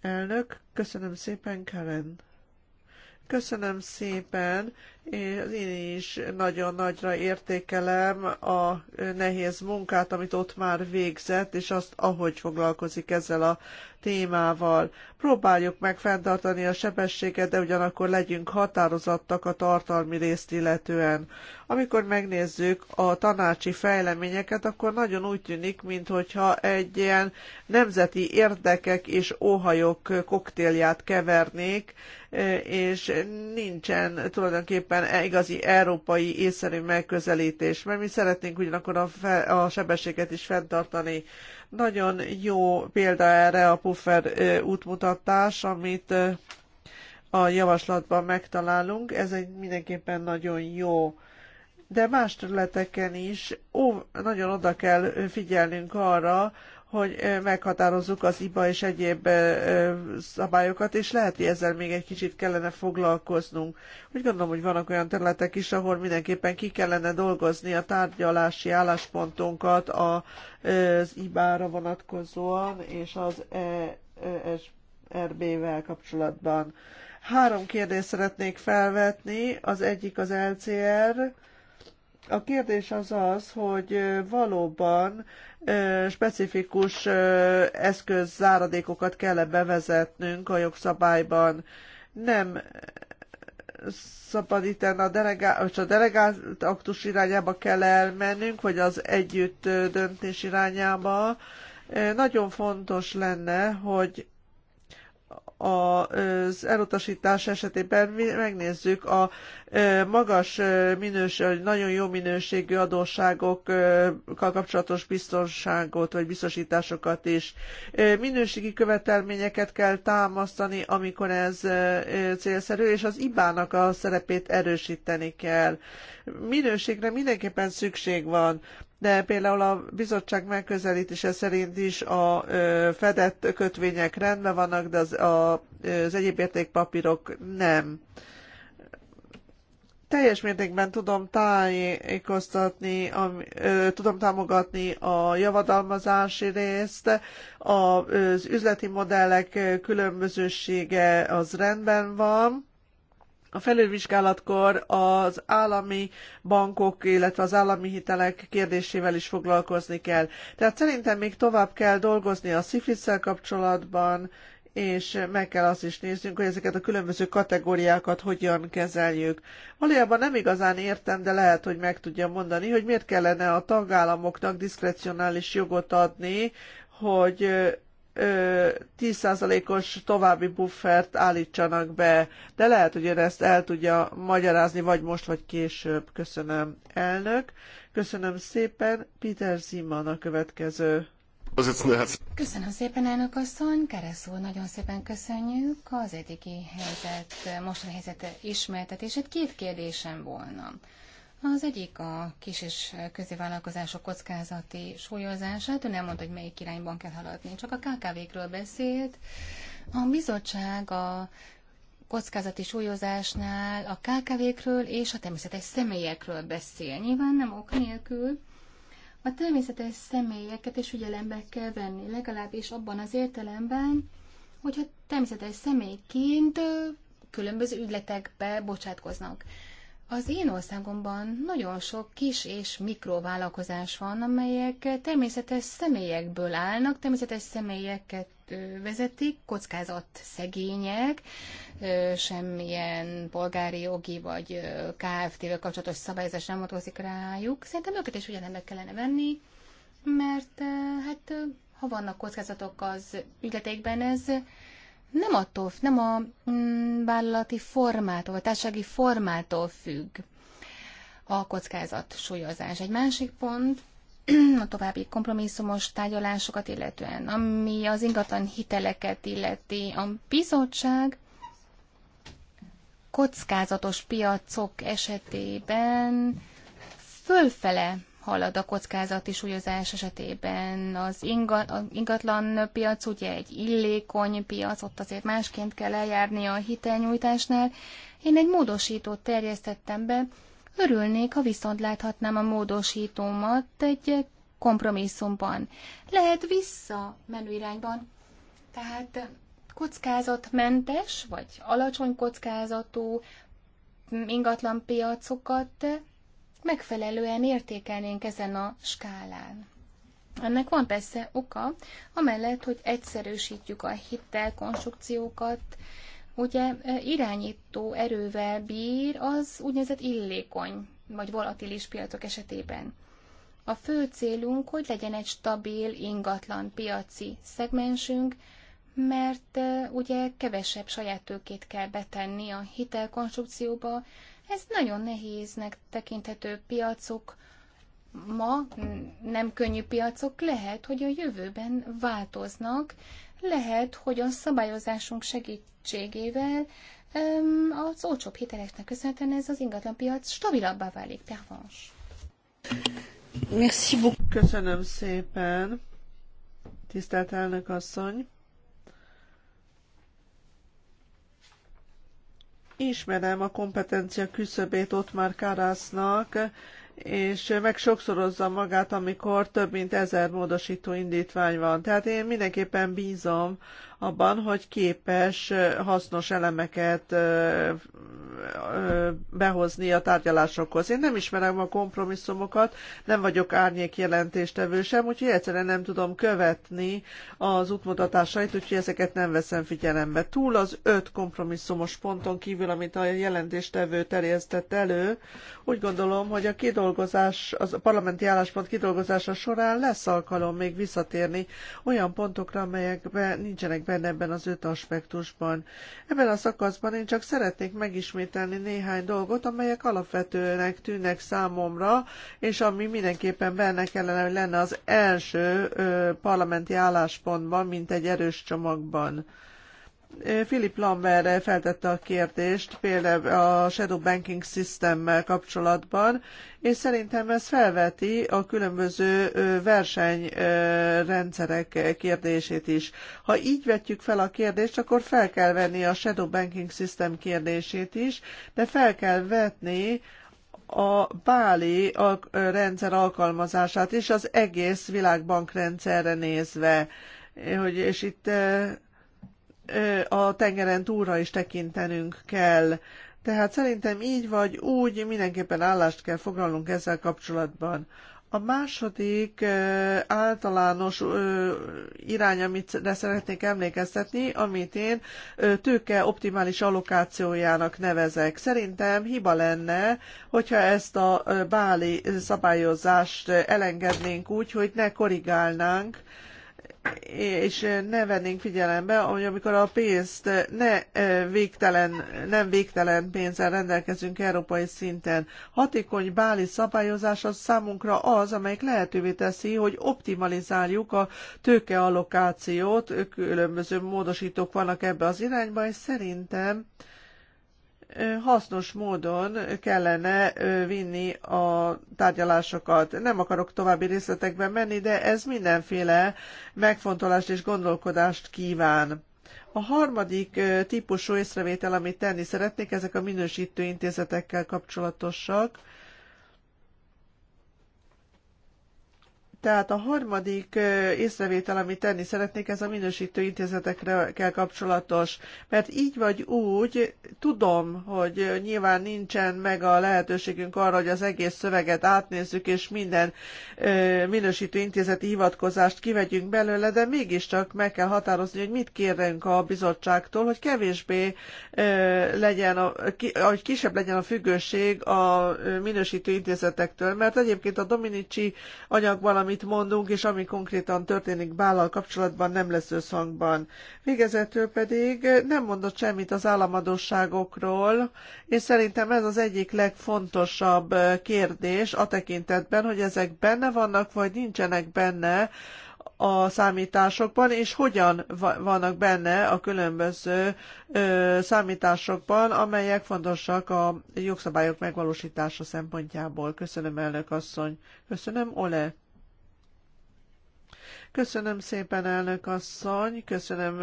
Elnök, köszönöm szépen, Karen. Köszönöm szépen. Én is nagyon nagyra értékelem a nehéz munkát, amit ott már végzett, és azt, ahogy foglalkozik ezzel a témával. Próbáljuk meg fenntartani a sebességet, de ugyanakkor legyünk határozottak a tartalmi részt illetően. Amikor megnézzük a tanácsi fejleményeket, akkor nagyon úgy tűnik, mintha egy ilyen nemzeti érdekek és óhajok koktélját kevernék, és nincsen tulajdonképpen mindenképpen e igazi európai észszerű megközelítés, mert mi szeretnénk ugyanakkor a, fe, a sebességet is fenntartani. Nagyon jó példa erre a puffer útmutatás, amit a javaslatban megtalálunk. Ez egy mindenképpen nagyon jó de más területeken is ó, nagyon oda kell figyelnünk arra, hogy meghatározzuk az IBA és egyéb szabályokat, és lehet, hogy ezzel még egy kicsit kellene foglalkoznunk. Úgy gondolom, hogy vannak olyan területek is, ahol mindenképpen ki kellene dolgozni a tárgyalási álláspontunkat az IBA-ra vonatkozóan, és az ESRB-vel e, kapcsolatban. Három kérdést szeretnék felvetni, az egyik az LCR, a kérdés az az, hogy valóban specifikus eszközzáradékokat kell -e bevezetnünk a jogszabályban. Nem szabad itt a, delegá- a delegált aktus irányába kell elmennünk, vagy az együtt döntés irányába. Nagyon fontos lenne, hogy az elutasítás esetében megnézzük a magas minőség, nagyon jó minőségű adósságokkal kapcsolatos biztonságot vagy biztosításokat is. Minőségi követelményeket kell támasztani, amikor ez célszerű, és az IBÁ-nak a szerepét erősíteni kell. Minőségre mindenképpen szükség van de például a bizottság megközelítése szerint is a fedett kötvények rendben vannak, de az, a, az egyéb értékpapírok nem. Teljes mértékben tudom tájékoztatni, tudom támogatni a javadalmazási részt, az üzleti modellek különbözősége az rendben van, a felülvizsgálatkor az állami bankok, illetve az állami hitelek kérdésével is foglalkozni kell. Tehát szerintem még tovább kell dolgozni a szifisszel kapcsolatban, és meg kell azt is néznünk, hogy ezeket a különböző kategóriákat hogyan kezeljük. Valójában nem igazán értem, de lehet, hogy meg tudjam mondani, hogy miért kellene a tagállamoknak diszkrecionális jogot adni, hogy 10%-os további buffert állítsanak be, de lehet, hogy ön ezt el tudja magyarázni, vagy most, vagy később. Köszönöm, elnök. Köszönöm szépen. Peter Zimman a következő. Köszönöm szépen, elnök asszony. Keresz úr, nagyon szépen köszönjük az eddigi helyzet, mostani helyzet ismertetését. Két kérdésem volna. Az egyik a kis és középvállalkozások kockázati súlyozását, ő nem mondta, hogy melyik irányban kell haladni, csak a KKV-kről beszélt. A bizottság a kockázati súlyozásnál a KKV-kről és a természetes személyekről beszél. Nyilván nem ok nélkül. A természetes személyeket is ügyelembe kell venni, legalábbis abban az értelemben, hogyha természetes személyként különböző ügyletekbe bocsátkoznak. Az én országomban nagyon sok kis és mikrovállalkozás van, amelyek természetes személyekből állnak, természetes személyeket vezetik, kockázat szegények, semmilyen polgári jogi vagy KFT-vel kapcsolatos szabályozás nem adózik rájuk. Szerintem őket is ugyanembe kellene venni, mert hát ha vannak kockázatok az ügyleteikben, ez nem attól, nem a mm, vállalati formától, vagy társasági formától függ a kockázat súlyozás. Egy másik pont a további kompromisszumos tárgyalásokat illetően, ami az ingatlan hiteleket illeti, a bizottság kockázatos piacok esetében fölfele halad a kockázati súlyozás esetében. Az inga, a ingatlan piac ugye egy illékony piac, ott azért másként kell eljárni a hitelnyújtásnál. Én egy módosítót terjesztettem be, örülnék, ha viszont láthatnám a módosítómat egy kompromisszumban. Lehet vissza menüirányban, tehát kockázatmentes, vagy alacsony kockázatú ingatlan piacokat megfelelően értékelnénk ezen a skálán. Ennek van persze oka, amellett, hogy egyszerűsítjük a hitelkonstrukciókat, ugye e, irányító erővel bír az úgynevezett illékony vagy volatilis piacok esetében. A fő célunk, hogy legyen egy stabil, ingatlan piaci szegmensünk, mert e, ugye kevesebb saját tőkét kell betenni a hitelkonstrukcióba, ez nagyon nehéznek tekinthető piacok, ma nem könnyű piacok, lehet, hogy a jövőben változnak, lehet, hogy a szabályozásunk segítségével az olcsóbb hiteleknek köszönhetően ez az ingatlanpiac stabilabbá válik. Pervans. Köszönöm szépen, tisztelt elnök asszony. ismerem a kompetencia küszöbét ott már Karásznak, és meg sokszorozza magát, amikor több mint ezer módosító indítvány van. Tehát én mindenképpen bízom abban, hogy képes hasznos elemeket behozni a tárgyalásokhoz. Én nem ismerem a kompromisszumokat, nem vagyok árnyék jelentéstevő sem, úgyhogy egyszerűen nem tudom követni az útmutatásait, úgyhogy ezeket nem veszem figyelembe. Túl az öt kompromisszumos ponton kívül, amit a jelentéstevő terjesztett elő, úgy gondolom, hogy a kidolgozás, az a parlamenti álláspont kidolgozása során lesz alkalom még visszatérni olyan pontokra, amelyekben nincsenek be benne ebben az öt aspektusban. Ebben a szakaszban én csak szeretnék megismételni néhány dolgot, amelyek alapvetőnek tűnnek számomra, és ami mindenképpen benne kellene, hogy lenne az első ö, parlamenti álláspontban, mint egy erős csomagban. Philip Lambert feltette a kérdést például a Shadow Banking system kapcsolatban, és szerintem ez felveti a különböző versenyrendszerek kérdését is. Ha így vetjük fel a kérdést, akkor fel kell venni a Shadow Banking System kérdését is, de fel kell vetni a báli rendszer alkalmazását is az egész világbankrendszerre nézve. Hogy, és itt a tengeren túlra is tekintenünk kell. Tehát szerintem így vagy úgy mindenképpen állást kell foglalnunk ezzel kapcsolatban. A második általános irány, amit szeretnék emlékeztetni, amit én tőke optimális allokációjának nevezek. Szerintem hiba lenne, hogyha ezt a báli szabályozást elengednénk úgy, hogy ne korrigálnánk, és ne vennénk figyelembe, hogy amikor a pénzt ne e, végtelen, nem végtelen pénzzel rendelkezünk európai szinten. Hatékony báli szabályozás az számunkra az, amelyik lehetővé teszi, hogy optimalizáljuk a tőkeallokációt, különböző módosítók vannak ebbe az irányba, és szerintem hasznos módon kellene vinni a tárgyalásokat. Nem akarok további részletekben menni, de ez mindenféle megfontolást és gondolkodást kíván. A harmadik típusú észrevétel, amit tenni szeretnék, ezek a minősítő intézetekkel kapcsolatosak Tehát a harmadik észrevétel, amit tenni szeretnék, ez a minősítő intézetekre kell kapcsolatos. Mert így vagy úgy, tudom, hogy nyilván nincsen meg a lehetőségünk arra, hogy az egész szöveget átnézzük, és minden minősítő intézeti hivatkozást kivegyünk belőle, de mégiscsak meg kell határozni, hogy mit kérünk a bizottságtól, hogy kevésbé legyen, a, hogy kisebb legyen a függőség a minősítő intézetektől. Mert egyébként a Dominici anyagban, ami amit mondunk és ami konkrétan történik Bállal kapcsolatban nem lesz összhangban. Végezetül pedig nem mondott semmit az államadóságokról, és szerintem ez az egyik legfontosabb kérdés a tekintetben, hogy ezek benne vannak, vagy nincsenek benne a számításokban, és hogyan vannak benne a különböző ö, számításokban, amelyek fontosak a jogszabályok megvalósítása szempontjából. Köszönöm, elnök asszony. Köszönöm, Ole. Köszönöm szépen, elnök asszony, köszönöm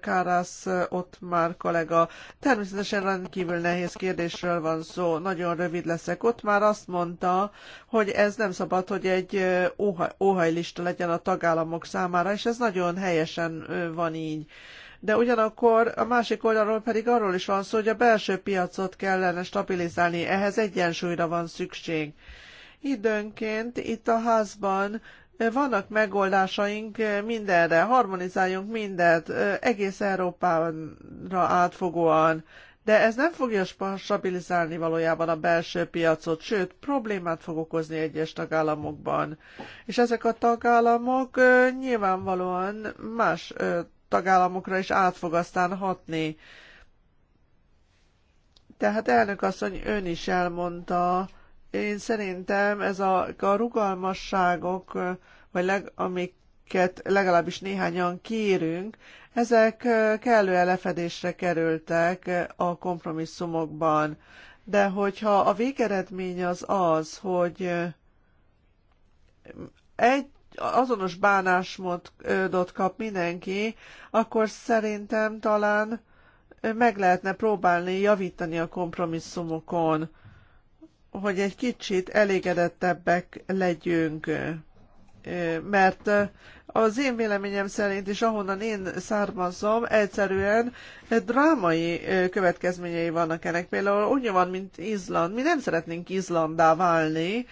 Kárász ott már kollega. Természetesen rendkívül nehéz kérdésről van szó, nagyon rövid leszek. Ott már azt mondta, hogy ez nem szabad, hogy egy óhajlista legyen a tagállamok számára, és ez nagyon helyesen van így de ugyanakkor a másik oldalról pedig arról is van szó, hogy a belső piacot kellene stabilizálni, ehhez egyensúlyra van szükség. Időnként itt a házban vannak megoldásaink mindenre, harmonizáljunk mindent, egész Európára átfogóan, de ez nem fogja stabilizálni valójában a belső piacot, sőt, problémát fog okozni egyes tagállamokban. És ezek a tagállamok nyilvánvalóan más tagállamokra is át fog aztán hatni. Tehát elnök asszony ön is elmondta, én szerintem ez a, a rugalmasságok, vagy leg, amiket legalábbis néhányan kérünk, ezek kellő lefedésre kerültek a kompromisszumokban. De hogyha a végeredmény az az, hogy egy azonos bánásmódot kap mindenki, akkor szerintem talán meg lehetne próbálni javítani a kompromisszumokon hogy egy kicsit elégedettebbek legyünk, mert az én véleményem szerint, és ahonnan én származom, egyszerűen drámai következményei vannak ennek. Például úgy van, mint Izland. Mi nem szeretnénk Izlandá válni,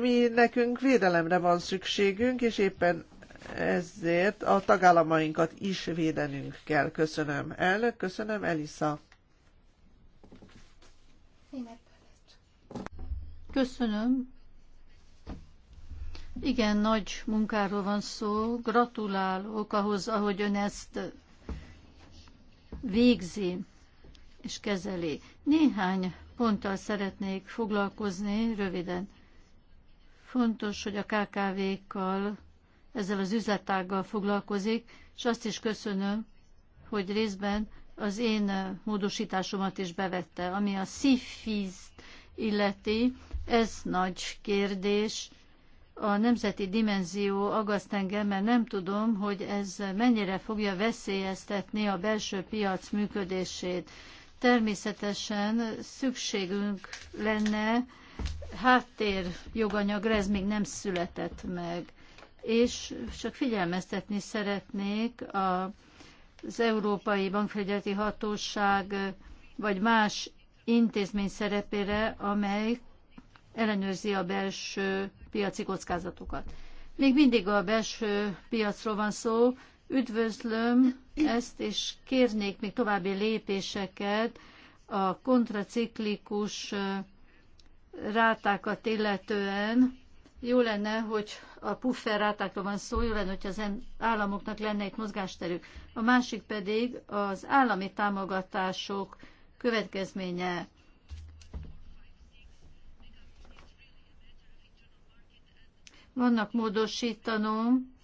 mi nekünk védelemre van szükségünk, és éppen ezért a tagállamainkat is védenünk kell. Köszönöm. Elnök, köszönöm, Elisa. Német. Köszönöm. Igen, nagy munkáról van szó. Gratulálok ahhoz, ahogy ön ezt végzi és kezeli. Néhány ponttal szeretnék foglalkozni röviden. Fontos, hogy a KKV-kkal, ezzel az üzletággal foglalkozik, és azt is köszönöm, hogy részben az én módosításomat is bevette, ami a szifiz illeti, ez nagy kérdés. A nemzeti dimenzió agaszt engem, mert nem tudom, hogy ez mennyire fogja veszélyeztetni a belső piac működését. Természetesen szükségünk lenne háttér joganyagra, ez még nem született meg. És csak figyelmeztetni szeretnék a az Európai Bankfelügyeleti Hatóság vagy más intézmény szerepére, amelyik ellenőrzi a belső piaci kockázatokat. Még mindig a belső piacról van szó, üdvözlöm ezt, és kérnék még további lépéseket a kontraciklikus rátákat illetően. Jó lenne, hogy a puffer rátákról van szó, jó lenne, hogy az államoknak lenne egy mozgásterük. A másik pedig az állami támogatások következménye. Vannak módosítanom,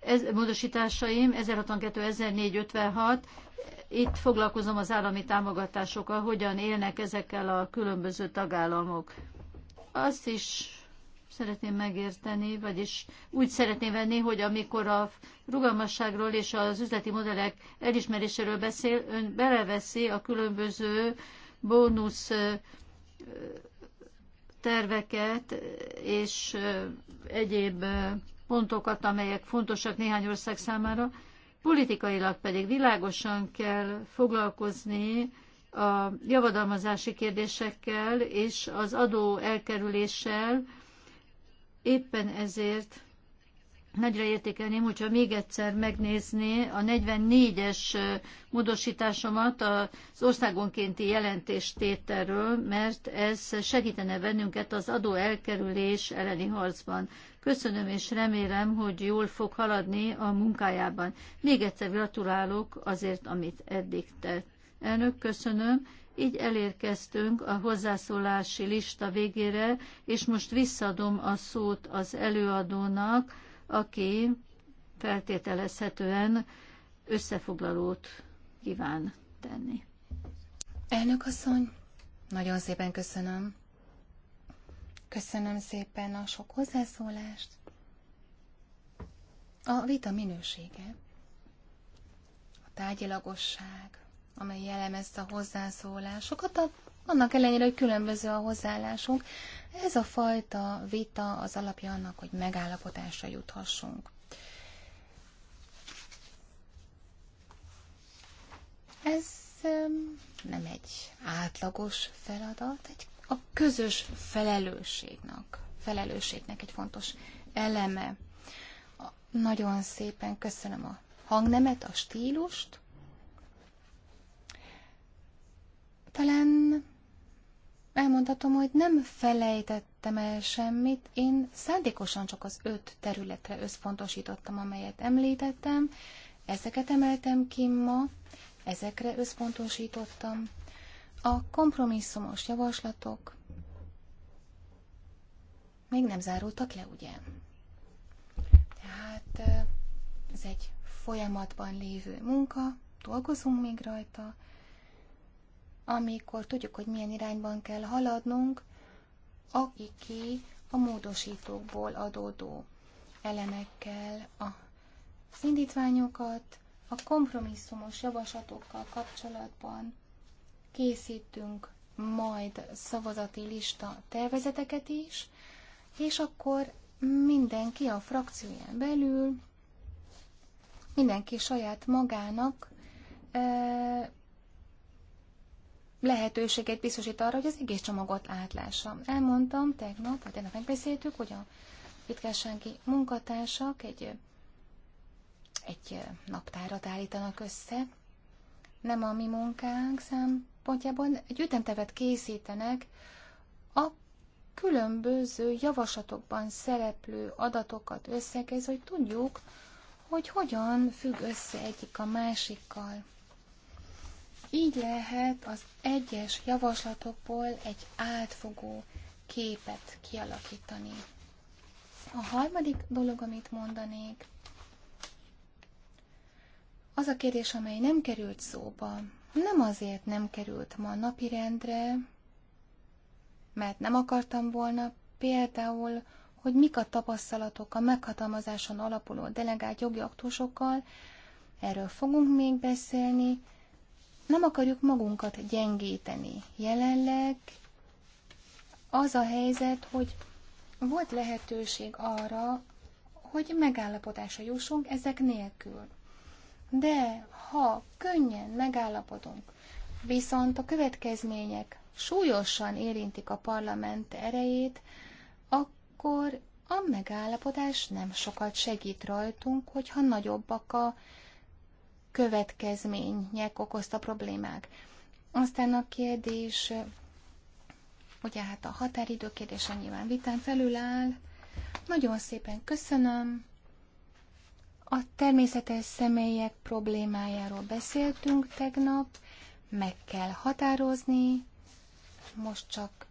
ez, módosításaim 1062, 1456, itt foglalkozom az állami támogatásokkal, hogyan élnek ezekkel a különböző tagállamok. Azt is szeretném megérteni, vagyis úgy szeretném venni, hogy amikor a rugalmasságról és az üzleti modellek elismeréséről beszél, ön beleveszi a különböző bónusz terveket és egyéb pontokat, amelyek fontosak néhány ország számára. Politikailag pedig világosan kell foglalkozni a javadalmazási kérdésekkel és az adó elkerüléssel. Éppen ezért Nagyra értékelném, hogyha még egyszer megnézné a 44-es módosításomat az országonkénti jelentéstételről, mert ez segítene bennünket az adó elkerülés elleni harcban. Köszönöm és remélem, hogy jól fog haladni a munkájában. Még egyszer gratulálok azért, amit eddig tett. Elnök, köszönöm. Így elérkeztünk a hozzászólási lista végére, és most visszadom a szót az előadónak, aki feltételezhetően összefoglalót kíván tenni. Elnök asszony, nagyon szépen köszönöm. Köszönöm szépen a sok hozzászólást. A vita minősége, a tárgyilagosság, amely jellemezte a hozzászólásokat, a annak ellenére, hogy különböző a hozzáállásunk, ez a fajta vita az alapja annak, hogy megállapotásra juthassunk. Ez nem egy átlagos feladat, egy a közös felelősségnek, felelősségnek egy fontos eleme. Nagyon szépen köszönöm a hangnemet, a stílust. Talán elmondhatom, hogy nem felejtettem el semmit, én szándékosan csak az öt területre összpontosítottam, amelyet említettem, ezeket emeltem ki ma, ezekre összpontosítottam. A kompromisszumos javaslatok még nem zárultak le, ugye? Tehát eh, ez egy folyamatban lévő munka, dolgozunk még rajta, amikor tudjuk, hogy milyen irányban kell haladnunk, akiké a módosítókból adódó elemekkel a indítványokat, a kompromisszumos javaslatokkal kapcsolatban készítünk majd szavazati lista tervezeteket is, és akkor mindenki a frakcióján belül, mindenki saját magának lehetőséget biztosít arra, hogy az egész csomagot átlássam. Elmondtam tegnap, vagy tegnap megbeszéltük, hogy a titkársági munkatársak egy, egy naptárat állítanak össze. Nem a mi munkánk szempontjából, egy ütemtevet készítenek a különböző javaslatokban szereplő adatokat összegez, hogy tudjuk, hogy hogyan függ össze egyik a másikkal. Így lehet az egyes javaslatokból egy átfogó képet kialakítani. A harmadik dolog, amit mondanék, az a kérdés, amely nem került szóba, nem azért nem került ma napirendre, mert nem akartam volna például, hogy mik a tapasztalatok a meghatalmazáson alapuló delegált jogi aktusokkal, erről fogunk még beszélni, nem akarjuk magunkat gyengíteni. Jelenleg az a helyzet, hogy volt lehetőség arra, hogy megállapodásra jussunk ezek nélkül. De ha könnyen megállapodunk, viszont a következmények súlyosan érintik a parlament erejét, akkor a megállapodás nem sokat segít rajtunk, hogyha nagyobbak a következmények okozta problémák. Aztán a kérdés, ugye hát a határidő kérdése nyilván vitán felül áll. Nagyon szépen köszönöm. A természetes személyek problémájáról beszéltünk tegnap, meg kell határozni, most csak,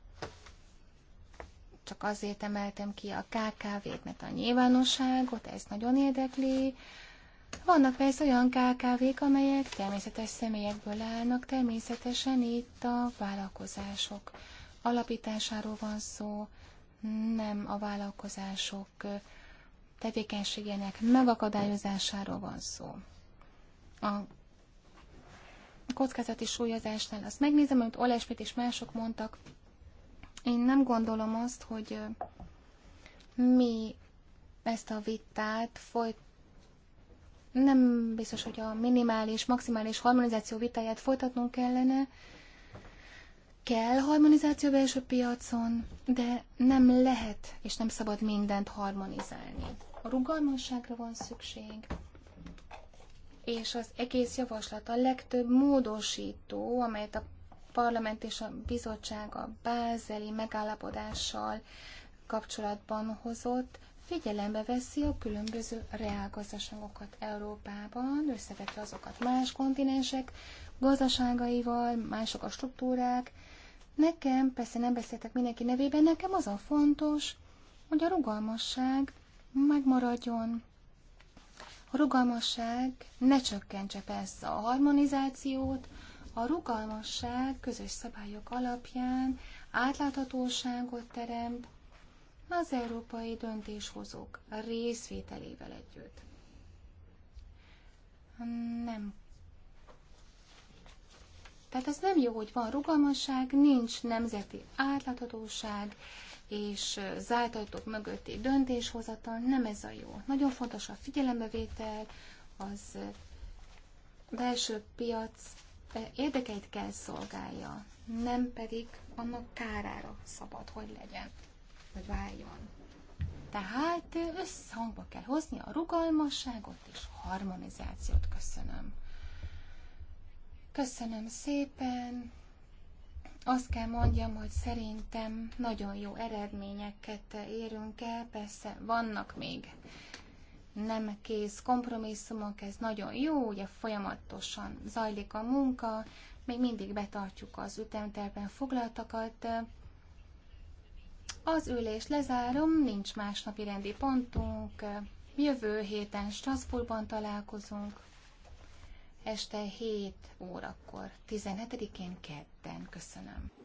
csak azért emeltem ki a KKV-t, mert a nyilvánosságot, ez nagyon érdekli, vannak persze olyan KKV-k, amelyek természetes személyekből állnak, természetesen itt a vállalkozások alapításáról van szó, nem a vállalkozások tevékenységének megakadályozásáról van szó. A kockázati súlyozásnál azt megnézem, amit Olesmit és mások mondtak, én nem gondolom azt, hogy mi ezt a vitát folyt, nem biztos, hogy a minimális, maximális harmonizáció vitáját folytatnunk kellene. Kell harmonizáció belső piacon, de nem lehet és nem szabad mindent harmonizálni. A rugalmasságra van szükség, és az egész javaslat a legtöbb módosító, amelyet a parlament és a bizottság a bázeli megállapodással kapcsolatban hozott, figyelembe veszi a különböző reálgazdaságokat Európában, összevetve azokat más kontinensek gazdaságaival, mások a struktúrák. Nekem, persze nem beszéltek mindenki nevében, nekem az a fontos, hogy a rugalmasság megmaradjon. A rugalmasság ne csökkentse persze a harmonizációt, a rugalmasság közös szabályok alapján átláthatóságot teremt, az európai döntéshozók részvételével együtt. Nem. Tehát ez nem jó, hogy van rugalmasság, nincs nemzeti átláthatóság, és zárt ajtók mögötti döntéshozatal, nem ez a jó. Nagyon fontos a figyelembevétel, az belső piac érdekeit kell szolgálja, nem pedig annak kárára szabad, hogy legyen hogy váljon. Tehát összhangba kell hozni a rugalmasságot és harmonizációt. Köszönöm. Köszönöm szépen. Azt kell mondjam, hogy szerintem nagyon jó eredményeket érünk el. Persze vannak még nem kész kompromisszumok, ez nagyon jó, ugye folyamatosan zajlik a munka, még mindig betartjuk az ütemterben foglaltakat, az ülés lezárom, nincs más napi rendi pontunk. Jövő héten Strasbourgban találkozunk. Este 7 órakor, 17-én kedden. Köszönöm.